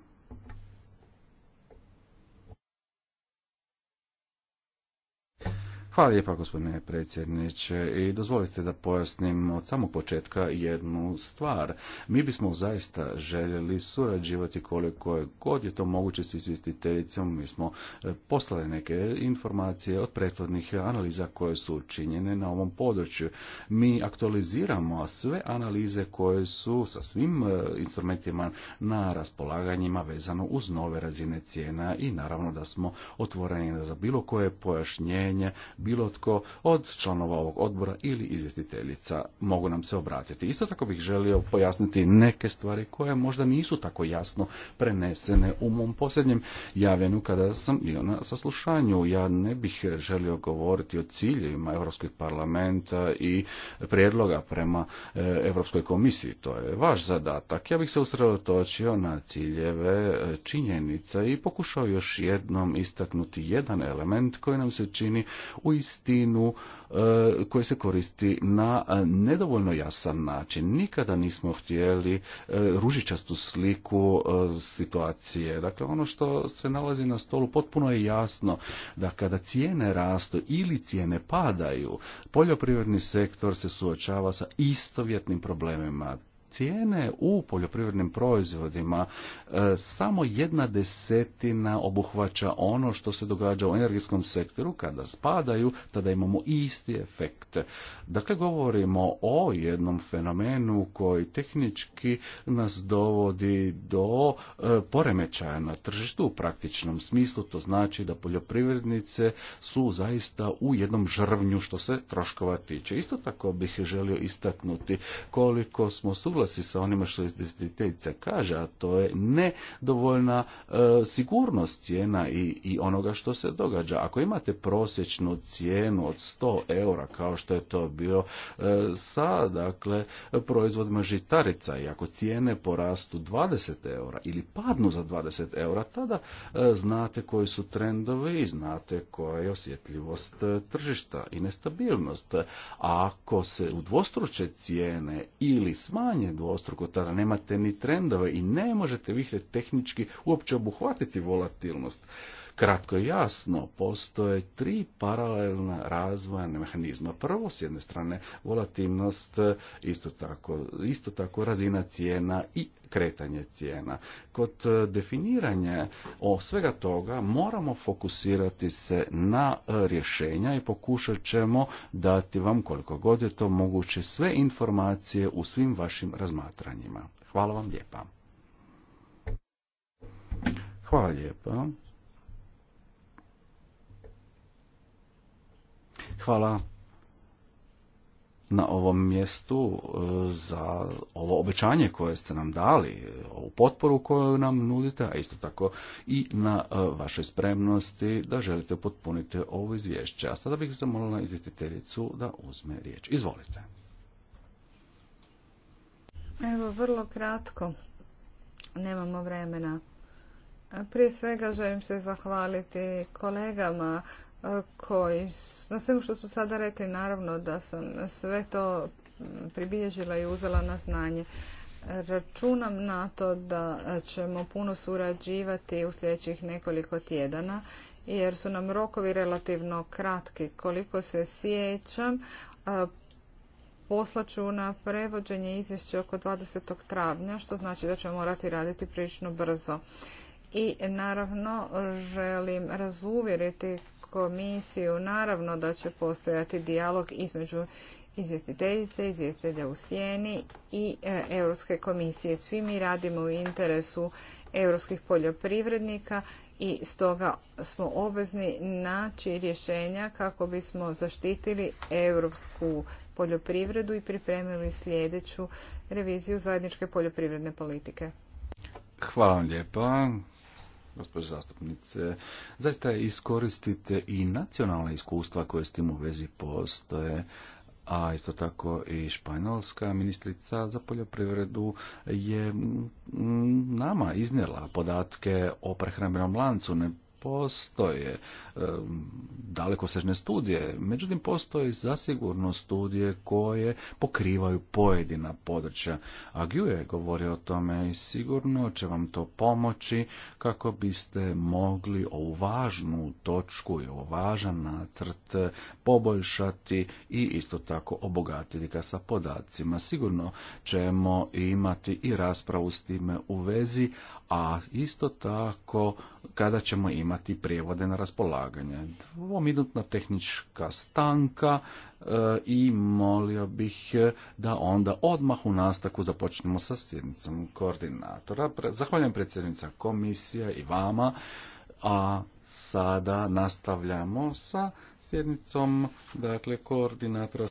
Hvala lijepa gospodine predsjedniče i dozvolite da pojasnim od samog početka jednu stvar. Mi bismo zaista željeli surađivati koliko je god je to moguće s izvjestiteljicom. Mi smo e, poslali neke informacije od prethodnih analiza koje su učinjene na ovom području. Mi aktualiziramo sve analize koje su sa svim e, instrumentima na raspolaganjima vezano uz nove razine cijena i naravno da smo otvoreni za bilo koje pojašnjenje bilo tko od članova ovog odbora ili izvjestiteljica mogu nam se obratiti. Isto tako bih želio pojasniti neke stvari koje možda nisu tako jasno prenesene u mom posljednjem javljenju kada sam bio na saslušanju. Ja ne bih želio govoriti o ciljevima Europskog parlamenta i prijedloga prema e, Europskoj komisiji. To je vaš zadatak. Ja bih se usredotočio na ciljeve e, činjenica i pokušao još jednom istaknuti jedan element koji nam se čini u u istinu e, koje se koristi na e, nedovoljno jasan način. Nikada nismo htjeli e, ružičastu sliku situacije. Dakle, ono što se nalazi na stolu potpuno je jasno da kada cijene rastu ili cijene padaju, poljoprivredni sektor se suočava sa istovjetnim problemima cijene u poljoprivrednim proizvodima e, samo jedna desetina obuhvaća ono što se događa u energetskom sektoru kada spadaju, tada imamo isti efekt. Dakle, govorimo o jednom fenomenu koji tehnički nas dovodi do e, poremećaja na tržištu u praktičnom smislu. To znači da poljoprivrednice su zaista u jednom žrvnju što se troškova tiče. Isto tako bih želio istaknuti koliko smo suglasi sa onima što izvjestiteljica kaže, a to je nedovoljna e, sigurnost cijena i, i onoga što se događa. Ako imate prosječnu cijenu od 100 eura, kao što je to bio e, sa, dakle, proizvodima žitarica, i ako cijene porastu 20 eura ili padnu za 20 eura, tada e, znate koji su trendovi i znate koja je osjetljivost e, tržišta i nestabilnost. A ako se dvostruče cijene ili smanje dvostruko, tada nemate ni trendove i ne možete vi tehnički uopće obuhvatiti volatilnost. Kratko i jasno, postoje tri paralelna razvojna mehanizma. Prvo, s jedne strane, volatilnost, isto tako, isto tako razina cijena i kretanje cijena. Kod e, definiranja o svega toga moramo fokusirati se na e, rješenja i pokušat ćemo dati vam koliko god je to moguće sve informacije u svim vašim razmatranjima. Hvala vam lijepa. Hvala lijepa. Hvala na ovom mjestu e, za ovo obećanje koje ste nam dali, e, ovu potporu koju nam nudite, a isto tako i na e, vašoj spremnosti da želite potpuniti ovo izvješće. A sada bih zamolila izvjestiteljicu da uzme riječ. Izvolite.
Evo, vrlo kratko. Nemamo vremena. Prije svega želim se zahvaliti kolegama koji, na svemu što su sada rekli, naravno da sam sve to pribilježila i uzela na znanje. Računam na to da ćemo puno surađivati u sljedećih nekoliko tjedana jer su nam rokovi relativno kratki. Koliko se sjećam, poslaću na prevođenje izvješća oko 20. travnja, što znači da ćemo morati raditi prilično brzo. I naravno želim razuvjeriti komisiju. Naravno da će postojati dijalog između izvjestiteljice, izvjestitelja u sjeni i e, Europske komisije. Svi mi radimo u interesu europskih poljoprivrednika i stoga smo obvezni naći rješenja kako bismo zaštitili europsku poljoprivredu i pripremili sljedeću reviziju zajedničke poljoprivredne politike.
Hvala vam gospođo zastupnice, zaista iskoristite i nacionalna iskustva koje s tim u vezi postoje, a isto tako i španjolska ministrica za poljoprivredu je mm, nama iznijela podatke o prehrambenom lancu. Ne postoje e, sežne studije, međutim postoje zasigurno studije koje pokrivaju pojedina područja. A govori je o tome i sigurno će vam to pomoći kako biste mogli ovu važnu točku i ovu važan nacrt poboljšati i isto tako obogatiti ga sa podacima. Sigurno ćemo imati i raspravu s time u vezi, a isto tako kada ćemo imati imati prijevode na raspolaganje. Dvominutna tehnička stanka e, i molio bih e, da onda odmah u nastaku započnemo sa sjednicom koordinatora. Zahvaljujem predsjednica komisija i vama, a sada nastavljamo sa sjednicom dakle, koordinatora